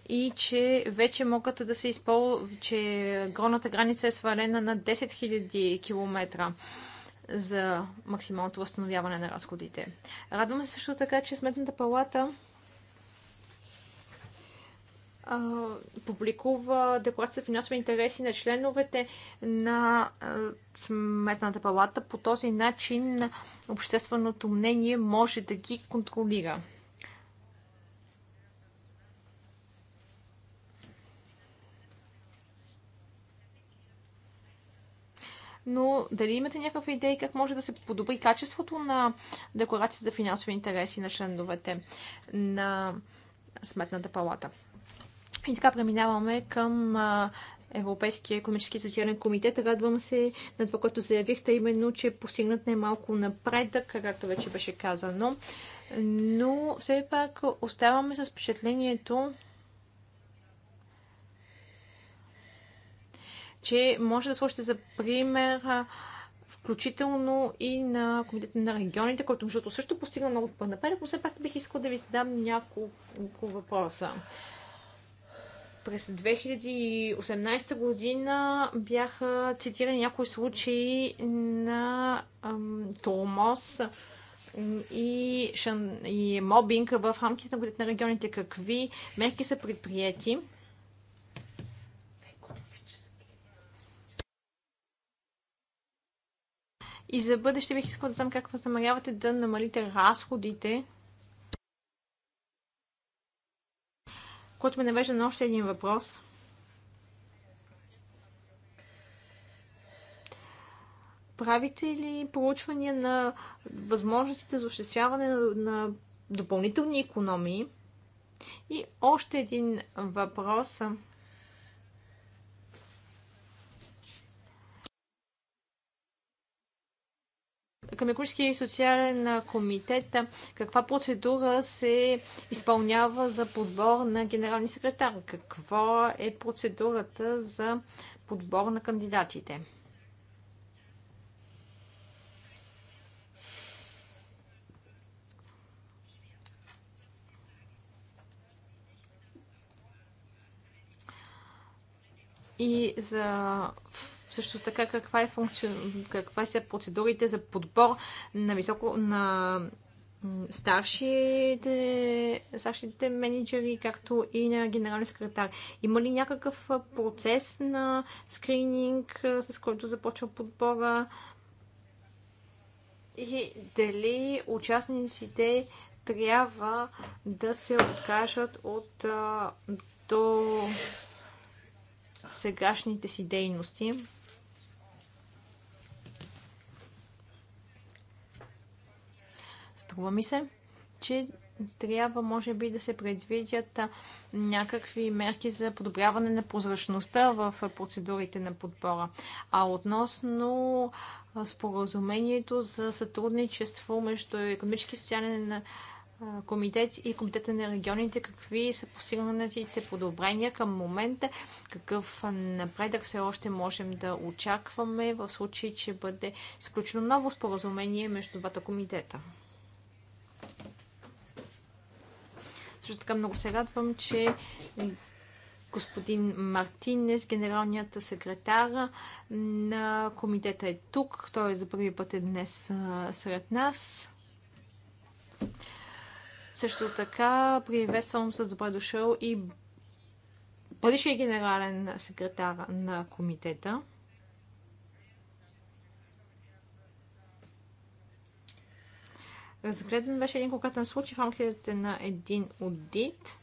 и че вече могат да се използват, че горната граница е свалена на 10 000 км за максималното възстановяване на разходите. Радвам се също така, че Сметната палата публикува декларация за финансови интереси на членовете на Сметната палата. По този начин общественото мнение може да ги контролира. но дали имате някаква идея как може да се подобри качеството на декларацията за финансови интереси на членовете на Сметната палата? И така преминаваме към Европейския економически и социален комитет. Радвам се на това, което заявихте, именно, че е постигнат най-малко напредък, както вече беше казано. Но все пак оставаме с впечатлението, че може да сложите за пример включително и на Комитета на регионите, който защото също постигна много добър напредък, но все пак бих искал да ви задам няколко въпроса. През 2018 година бяха цитирани някои случаи на ам, тормоз и, шан, и мобинг в рамките на на регионите. Какви мерки са предприяти? И за бъдеще бих искала да знам как възнамерявате да намалите разходите. Което ме навежда на още един въпрос. Правите ли проучвания на възможностите за осъществяване на допълнителни економии? И още един въпрос. към и социален комитет каква процедура се изпълнява за подбор на генерални секретар? Какво е процедурата за подбор на кандидатите? И за също така, каква е, функцион... каква са процедурите за подбор на високо на старшите, старшите менеджери, както и на генерален секретар. Има ли някакъв процес на скрининг, с който започва подбора? И дали участниците трябва да се откажат от до сегашните си дейности? Струва ми се, че трябва, може би, да се предвидят някакви мерки за подобряване на прозрачността в процедурите на подбора. А относно споразумението за сътрудничество между економически и социален комитет и комитета на регионите, какви са постигнатите подобрения към момента, какъв напредък все още можем да очакваме в случай, че бъде сключено ново споразумение между двата комитета. Също така много се радвам, че господин Мартинес, генералният секретар на комитета е тук. Той за първи път е днес сред нас. Също така приветствам с добре дошъл и бъдещия генерален секретар на комитета. Разгледан беше един конкретен случай в рамките на един аудит.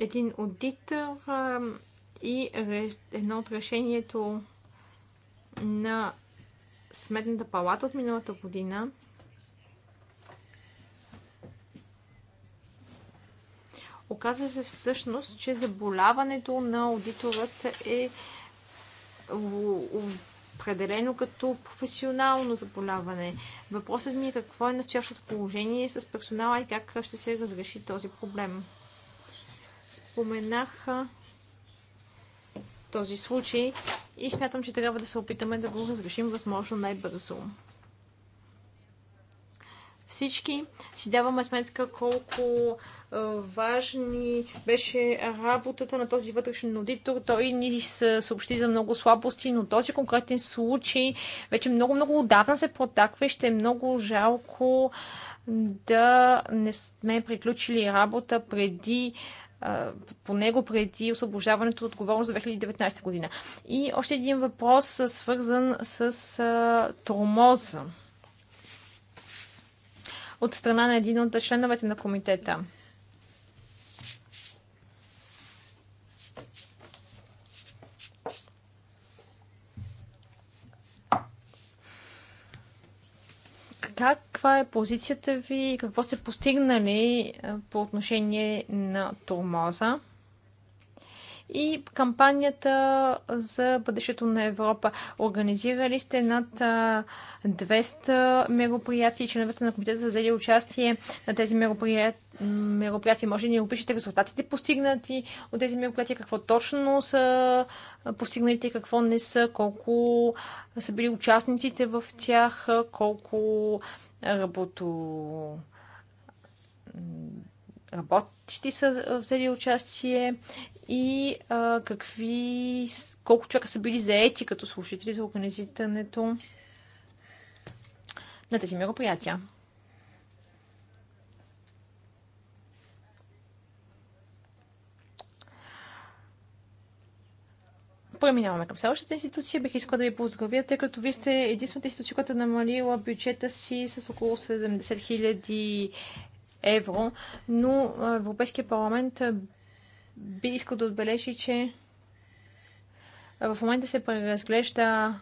един аудитор и едно от решението на Сметната палата от миналата година Оказва се всъщност, че заболяването на аудиторът е определено като професионално заболяване. Въпросът ми е какво е настоящото положение с персонала и как ще се разреши този проблем. Споменах този случай и смятам, че трябва да се опитаме да го разрешим възможно най-бързо. Всички си даваме сметка колко важни беше работата на този вътрешен аудитор. Той ни съобщи за много слабости, но този конкретен случай вече много-много отдавна се протаква и ще е много жалко да не сме приключили работа преди по него преди освобождаването от отговорност за 2019 година. И още един въпрос, свързан с тормоза от страна на един от членовете на комитета. каква е позицията ви, и какво сте постигнали по отношение на турмоза? и кампанията за бъдещето на Европа. Организирали сте над 200 мероприятия и членовете на комитета са взели участие на тези мероприятия. мероприятия. Може да ни опишете резултатите постигнати от тези мероприятия, какво точно са и какво не са, колко са били участниците в тях, колко работо работещи са взели участие и а, какви, колко човека са били заети като служители за организирането на тези мероприятия. Преминаваме към следващата институция. Бих искала да ви поздравя, тъй като вие сте единствената институция, която е намалила бюджета си с около 70 000 евро, но Европейския парламент би искал да отбележи, че в момента се преразглежда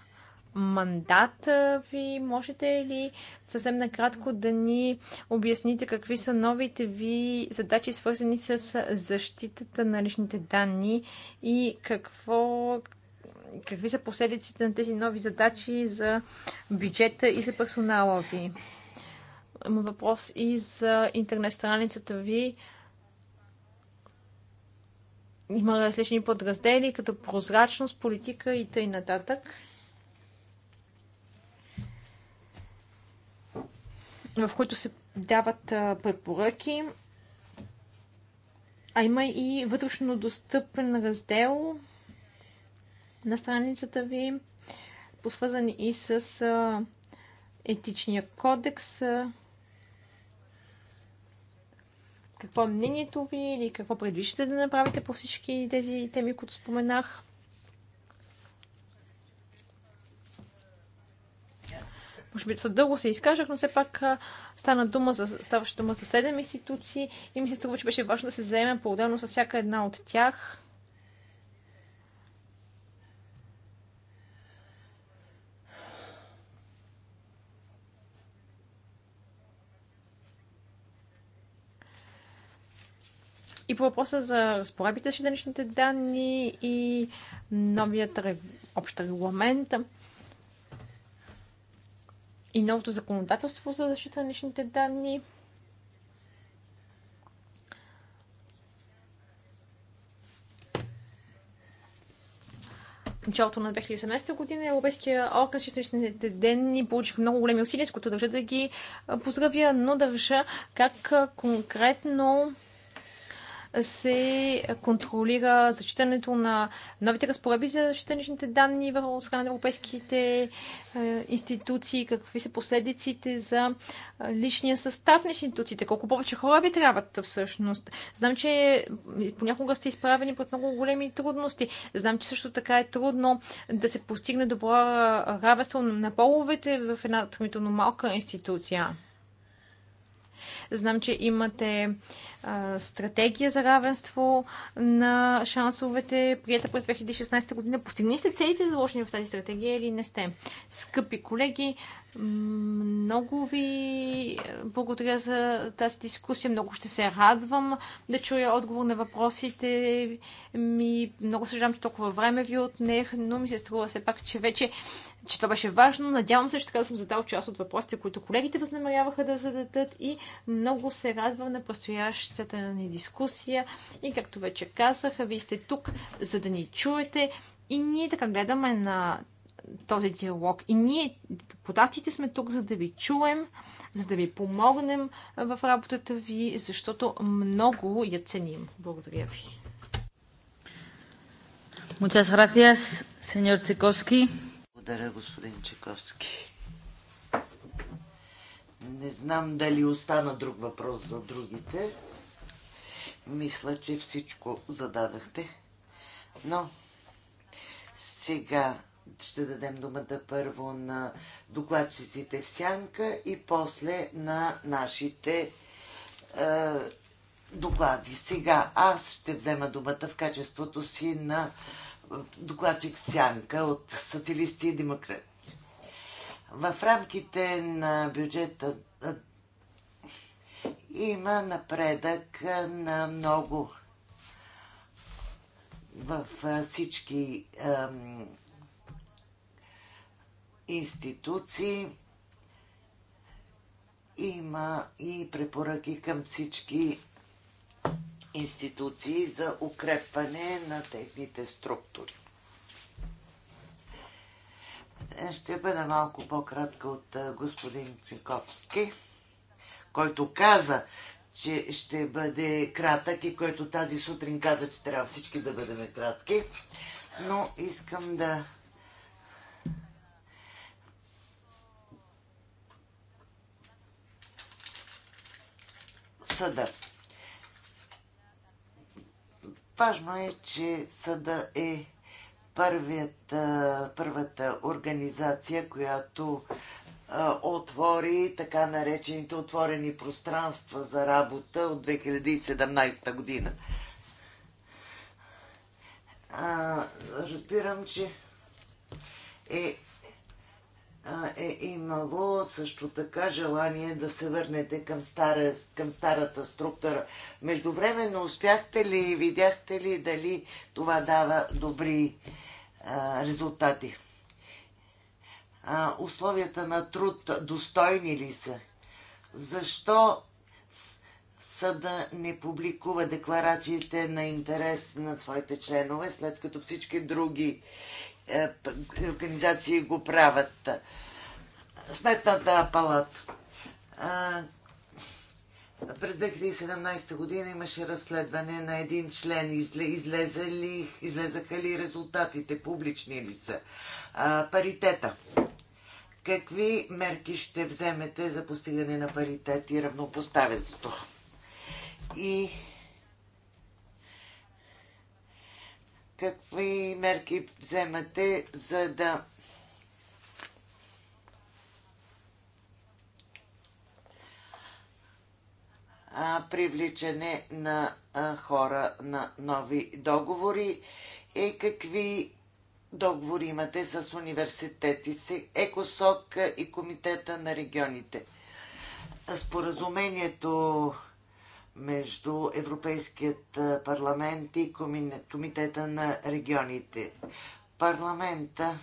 мандат ви. Можете ли съвсем накратко да ни обясните какви са новите ви задачи, свързани с защитата на личните данни и какво, какви са последиците на тези нови задачи за бюджета и за персонала ви? въпрос и за интернет страницата ви. Има различни подраздели, като прозрачност, политика и т.н. нататък. в които се дават препоръки. А има и вътрешно достъпен раздел на страницата ви, посвързан и с етичния кодекс, какво е мнението ви или какво предвиждате да направите по всички тези теми, които споменах. може би са дълго се изкажах, но все пак стана дума за, ставаше дума за седем институции и ми се струва, че беше важно да се заемем по-отделно с всяка една от тях. по въпроса за разпоредбите с личните данни и новият общ регламент и новото законодателство за защита на личните данни. началото на 2018 година Европейския орган за личните данни получих много големи усилия, с които държа да ги поздравя, но държа как конкретно се контролира зачитането на новите разпоредби за защита личните данни в страна на европейските е, институции, какви са последиците за е, личния състав на институциите, колко повече хора ви трябват всъщност. Знам, че понякога сте изправени под много големи трудности. Знам, че също така е трудно да се постигне добро е, равенство на половете в една сравнително малка институция. Знам, че имате а, стратегия за равенство на шансовете, прията през 2016 година. Постигни сте целите заложени в тази стратегия или не сте? Скъпи колеги, много ви е, благодаря за тази дискусия. Много ще се радвам да чуя отговор на въпросите ми. Много съжалявам, че толкова време ви отнех, но ми се струва все пак, че вече че това беше важно. Надявам се, че така да съм задал част от въпросите, които колегите възнамеряваха да зададат и много се радвам на предстоящата ни дискусия. И както вече казах, вие сте тук, за да ни чуете и ние така гледаме на този диалог. И ние, депутатите, сме тук, за да ви чуем, за да ви помогнем в работата ви, защото много я ценим. Благодаря ви. Muchas gracias, señor Tchaikovsky. Благодаря, господин Чековски. Не знам дали остана друг въпрос за другите. Мисля, че всичко зададахте. Но сега ще дадем думата първо на докладчиците в сянка и после на нашите е, доклади. Сега аз ще взема думата в качеството си на докладчик Сянка от Социалисти и Демократи. В рамките на бюджета има напредък на много в всички институции. Има и препоръки към всички институции за укрепване на техните структури. Ще бъда малко по-кратка от господин Чиковски, който каза, че ще бъде кратък и който тази сутрин каза, че трябва всички да бъдем кратки. Но искам да съда. Важно е, че съда е първият, първата организация, която отвори така наречените отворени пространства за работа от 2017 година. А, разбирам, че е е имало също така желание да се върнете към, стара, към старата структура. Междувременно успяхте ли, и видяхте ли дали това дава добри а, резултати? А, условията на труд достойни ли са? Защо съда не публикува декларациите на интерес на своите членове, след като всички други е, организации го правят. Сметната палата. През 2017 година имаше разследване на един член. Излезе ли, излезаха ли резултатите? Публични ли са? А, паритета. Какви мерки ще вземете за постигане на паритет и равнопоставенство? И какви мерки вземате, за да привличане на хора на нови договори и какви договори имате с университети си, ЕКОСОК и Комитета на регионите. Споразумението между Европейският парламент и Комитета на регионите. Парламента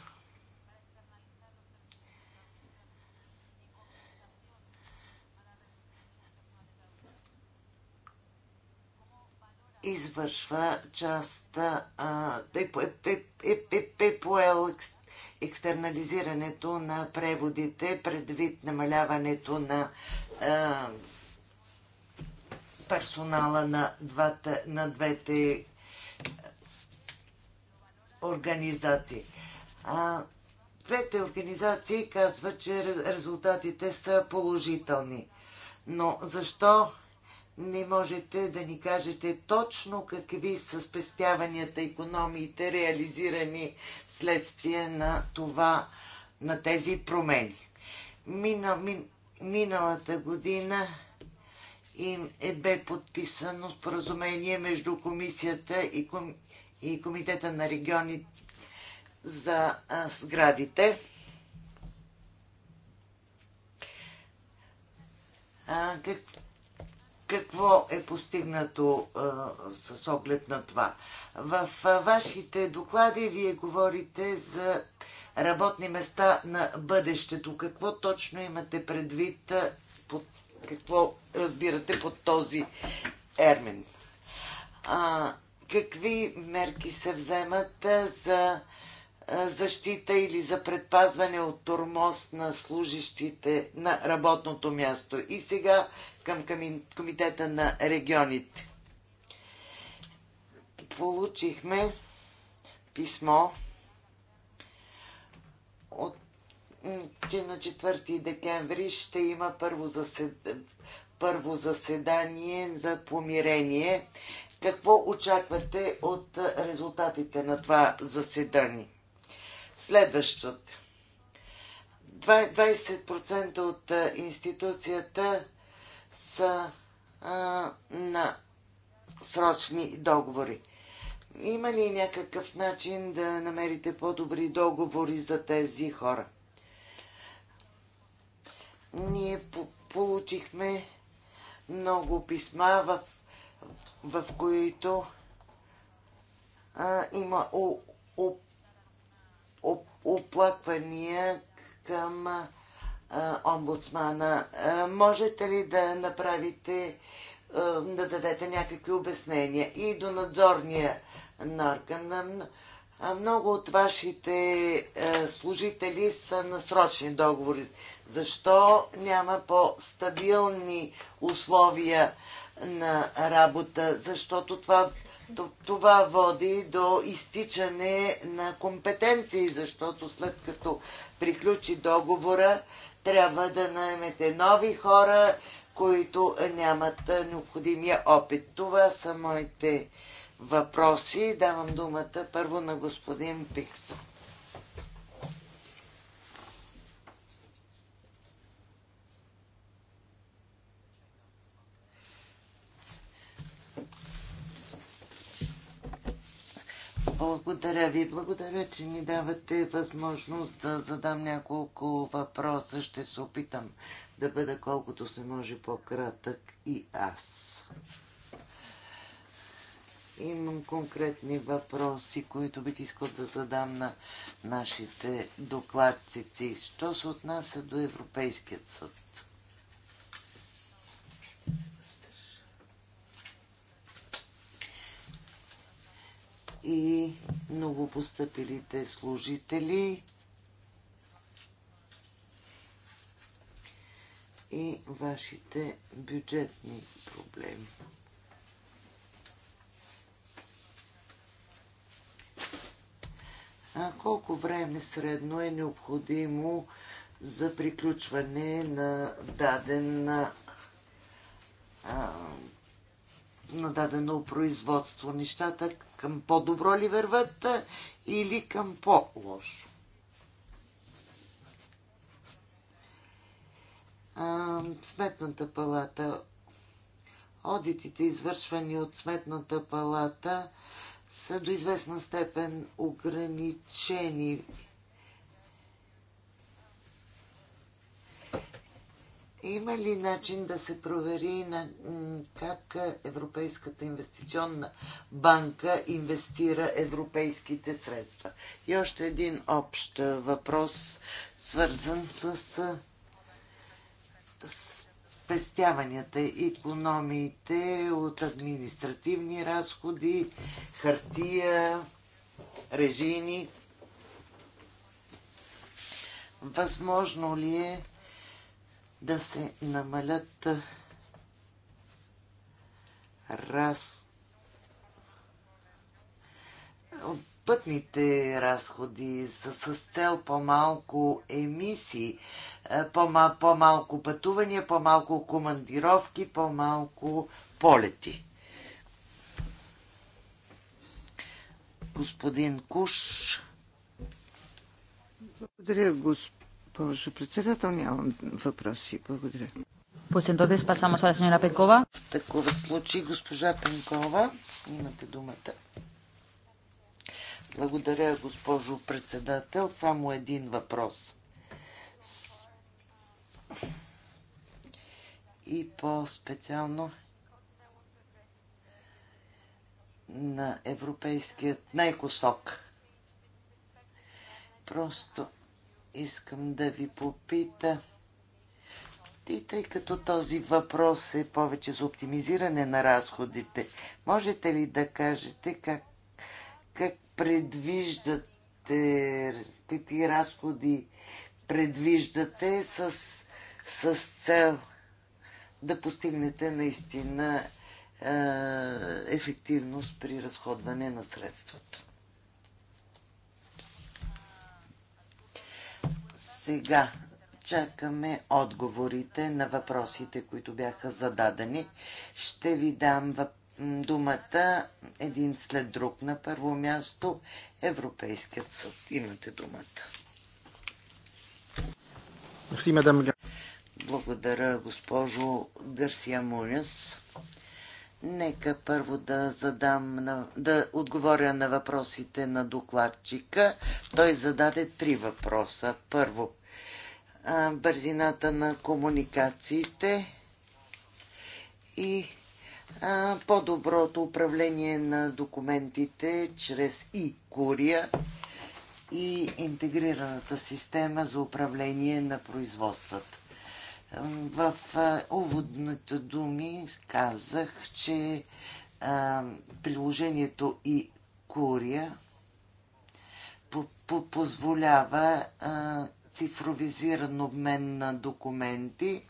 извършва част, а, е е, е, е, е, е поел екстернализирането на преводите предвид намаляването на а, персонала на, двата, на двете организации. А, двете организации казват, че резултатите са положителни. Но защо не можете да ни кажете точно какви са спестяванията, економиите, реализирани вследствие на това, на тези промени. Мина, мин, миналата година им е бе подписано споразумение между комисията и, ком, и комитета на региони за а, сградите. А, как, какво е постигнато а, с оглед на това? В а, вашите доклади вие говорите за работни места на бъдещето. Какво точно имате предвид а, под какво разбирате под този ермен? А, какви мерки се вземат за защита или за предпазване от тормоз на служащите на работното място. И сега към Комитета на регионите. Получихме писмо от че на 4 декември ще има първо, засед... първо заседание за помирение. Какво очаквате от резултатите на това заседание? Следващото. 20% от институцията са а, на срочни договори. Има ли някакъв начин да намерите по-добри договори за тези хора? Ние по получихме много писма, в, в които а, има оплаквания към а, омбудсмана. А, можете ли да направите, а, да дадете някакви обяснения и до надзорния а Много от вашите а, служители са насрочни договори защо няма по-стабилни условия на работа? Защото това, това води до изтичане на компетенции, защото след като приключи договора, трябва да наемете нови хора, които нямат необходимия опит. Това са моите въпроси. Давам думата първо на господин Пиксъл. Благодаря ви. Благодаря, че ни давате възможност да задам няколко въпроса. Ще се опитам да бъда колкото се може по-кратък и аз. Имам конкретни въпроси, които бих искал да задам на нашите докладчици. Що се отнася до Европейският съд? и новопостъпилите служители и вашите бюджетни проблеми. А колко време средно е необходимо за приключване на даден на дадено производство. Нещата към по-добро ли върват или към по-лошо? Сметната палата. Одитите, извършвани от Сметната палата, са до известна степен ограничени Има ли начин да се провери на, как Европейската инвестиционна банка инвестира европейските средства? И още един общ въпрос, свързан с, спестяванията, економиите от административни разходи, хартия, режими. Възможно ли е да се намалят раз... пътните разходи с, с цел по-малко емисии, по малко пътувания, по-малко командировки, по-малко полети. Господин Куш. Благодаря, господин госпожо председател. Нямам въпроси. Благодаря. Pues entonces pasamos a la señora Пенкова. В такова случай госпожа Пенкова, имате думата. Благодаря, госпожо председател. Само един въпрос. И по-специално на европейският най-косок. Просто искам да ви попита. И тъй като този въпрос е повече за оптимизиране на разходите, можете ли да кажете как, как предвиждате, какви разходи предвиждате с, с цел да постигнете наистина ефективност при разходване на средствата? Сега чакаме отговорите на въпросите, които бяха зададени. Ще ви дам въп... думата един след друг. На първо място Европейският съд. Имате думата. Благодаря, госпожо Гарсия Мунес. Нека първо да задам, да отговоря на въпросите на докладчика. Той зададе три въпроса. Първо, бързината на комуникациите и по-доброто управление на документите чрез и-курия и интегрираната система за управление на производствата. В уводните думи казах, че приложението и Курия позволява цифровизиран обмен на документи.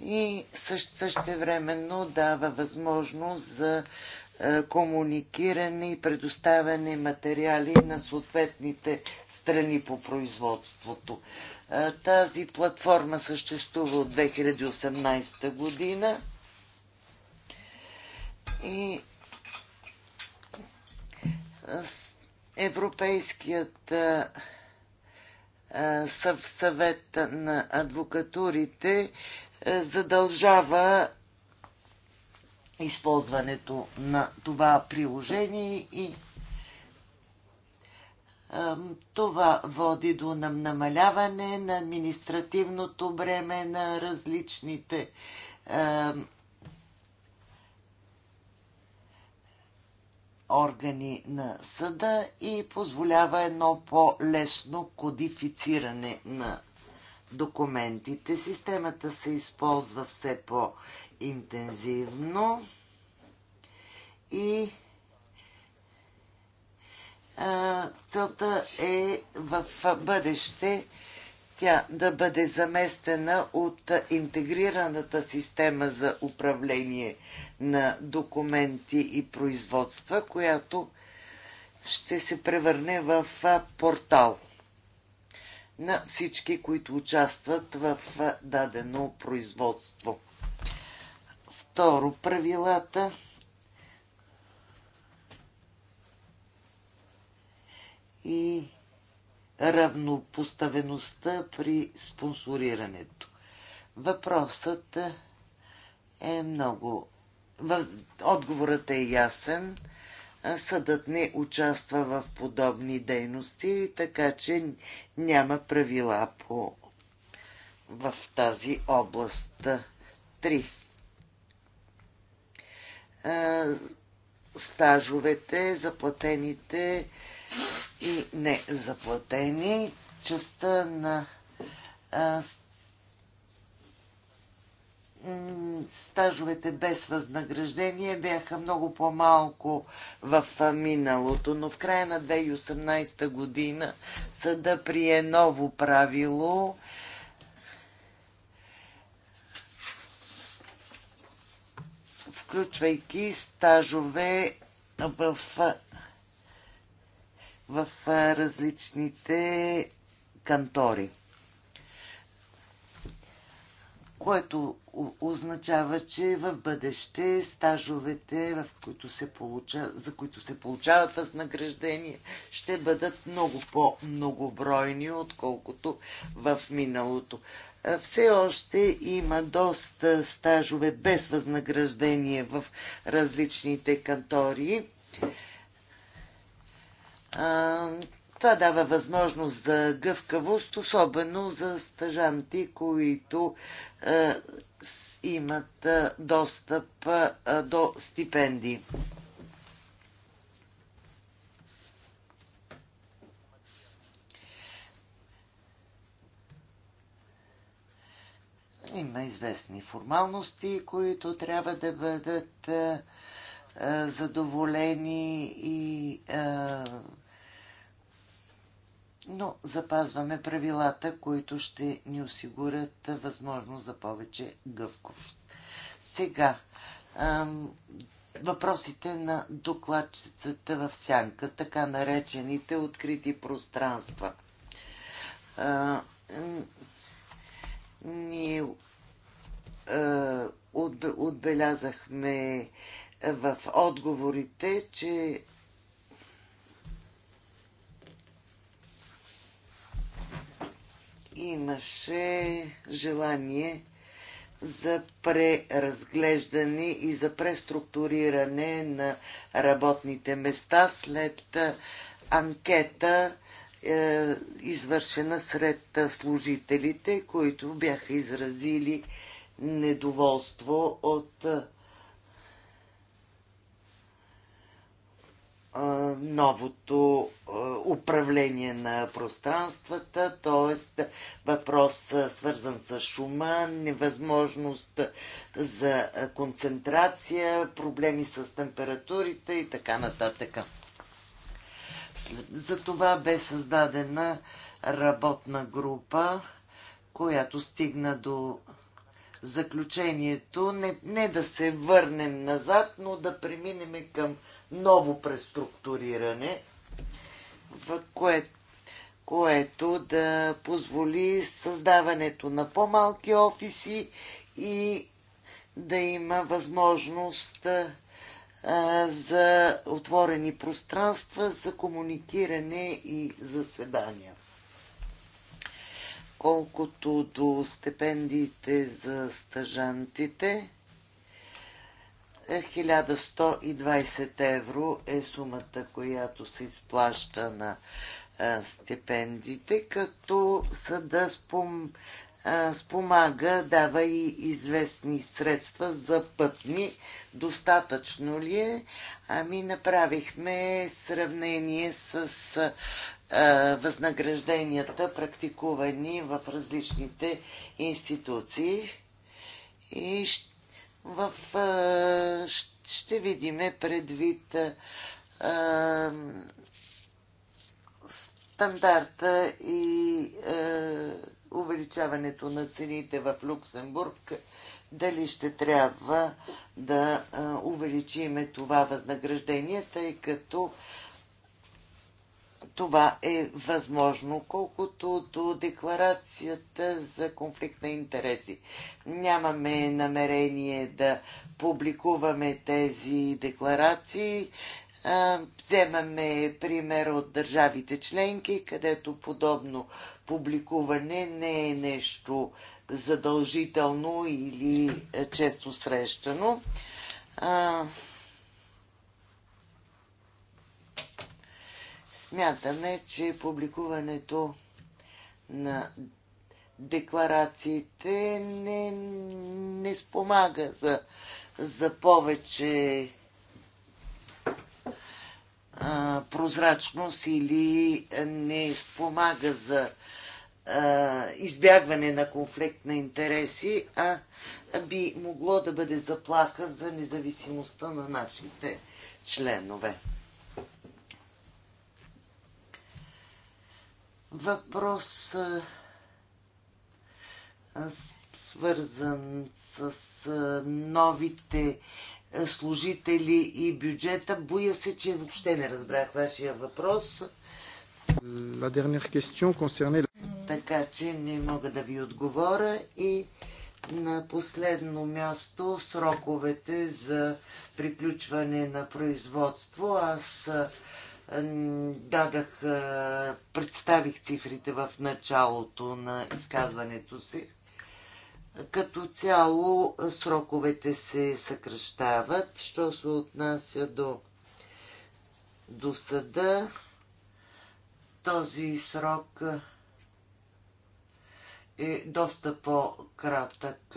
И също, времено дава възможност за е, комуникиране и предоставяне материали на съответните страни по производството. Е, тази платформа съществува от 2018 година и Европейският е, съвет на адвокатурите задължава използването на това приложение и това води до намаляване на административното бреме на различните органи на съда и позволява едно по-лесно кодифициране на документите. Системата се използва все по-интензивно и целта е в бъдеще тя да бъде заместена от интегрираната система за управление на документи и производства, която ще се превърне в портал на всички, които участват в дадено производство. Второ, правилата и равнопоставеността при спонсорирането. Въпросът е много. Отговорът е ясен съдът не участва в подобни дейности, така че няма правила по, в тази област. 3. Стажовете, заплатените и незаплатени, частта на стажовете без възнаграждение бяха много по-малко в миналото, но в края на 2018 година съда прие ново правило, включвайки стажове в, в различните кантори което означава, че в бъдеще стажовете, в които се получа, за които се получават възнаграждения, ще бъдат много по-многобройни, отколкото в миналото. Все още има доста стажове без възнаграждение в различните кантори това дава възможност за гъвкавост, особено за стъжанти, които е, имат е, достъп е, до стипендии. Има известни формалности, които трябва да бъдат е, е задоволени и е, но запазваме правилата, които ще ни осигурят възможност за повече гъвкост. Сега, въпросите на докладчицата в сянка, с така наречените открити пространства. А, ние а, отбелязахме в отговорите, че имаше желание за преразглеждане и за преструктуриране на работните места след анкета, е, извършена сред служителите, които бяха изразили недоволство от новото управление на пространствата, т.е. въпрос свързан с шума, невъзможност за концентрация, проблеми с температурите и така нататък. За това бе създадена работна група, която стигна до заключението не, не да се върнем назад, но да преминем към ново преструктуриране, кое, което да позволи създаването на по-малки офиси и да има възможност а, за отворени пространства, за комуникиране и заседания. Колкото до стипендиите за стажантите, 1120 евро е сумата, която се изплаща на стипендите, като съда спом, спомага, дава и известни средства за пътни. Достатъчно ли е? Ами направихме сравнение с а, възнагражденията, практикувани в различните институции. И ще в, ще видиме предвид стандарта и увеличаването на цените в Люксембург, дали ще трябва да увеличиме това възнаграждение, тъй като това е възможно, колкото до декларацията за конфликт на интереси. Нямаме намерение да публикуваме тези декларации. Вземаме пример от държавите членки, където подобно публикуване не е нещо задължително или е, често срещано. Смятаме, че публикуването на декларациите не, не спомага за, за повече а, прозрачност или не спомага за а, избягване на конфликт на интереси, а би могло да бъде заплаха за независимостта на нашите членове. въпрос свързан с новите служители и бюджета. Боя се, че въобще не разбрах вашия въпрос. La dernière question concernait... Така че не мога да ви отговоря и на последно място сроковете за приключване на производство. Аз дадах, представих цифрите в началото на изказването си. Като цяло сроковете се съкръщават. Що се отнася до, до съда, този срок е доста по-кратък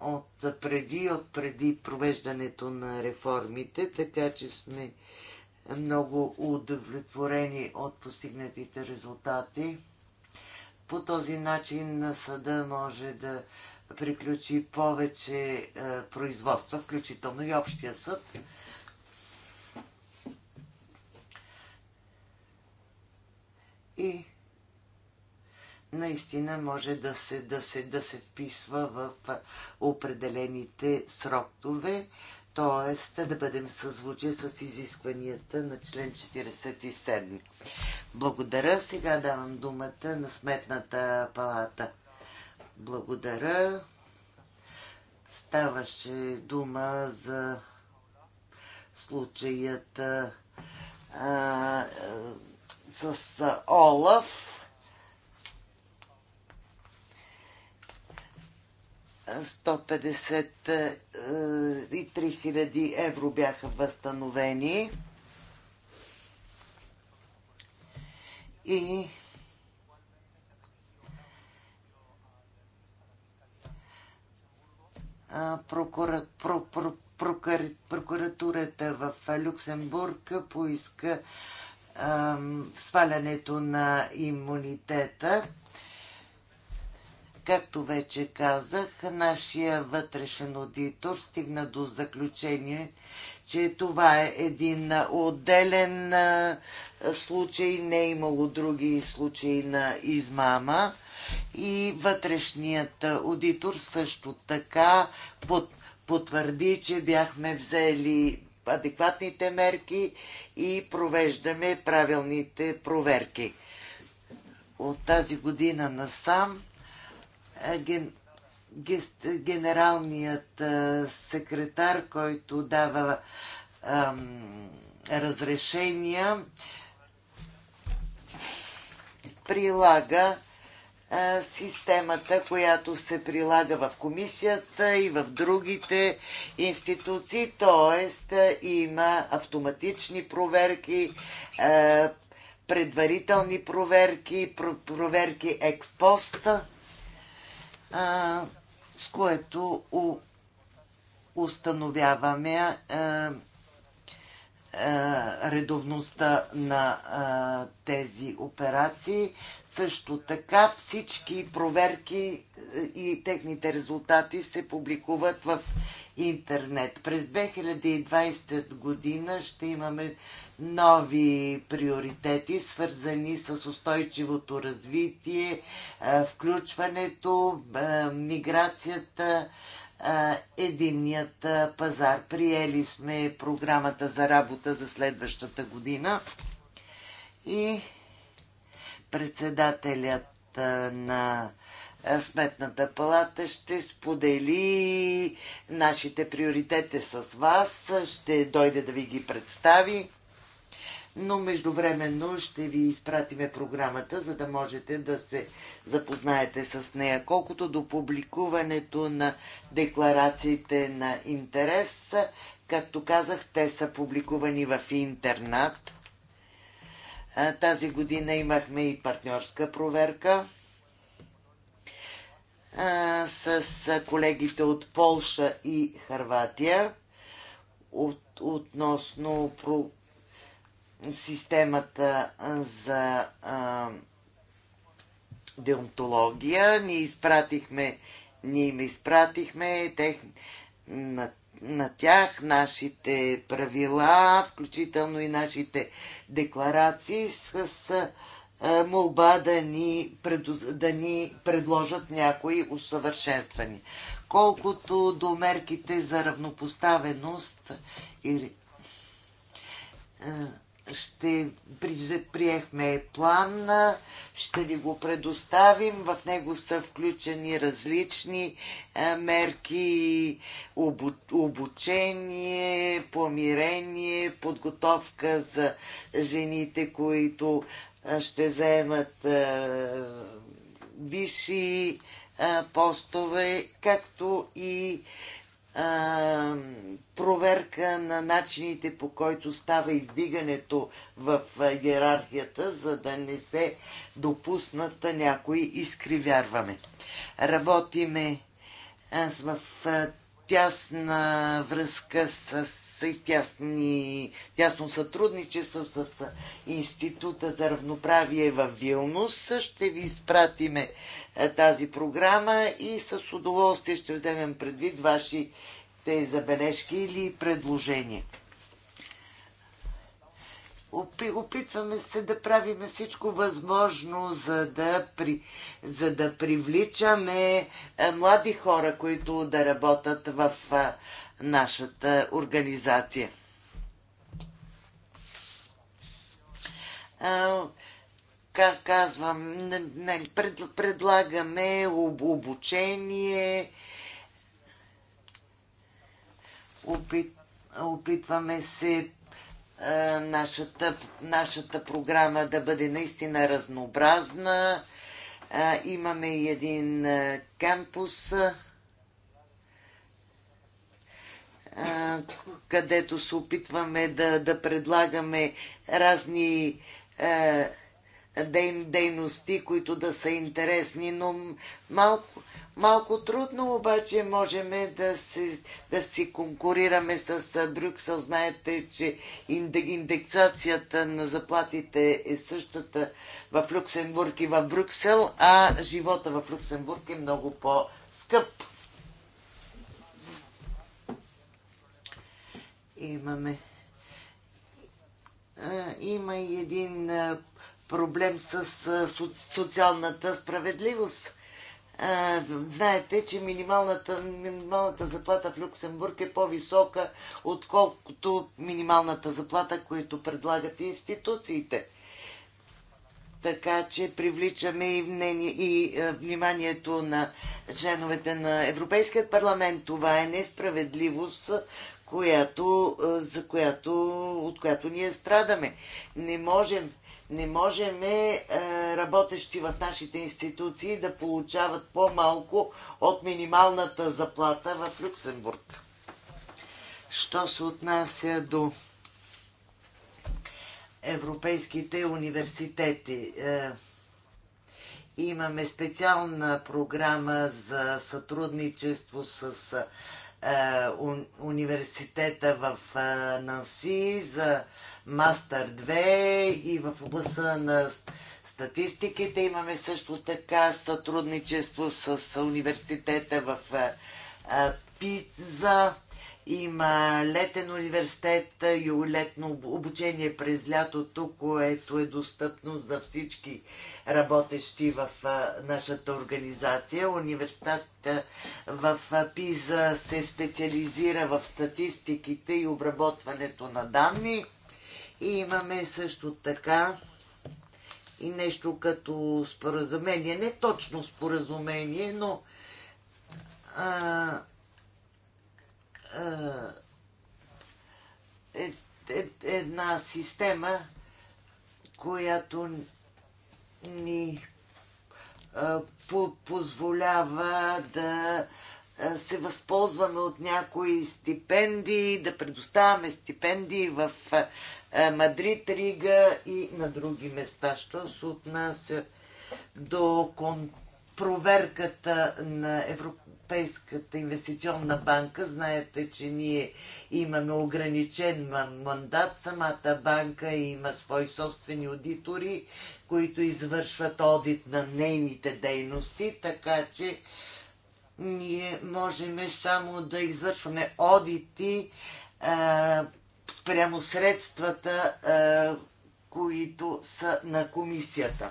от преди, от преди провеждането на реформите, така че сме много удовлетворени от постигнатите резултати. По този начин съда може да приключи повече е, производства, включително и общия съд. И наистина може да се, да се, да се вписва в определените срокове т.е. да бъдем съзвучи с изискванията на член 47. Благодаря. Сега давам думата на Сметната палата. Благодаря. Ставаше дума за случаята а, а, с Олаф 153 хиляди евро бяха възстановени. И прокуратурата в Люксембург поиска свалянето на имунитета Както вече казах, нашия вътрешен аудитор стигна до заключение, че това е един отделен случай, не е имало други случаи на измама. И вътрешният аудитор също така потвърди, че бяхме взели адекватните мерки и провеждаме правилните проверки. От тази година насам ген, гест, генералният а, секретар, който дава а, разрешения, прилага а, системата, която се прилага в комисията и в другите институции, т.е. има автоматични проверки, а, предварителни проверки, проверки експоста а, с което у, установяваме а, редовността на а, тези операции. Също така всички проверки е, и техните резултати се публикуват в интернет. През 2020 година ще имаме нови приоритети, свързани с устойчивото развитие, е, включването, е, миграцията, единният пазар. Приели сме програмата за работа за следващата година и председателят на Сметната палата ще сподели нашите приоритети с вас, ще дойде да ви ги представи, но междувременно ще ви изпратиме програмата, за да можете да се запознаете с нея. Колкото до публикуването на декларациите на интерес, както казах, те са публикувани в интернат тази година имахме и партньорска проверка с колегите от Полша и Харватия от, относно про, системата за а, деонтология. Ние изпратихме, ние им изпратихме тех, на на тях, нашите правила, включително и нашите декларации с, с молба да ни, да ни предложат някои усъвършенствани. Колкото до мерките за равнопоставеност и ще приехме план, ще ви го предоставим. В него са включени различни е, мерки, обучение, помирение, подготовка за жените, които е, ще заемат е, висши постове, както и а, проверка на начините по който става издигането в иерархията, за да не се допуснат някои изкривярваме. Работиме аз в тясна връзка с са и в тясни, тясно сътрудничество с Института за равноправие в Вилнус. Ще ви изпратиме е, тази програма и с удоволствие ще вземем предвид вашите забележки или предложения. Опитваме се да правиме всичко възможно, за да, при, за да привличаме е, млади хора, които да работят в е, нашата организация. Как казвам, предлагаме обучение, опитваме се нашата, нашата програма да бъде наистина разнообразна. Имаме и един кампус където се опитваме да, да предлагаме разни е, дей, дейности, които да са интересни, но малко, малко трудно обаче можем да си, да си конкурираме с Брюксел. Знаете, че индексацията на заплатите е същата в Люксембург и в Брюксел, а живота в Люксембург е много по-скъп. имаме. Има и един проблем с социалната справедливост. Знаете, че минималната, минималната заплата в Люксембург е по-висока, отколкото минималната заплата, която предлагат институциите. Така че привличаме и, мнение, и вниманието на членовете на Европейският парламент. Това е несправедливост, която, е, за която, от която ние страдаме. Не можем, не можем е, работещи в нашите институции да получават по-малко от минималната заплата в Люксембург. Що се отнася до европейските университети? Е, имаме специална програма за сътрудничество с е, университета в е, Нанси за Мастър 2 и в областта на статистиките. Имаме също така сътрудничество с университета в е, Пиза има летен университет и летно обучение през лятото, което е достъпно за всички работещи в нашата организация. Университет в Пиза се специализира в статистиките и обработването на данни. И имаме също така и нещо като споразумение, не точно споразумение, но а, е, е, една система, която ни по позволява да се възползваме от някои стипендии, да предоставяме стипендии в Мадрид, Рига и на други места. Що се отнася до контакт проверката на Европейската инвестиционна банка. Знаете, че ние имаме ограничен мандат. Самата банка има свои собствени аудитори, които извършват одит на нейните дейности, така че ние можем само да извършваме одити а, спрямо средствата, а, които са на комисията.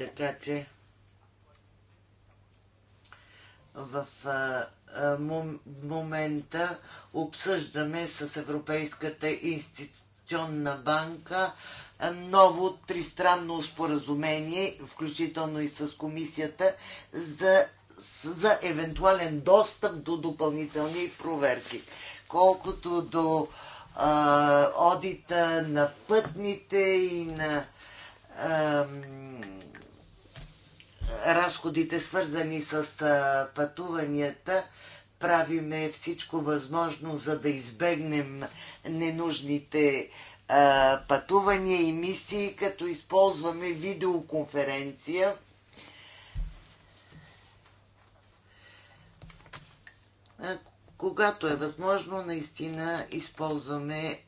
Така че в момента обсъждаме с Европейската институционна банка ново тристранно споразумение, включително и с комисията, за, за евентуален достъп до допълнителни проверки. Колкото до а, одита на пътните и на а, разходите свързани с пътуванията, правиме всичко възможно, за да избегнем ненужните пътувания и мисии, като използваме видеоконференция. Когато е възможно, наистина използваме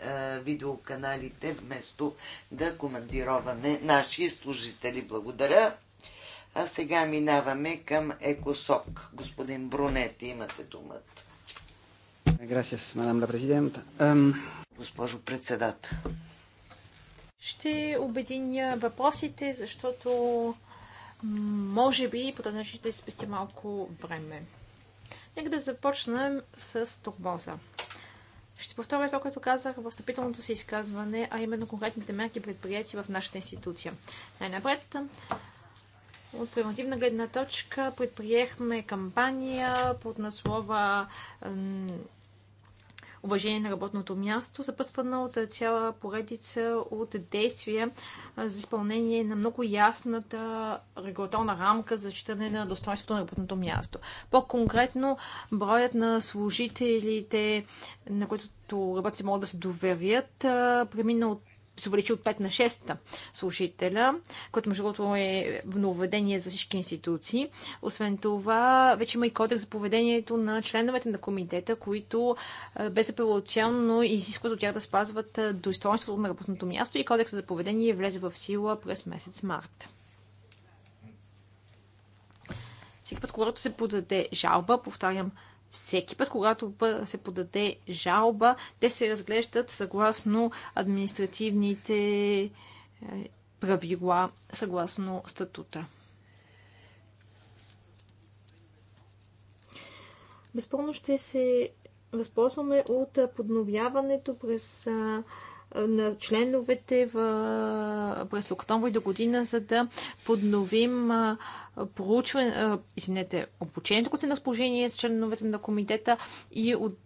видеоканалите, вместо да командироваме наши служители. Благодаря. А сега минаваме към ЕКОСОК. Господин Брунет, имате думата. Gracias, мадам ла президент. Госпожо председател. Ще обединя въпросите, защото може би по този начин ще спести малко време. Нека да започнем с турбоза. Ще повторя това, което казах в встъпителното си изказване, а именно конкретните мерки предприяти в нашата институция. Най-напред от превентивна гледна точка предприехме кампания под наслова уважение на работното място, съпъсвана от цяла поредица от действия за изпълнение на много ясната регулаторна рамка за считане на достоинството на работното място. По-конкретно, броят на служителите, на които работи могат да се доверят, премина от се увеличи от 5 на 6 служителя, което между другото е нововведение за всички институции. Освен това, вече има и кодекс за поведението на членовете на комитета, които безапелационно изискват от тях да спазват достоинството на работното място и кодекс за поведение влезе в сила през месец март. Всеки път, когато се подаде жалба, повтарям, всеки път, когато се подаде жалба, те се разглеждат съгласно административните е, правила, съгласно статута. Безпълно ще се възползваме от подновяването през на членовете в, през октомври до година, за да подновим проучване, извинете, обучението, което се на разположение с членовете на комитета и от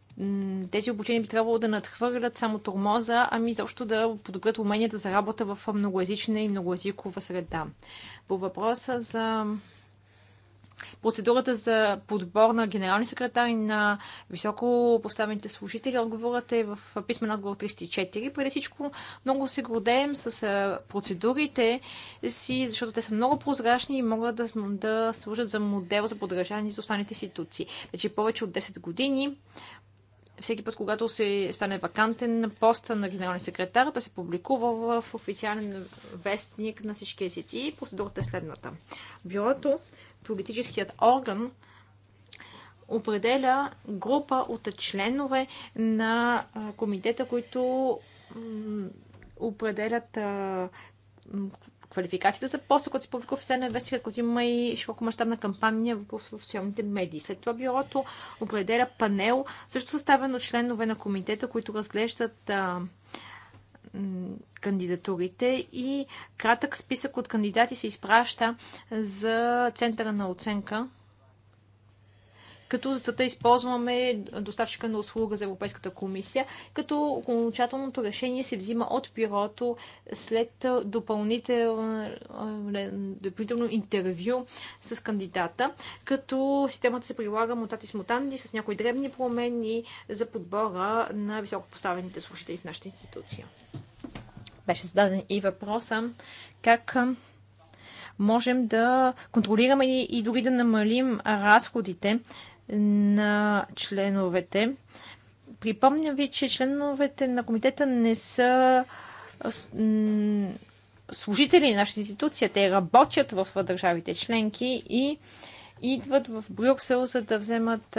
тези обучения би трябвало да надхвърлят само тормоза, ами защо да подобрят уменията за работа в многоязична и многоязикова среда. По въпроса за процедурата за подбор на генерални секретари на високо поставените служители. Отговорът е в писмен отговор 34. Преди всичко много се гордеем с процедурите си, защото те са много прозрачни и могат да, да служат за модел за подражание за останалите институции. Вече повече от 10 години всеки път, когато се стане вакантен на поста на генерален секретар, той се публикува в официален вестник на всички езици. Процедурата е следната. Бюрото политическият орган определя група от членове на комитета, които определят квалификацията за поста, който се публикува в официален вестник, който има и широкомащабна кампания в социалните медии. След това бюрото определя панел, също съставен от членове на комитета, които разглеждат а, кандидатурите и кратък списък от кандидати се изпраща за центъра на оценка като за да използваме доставчика на услуга за Европейската комисия, като окончателното решение се взима от бюрото след допълнително интервю с кандидата, като системата се прилага мутатис мутанди с някои дребни промени за подбора на високопоставените служители в нашата институция. Беше зададен и въпроса как можем да контролираме и дори да намалим разходите на членовете. Припомням ви, че членовете на комитета не са служители на нашата институция. Те работят в държавите членки и идват в Брюксел, за да вземат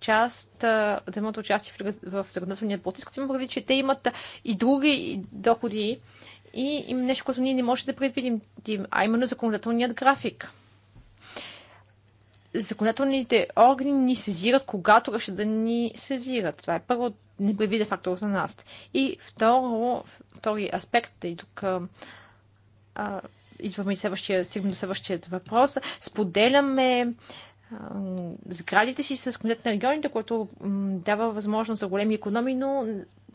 част, да вземат участие в, в законодателния процес, като имам че те имат и други доходи и им нещо, което ние не можем да предвидим, а именно законодателният график законодателните органи ни сезират, когато ще да ни сезират. Това е първо непредвиден фактор за нас. И второ, втори аспект, и тук а, идваме и следващия, сигурно следващият въпрос, споделяме сградите си с комитет на регионите, което дава възможност за големи економии, но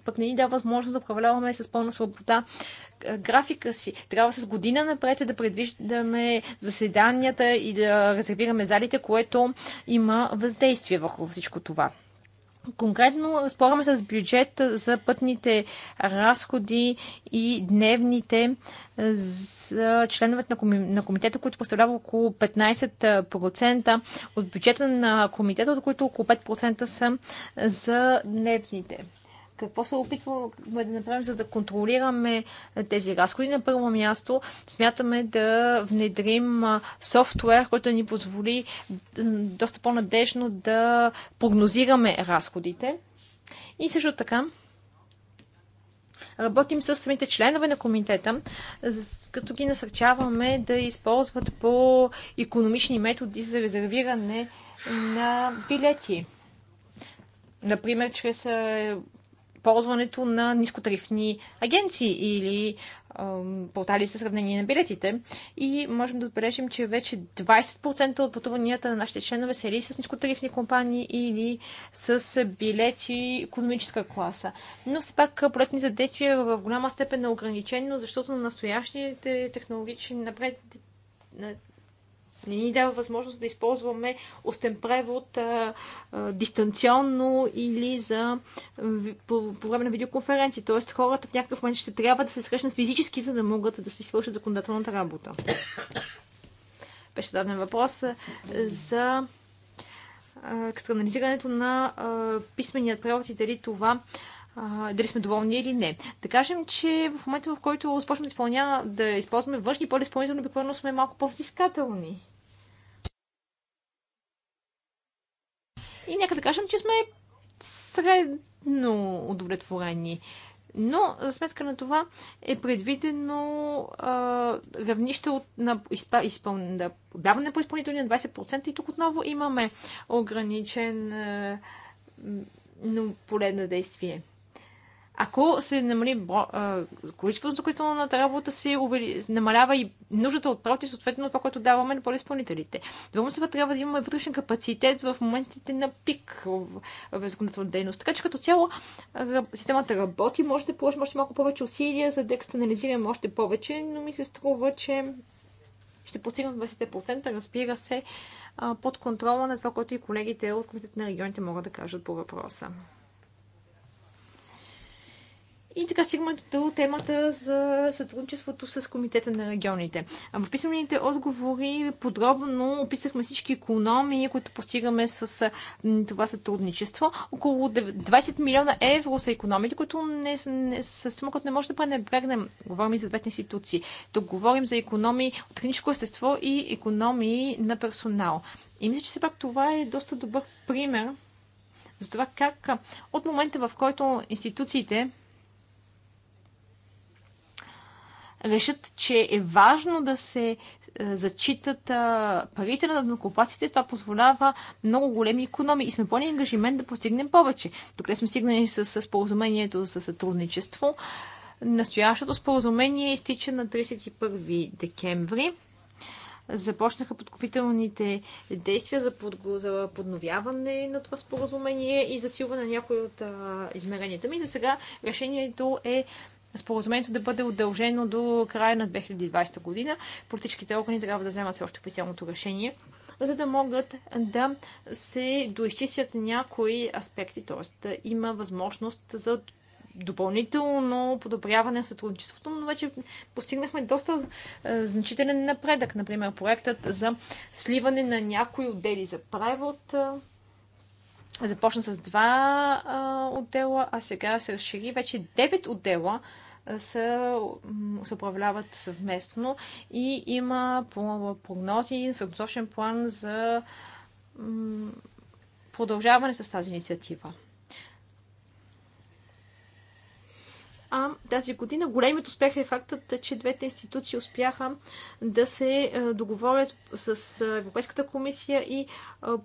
пък не ни дава възможност да управляваме с пълна свобода графика си. Трябва с година напред да предвиждаме заседанията и да резервираме залите, което има въздействие върху всичко това. Конкретно спораме с бюджет за пътните разходи и дневните за членовете на, комитета, които представлява около 15% от бюджета на комитета, от които около 5% са за дневните. Какво се опитваме да направим, за да контролираме тези разходи? На първо място смятаме да внедрим софтуер, който ни позволи доста по-надежно да прогнозираме разходите. И също така, работим с самите членове на комитета, като ги насърчаваме да използват по-економични методи за резервиране на билети. Например, чрез ползването на нискотарифни агенции или портали за сравнение на билетите. И можем да отбележим, че вече 20% от пътуванията на нашите членове са или с нискотарифни компании, или с билети економическа класа. Но все пак полетни за действия в голяма степен е ограничено, защото на настоящите технологични напред не ни дава възможност да използваме устен превод а, а, дистанционно или за, ви, по, по време на видеоконференции. Тоест хората в някакъв момент ще трябва да се срещнат физически, за да могат да си свършат законодателната работа. Беше даден въпрос за екстранализирането на а, писменият превод и дали това дали сме доволни или не. Да кажем, че в момента, в който започваме да, изпълня, да използваме външни по-изпълнително обикновено сме малко по-взискателни. И нека да кажем, че сме средно удовлетворени. Но за сметка на това е предвидено а, равнище от, на изпа, изпъл, да, даване по изпълнителни на 20% и тук отново имаме ограничен а, но поле на действие. Ако се намали количеството строителната работа, се увели... намалява и нуждата от проти, съответно това, което даваме на подизпълнителите. Двумсва трябва да имаме вътрешен капацитет в моментите на пик в законодателната дейност. Така че като цяло системата работи, може да положим още малко повече усилия, за да екстанализираме още повече, но ми се струва, че ще постигнем 20%, разбира се, под контрола на това, което и колегите от Комитет на регионите могат да кажат по въпроса. И така стигаме до темата за сътрудничеството с Комитета на регионите. В писмените отговори подробно описахме всички економии, които постигаме с това сътрудничество. Около 20 милиона евро са економите, които не, не, със смокът не може да пренебрегнем. Говорим и за двете институции. Тук говорим за економии от техническо естество и економии на персонал. И мисля, че все пак това е доста добър пример за това как от момента, в който институциите решат, че е важно да се е, зачитат парите на накопаците, това позволява много големи економии и сме по ангажимент да постигнем повече. Тук сме стигнали с споразумението за сътрудничество. Настоящото споразумение изтича на 31 декември започнаха подковителните действия за, под, за подновяване на това споразумение и засилване на някои от а, измеренията ми. За сега решението е споразумението да бъде удължено до края на 2020 година. Политическите органи трябва да вземат все още официалното решение, за да могат да се доизчистят някои аспекти, т.е. да има възможност за допълнително подобряване на сътрудничеството, но вече постигнахме доста е, значителен напредък. Например, проектът за сливане на някои отдели за превод е, започна с два е, отдела, а сега се разшири вече девет отдела са, се управляват съвместно и има прогнози, и съдосочен план за продължаване с тази инициатива. А тази година големият успех е фактът, че двете институции успяха да се е, договорят с Европейската комисия и е,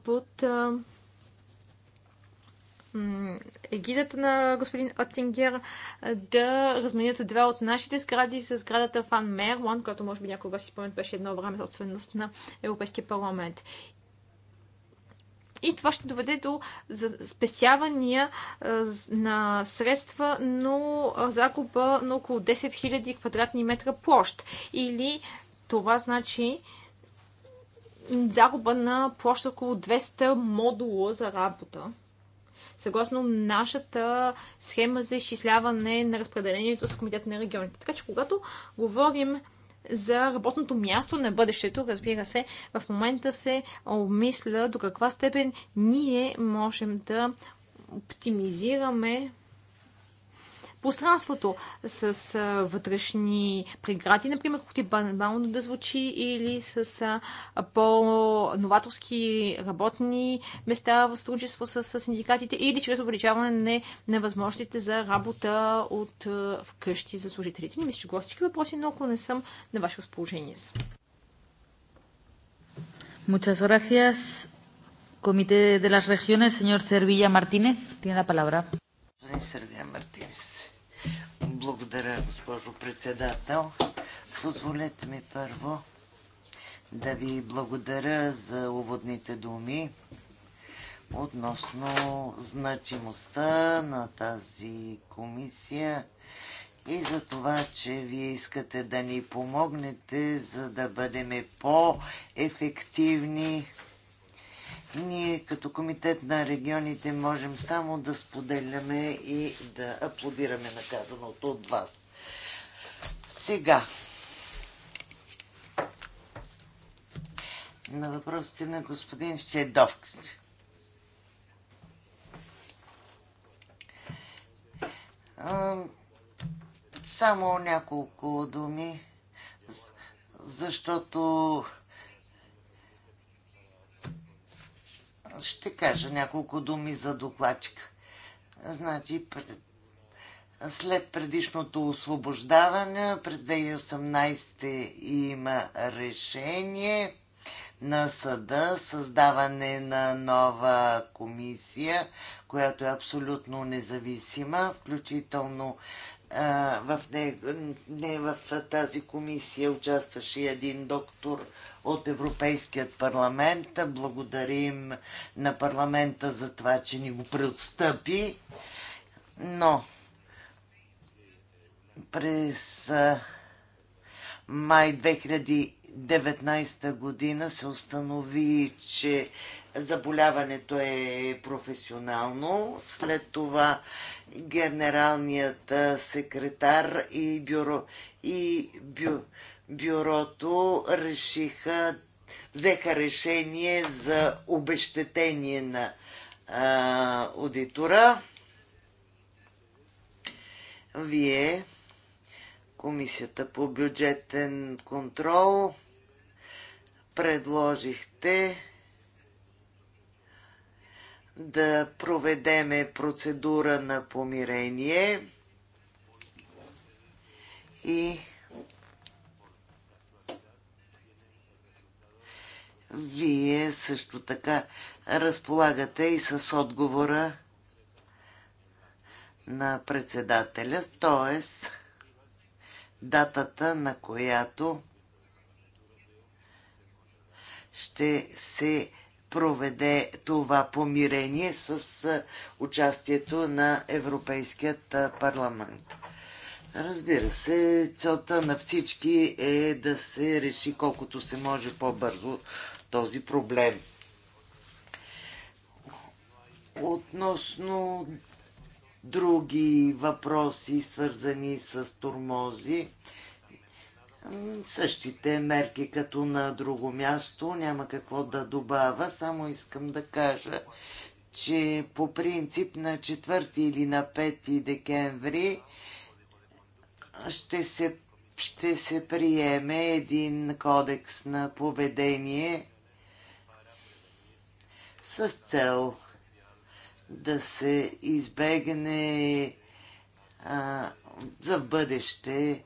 под е, егидата на господин Оттингер да разменят две от нашите сгради с сградата Фан Мерлон, която може би някога си спомнят беше едно време собственост на Европейския парламент. И това ще доведе до спесявания на средства, но загуба на около 10 000 квадратни метра площ. Или това значи загуба на площ около 200 модула за работа съгласно нашата схема за изчисляване на разпределението с Комитет на регионите. Така че когато говорим за работното място на бъдещето, разбира се, в момента се обмисля до каква степен ние можем да оптимизираме пространството с а, вътрешни прегради, например, които банално да звучи, или с по-новаторски работни места в сътрудничество с, с синдикатите, или чрез увеличаване на, на възможностите за работа от а, вкъщи за служителите. Не мисля, че го всички въпроси, но ако не съм на ваше разположение си. Muchas gracias. Comité de las Regiones, señor Servilla Martínez, tiene la palabra. Señor Martínez. Благодаря, госпожо председател. Позволете ми първо да ви благодаря за уводните думи относно значимостта на тази комисия и за това, че вие искате да ни помогнете, за да бъдем по-ефективни ние като комитет на регионите можем само да споделяме и да аплодираме наказаното от вас. Сега, на въпросите на господин Щедовкс. Само няколко думи, защото ще кажа няколко думи за докладчика. Значи, след предишното освобождаване през 2018 има решение на съда, създаване на нова комисия, която е абсолютно независима, включително а, в не, не в тази комисия участваше един доктор от Европейският парламент. Благодарим на парламента за това, че ни го преотстъпи. Но през май 2019 година се установи, че заболяването е професионално. След това генералният секретар и бюро и бюро бюрото решиха, взеха решение за обещетение на а, аудитора. Вие, Комисията по бюджетен контрол, предложихте да проведеме процедура на помирение и Вие също така разполагате и с отговора на председателя, т.е. датата, на която ще се проведе това помирение с участието на Европейският парламент. Разбира се, целта на всички е да се реши колкото се може по-бързо този проблем. Относно други въпроси, свързани с турмози, същите мерки като на друго място. Няма какво да добавя, само искам да кажа, че по принцип на 4 или на 5 декември ще се, ще се приеме един кодекс на поведение с цел да се избегне а, за бъдеще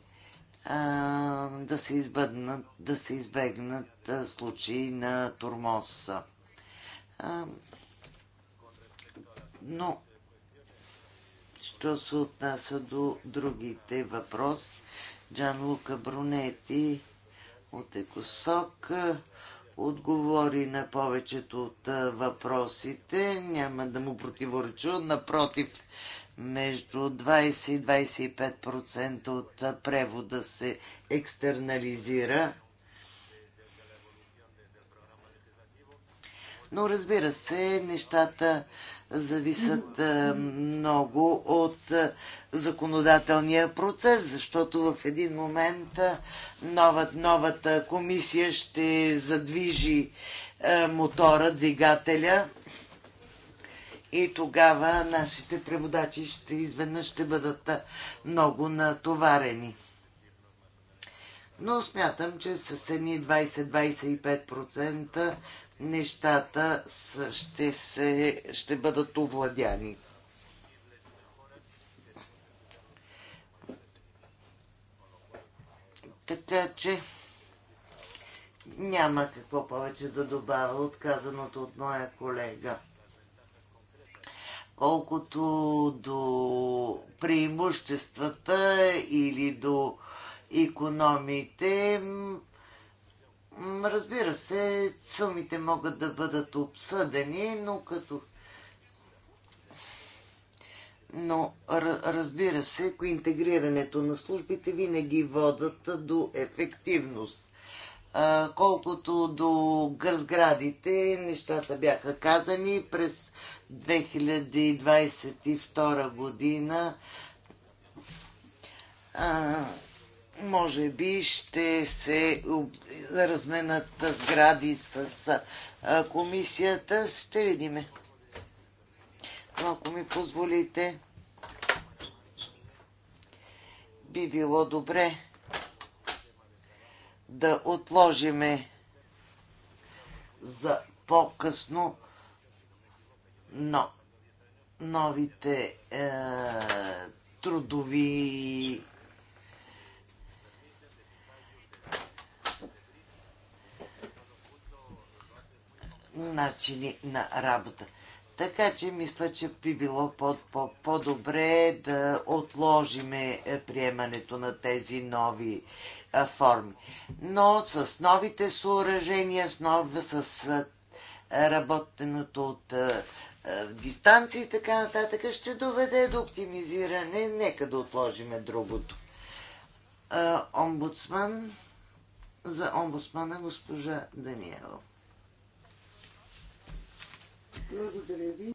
а, да се избъднат, да се избегнат а, случаи на турмоз. А, но, що се отнася до другите въпроси, Джан Лука Брунети от Екосок отговори на повечето от въпросите. Няма да му противоречу. Напротив, между 20 и 25% от превода се екстернализира. Но разбира се, нещата зависят много от законодателния процес, защото в един момент новата, новата комисия ще задвижи мотора, двигателя и тогава нашите преводачи ще изведнъж ще бъдат много натоварени. Но смятам, че с едни 20-25% нещата ще, се, ще бъдат овладяни. Така че няма какво повече да добавя отказаното от моя колега. Колкото до преимуществата или до економите, Разбира се, сумите могат да бъдат обсъдени, но като но разбира се, интегрирането на службите винаги водат до ефективност. Колкото до гръзградите, нещата бяха казани през 2022 година може би ще се разменят сгради с комисията. Ще видиме. Ако ми позволите, би било добре да отложиме за по-късно но новите е, трудови начини на работа. Така че мисля, че би било по-добре -по -по да отложиме е, приемането на тези нови е, форми. Но с новите съоръжения, с, нов, с е, работеното от дистанции и така нататък, ще доведе до оптимизиране. Нека да отложиме другото. Омбудсман за омбудсмана госпожа Даниела. Благодаря ви.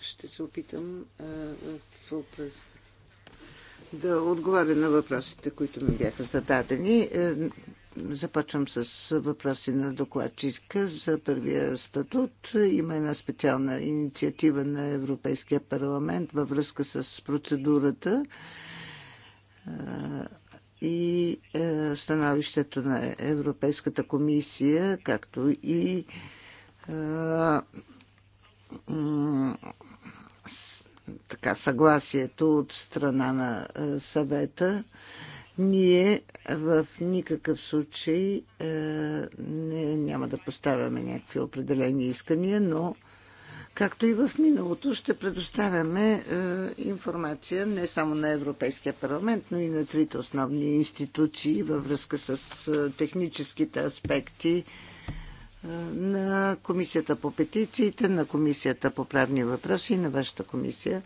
Ще се опитам в да отговаря на въпросите, които ми бяха зададени. Е, започвам с въпроси на докладчика за първия статут. Има една специална инициатива на Европейския парламент във връзка с процедурата е, и е, становището на Европейската комисия, както и е, така, съгласието от страна на е, съвета, ние в никакъв случай е, не, няма да поставяме някакви определени искания, но както и в миналото ще предоставяме е, информация не само на Европейския парламент, но и на трите основни институции във връзка с е, техническите аспекти на Комисията по петициите, на Комисията по правни въпроси и на вашата комисия.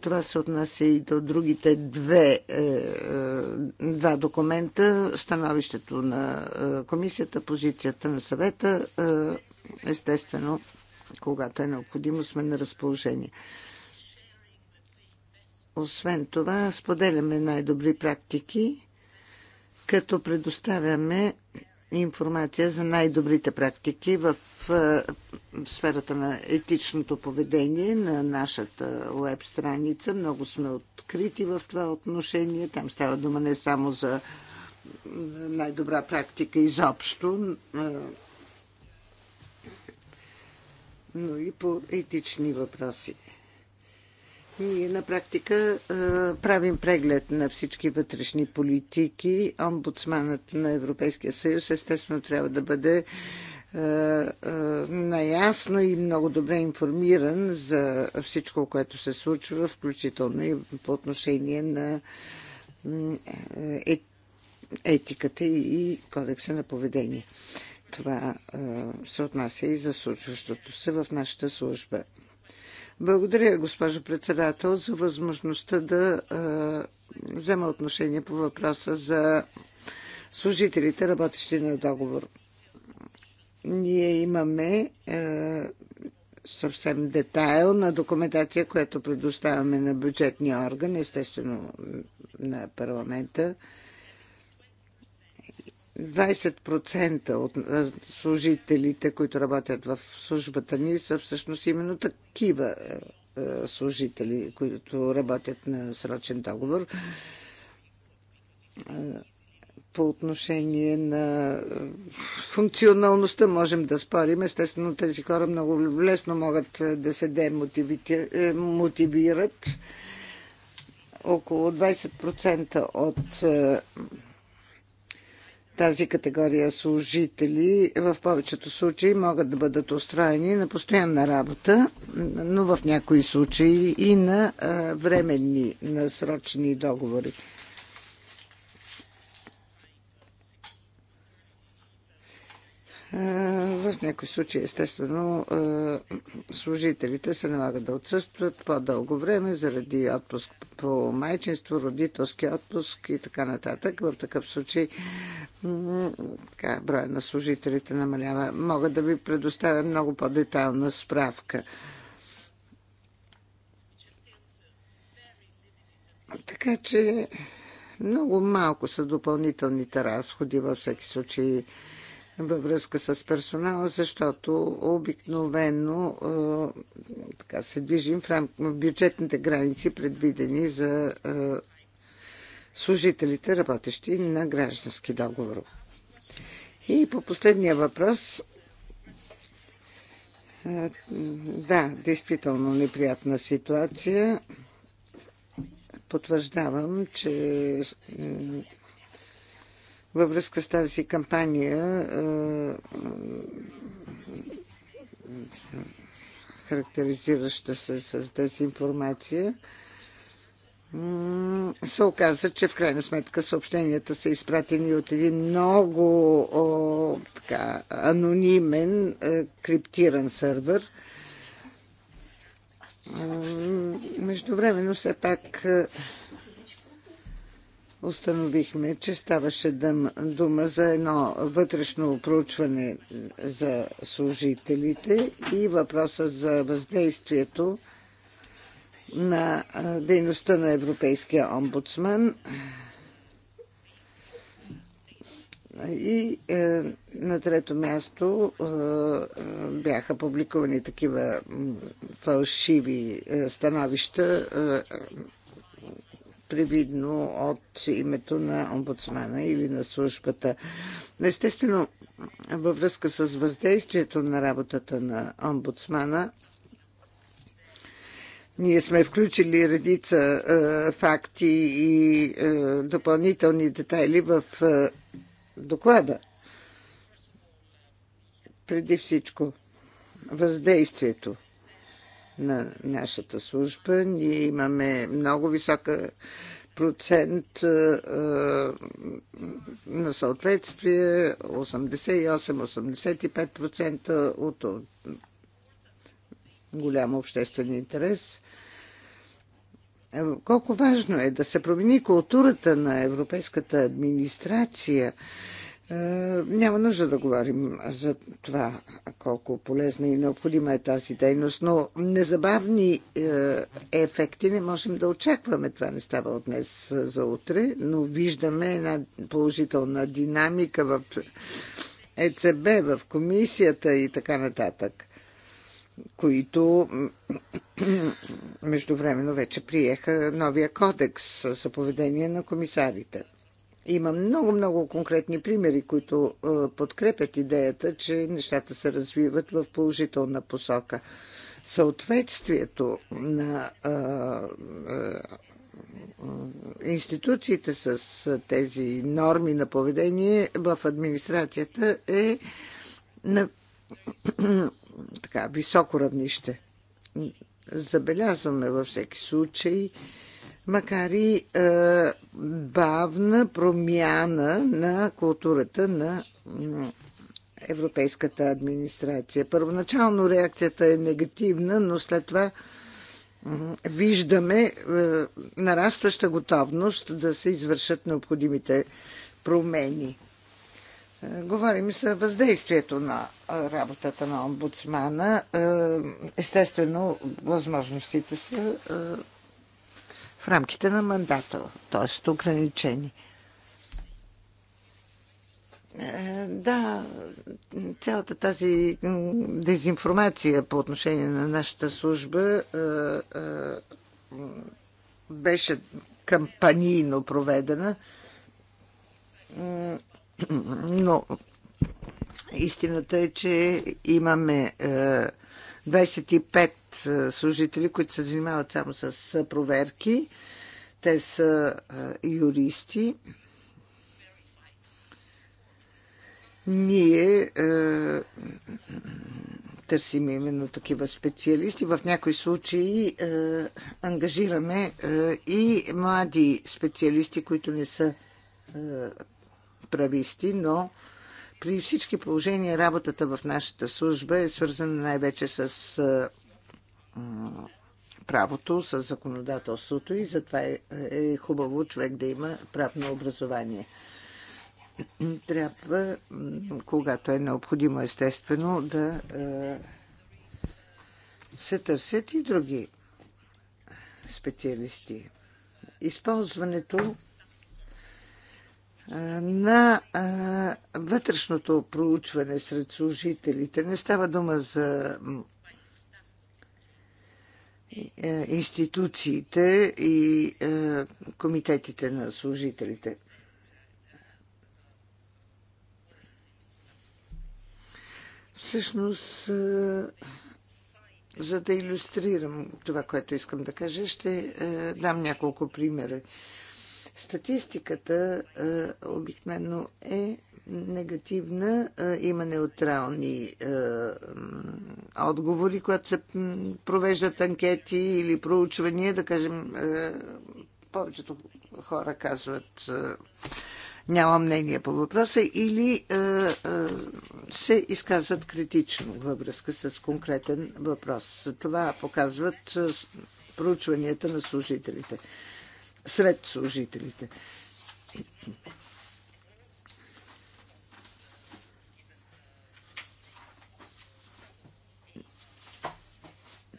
Това се отнася и до другите две, е, е, два документа. Становището на е, комисията, позицията на съвета. Естествено, когато е необходимо, сме на разположение. Освен това, споделяме най-добри практики, като предоставяме информация за най-добрите практики в е, сферата на етичното поведение на нашата уеб страница. Много сме открити в това отношение. Там става дума не само за най-добра практика изобщо, е, но и по етични въпроси. Ние на практика е, правим преглед на всички вътрешни политики. Омбудсманът на Европейския съюз естествено трябва да бъде е, е, наясно и много добре информиран за всичко, което се случва, включително и по отношение на етиката и кодекса на поведение. Това се отнася и за случващото се в нашата служба. Благодаря, госпожо председател, за възможността да взема отношение по въпроса за служителите, работещи на договор. Ние имаме съвсем детайлна документация, която предоставяме на бюджетния орган, естествено на парламента. 20% от служителите, които работят в службата ни, са всъщност именно такива служители, които работят на срочен договор. По отношение на функционалността можем да спорим. Естествено, тези хора много лесно могат да се демотивират. Около 20% от тази категория служители в повечето случаи могат да бъдат устроени на постоянна работа, но в някои случаи и на временни, насрочени договори. Е, в някои случаи, естествено, е, служителите се налагат да отсъстват по-дълго време заради отпуск по майчинство, родителски отпуск и така нататък. В такъв случай така, броя на служителите намалява. Мога да ви предоставя много по-детайлна справка. Така че много малко са допълнителните разходи във всеки случай във връзка с персонала, защото обикновено е, така, се движим в, рам... в бюджетните граници, предвидени за е, служителите, работещи на граждански договор. И по последния въпрос. Е, да, действително неприятна ситуация. Потвърждавам, че във връзка с тази кампания характеризираща се с дезинформация, се оказа, че в крайна сметка съобщенията са изпратени от един много о, така, анонимен, е, криптиран сървър. Е, Междувременно все пак е, установихме, че ставаше дума за едно вътрешно проучване за служителите и въпроса за въздействието на дейността на Европейския омбудсман и е, на трето място е, бяха публикувани такива фалшиви е, становища е, привидно от името на омбудсмана или на службата. Естествено, във връзка с въздействието на работата на омбудсмана, ние сме включили редица е, факти и е, допълнителни детайли в е, доклада. Преди всичко, въздействието на нашата служба. Ние имаме много висока процент е, е, на съответствие 88-85% от голям обществен интерес. Е, колко важно е да се промени културата на европейската администрация – е, няма нужда да говорим за това колко полезна и необходима е тази дейност, но незабавни е, ефекти не можем да очакваме. Това не става от днес за утре, но виждаме една положителна динамика в ЕЦБ, в комисията и така нататък, които междувременно вече приеха новия кодекс за поведение на комисарите. Има много-много конкретни примери, които подкрепят идеята, че нещата се развиват в положителна посока. Съответствието на институциите с тези норми на поведение в администрацията е на така, високо равнище. Забелязваме във всеки случай макар и е, бавна промяна на културата на европейската администрация. Първоначално реакцията е негативна, но след това виждаме е, нарастваща готовност да се извършат необходимите промени. Е, говорим за въздействието на е, работата на омбудсмана. Е, естествено, възможностите са в рамките на мандата, т.е. ограничени. Е, да, цялата тази дезинформация по отношение на нашата служба е, е, беше кампанийно проведена, но истината е, че имаме 25 е, служители, които се занимават само с проверки. Те са е, юристи. Ние е, търсим именно такива специалисти. В някои случаи е, ангажираме е, и млади специалисти, които не са е, прависти, но е, при всички положения работата в нашата служба е свързана най-вече с правото, с законодателството и затова е, е хубаво човек да има правно образование. Трябва, когато е необходимо, естествено, да се търсят и други специалисти. Използването на вътрешното проучване сред служителите. Не става дума за е, институциите и е, комитетите на служителите. Всъщност, е, за да иллюстрирам това, което искам да кажа, ще дам няколко примера. Статистиката обикновено е негативна, има неутрални отговори, когато се провеждат анкети или проучвания, да кажем, повечето хора казват няма мнение по въпроса или е, е, се изказват критично във връзка с конкретен въпрос. Това показват е, проучванията на служителите сред служителите.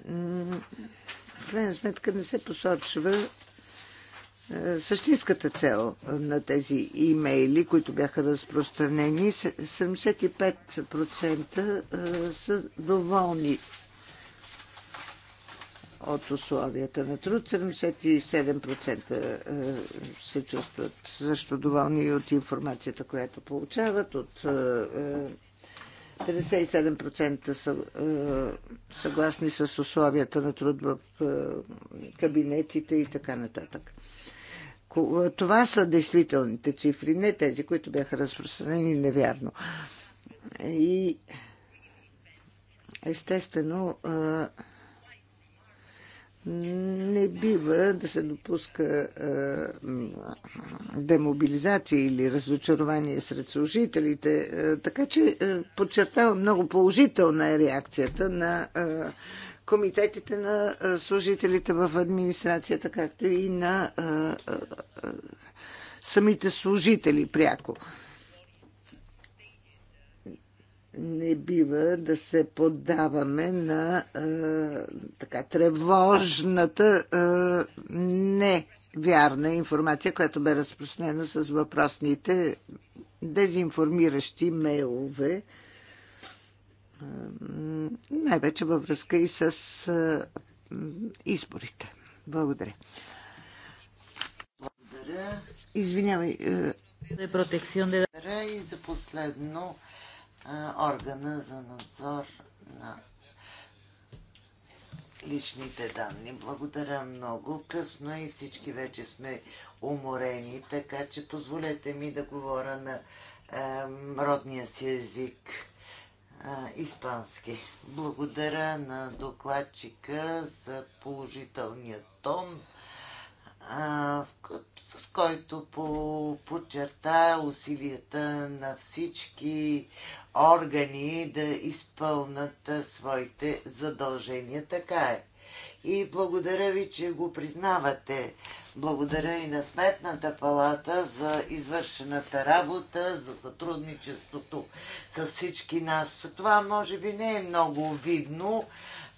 В крайна сметка не се посочва е, същинската цел на тези имейли, които бяха разпространени, 75% е, са доволни от условията на труд. 77% се чувстват също доволни и от информацията, която получават, от 57% е, е, са е, съгласни с условията на труд в кабинетите и така нататък. Това са действителните цифри, не тези, които бяха разпространени невярно. И естествено, не бива да се допуска демобилизация или разочарование сред служителите. Така че подчертавам много положителна е реакцията на комитетите на служителите в администрацията, както и на самите служители пряко не бива да се поддаваме на а, така тревожната а, не вярна информация, която бе разпространена с въпросните дезинформиращи мейлове, най-вече във връзка и с а, изборите. Благодаря. Благодаря. Извинявай. Е... И за последно органа за надзор на личните данни. Благодаря много. Късно е и всички вече сме уморени, така че позволете ми да говоря на е, родния си език е, испански. Благодаря на докладчика за положителния тон с който по, подчерта усилията на всички органи да изпълнат своите задължения. Така е. И благодаря ви, че го признавате. Благодаря и на Сметната палата за извършената работа, за сътрудничеството с всички нас. Това може би не е много видно,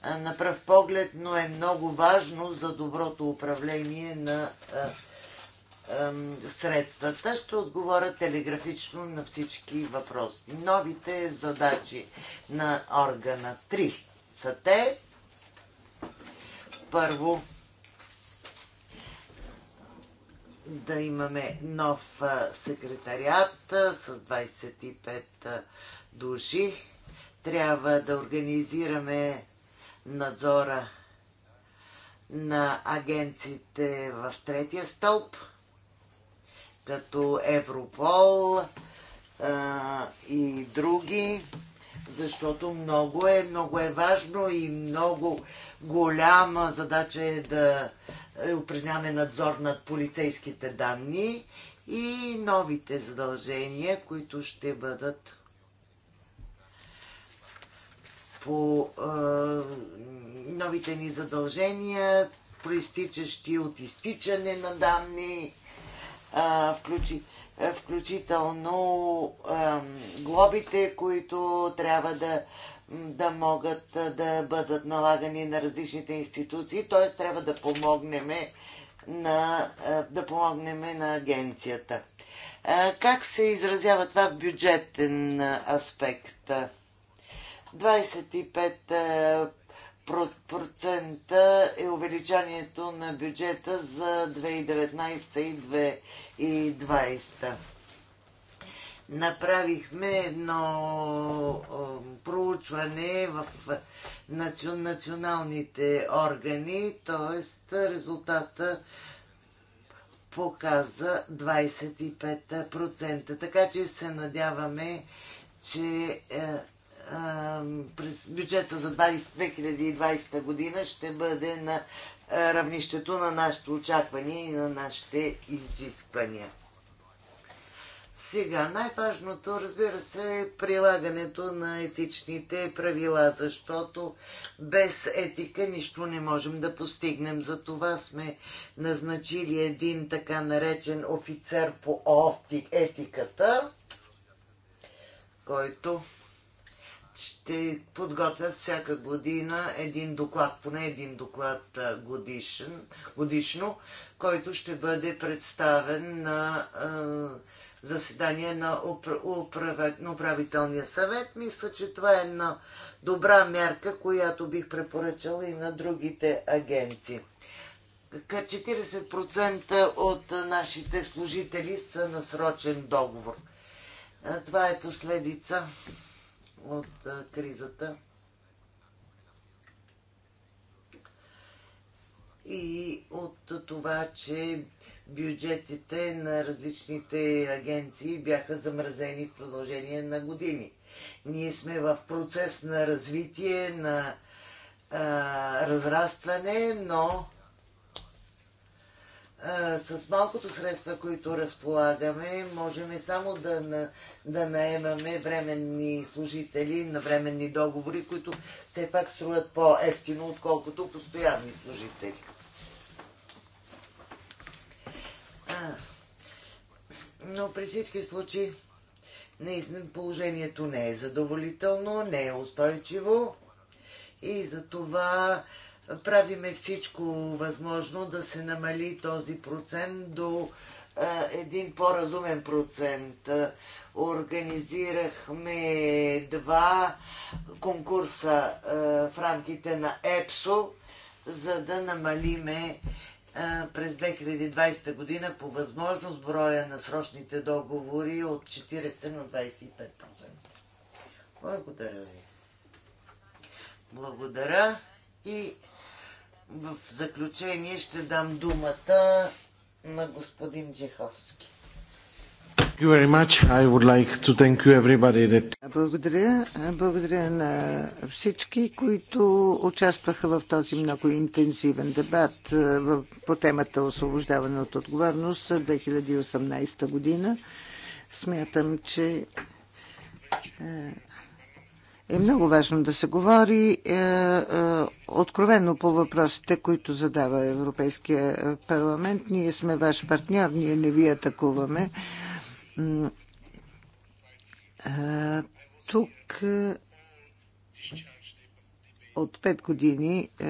на пръв поглед, но е много важно за доброто управление на средствата. Ще отговоря телеграфично на всички въпроси. Новите задачи на органа 3 са те. Първо, да имаме нов секретариат с 25 души. Трябва да организираме надзора на агенциите в третия стълб, като Европол а, и други, защото много е, много е важно и много голяма задача е да е, упражняваме надзор над полицейските данни и новите задължения, които ще бъдат по новите ни задължения, проистичащи от изтичане на данни, включи, включително глобите, които трябва да да могат да бъдат налагани на различните институции, т.е. трябва да помогнем на, да помогнем на агенцията. Как се изразява това в бюджетен аспект? 25 е, е увеличанието на бюджета за 2019 и 2020. Направихме едно е, проучване в националните органи, т.е. резултата показа 25%. Така че се надяваме, че е, през бюджета за 2020 година ще бъде на равнището на нашите очаквания и на нашите изисквания. Сега, най-важното, разбира се, е прилагането на етичните правила, защото без етика нищо не можем да постигнем. За това сме назначили един така наречен офицер по етиката, който ще подготвя всяка година един доклад, поне един доклад годишен, годишно, който ще бъде представен на е, заседание на, управ... на управителния съвет. Мисля, че това е една добра мярка, която бих препоръчала и на другите агенции. 40% от нашите служители са насрочен договор. Това е последица от кризата. И от това, че бюджетите на различните агенции бяха замразени в продължение на години. Ние сме в процес на развитие, на а, разрастване, но с малкото средства, които разполагаме, можем само да, на, да наемаме временни служители на временни договори, които все пак струват по-ефтино, отколкото постоянни служители. А, но при всички случаи наистина положението не е задоволително, не е устойчиво и за това правиме всичко възможно да се намали този процент до един по-разумен процент. Организирахме два конкурса в рамките на ЕПСО, за да намалиме през 2020 година по възможност броя на срочните договори от 40 на 25%. Благодаря ви. Благодаря и в заключение ще дам думата на господин Джеховски. Благодаря. Благодаря на всички, които участваха в този много интензивен дебат е, по темата освобождаване от отговорност 2018 е, година. Смятам, че е, е много важно да се говори е, е, откровенно по въпросите, които задава Европейския парламент. Ние сме ваш партньор, ние не ви атакуваме. Е, тук е, от 5 години е,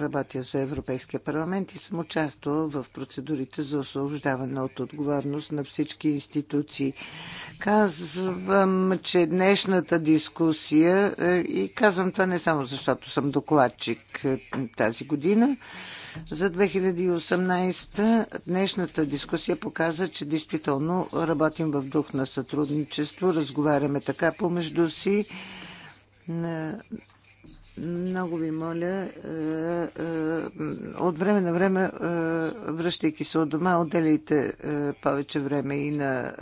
работя за Европейския парламент и съм участвал в процедурите за освобождаване от отговорност на всички институции. Казвам, че днешната дискусия, е, и казвам това не само защото съм докладчик е, тази година, за 2018 днешната дискусия показа, че действително работим в дух на сътрудничество, разговаряме така помежду си много ви моля, е, е, от време на време, е, връщайки се от дома, отделяйте повече време и на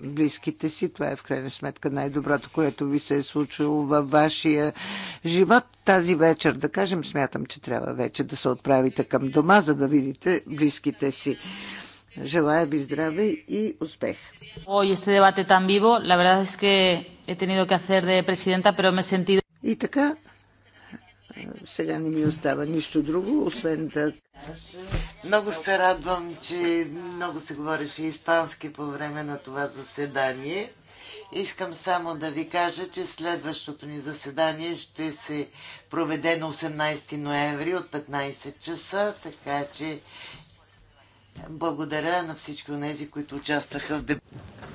близките си. Това е в крайна сметка най-доброто, което ви се е случило във вашия живот тази вечер. Да кажем, смятам, че трябва вече да се отправите към дома, за да видите близките си. Желая ви здраве и успех. este debate tan vivo, la verdad es que he tenido que hacer de presidenta, pero me he sentido... И така, сега не ми остава нищо друго, освен да... Много се радвам, че много се говореше испански по време на това заседание. Искам само да ви кажа, че следващото ни заседание ще се проведе на 18 ноември от 15 часа, така че благодаря на всички от тези, които участваха в дебата.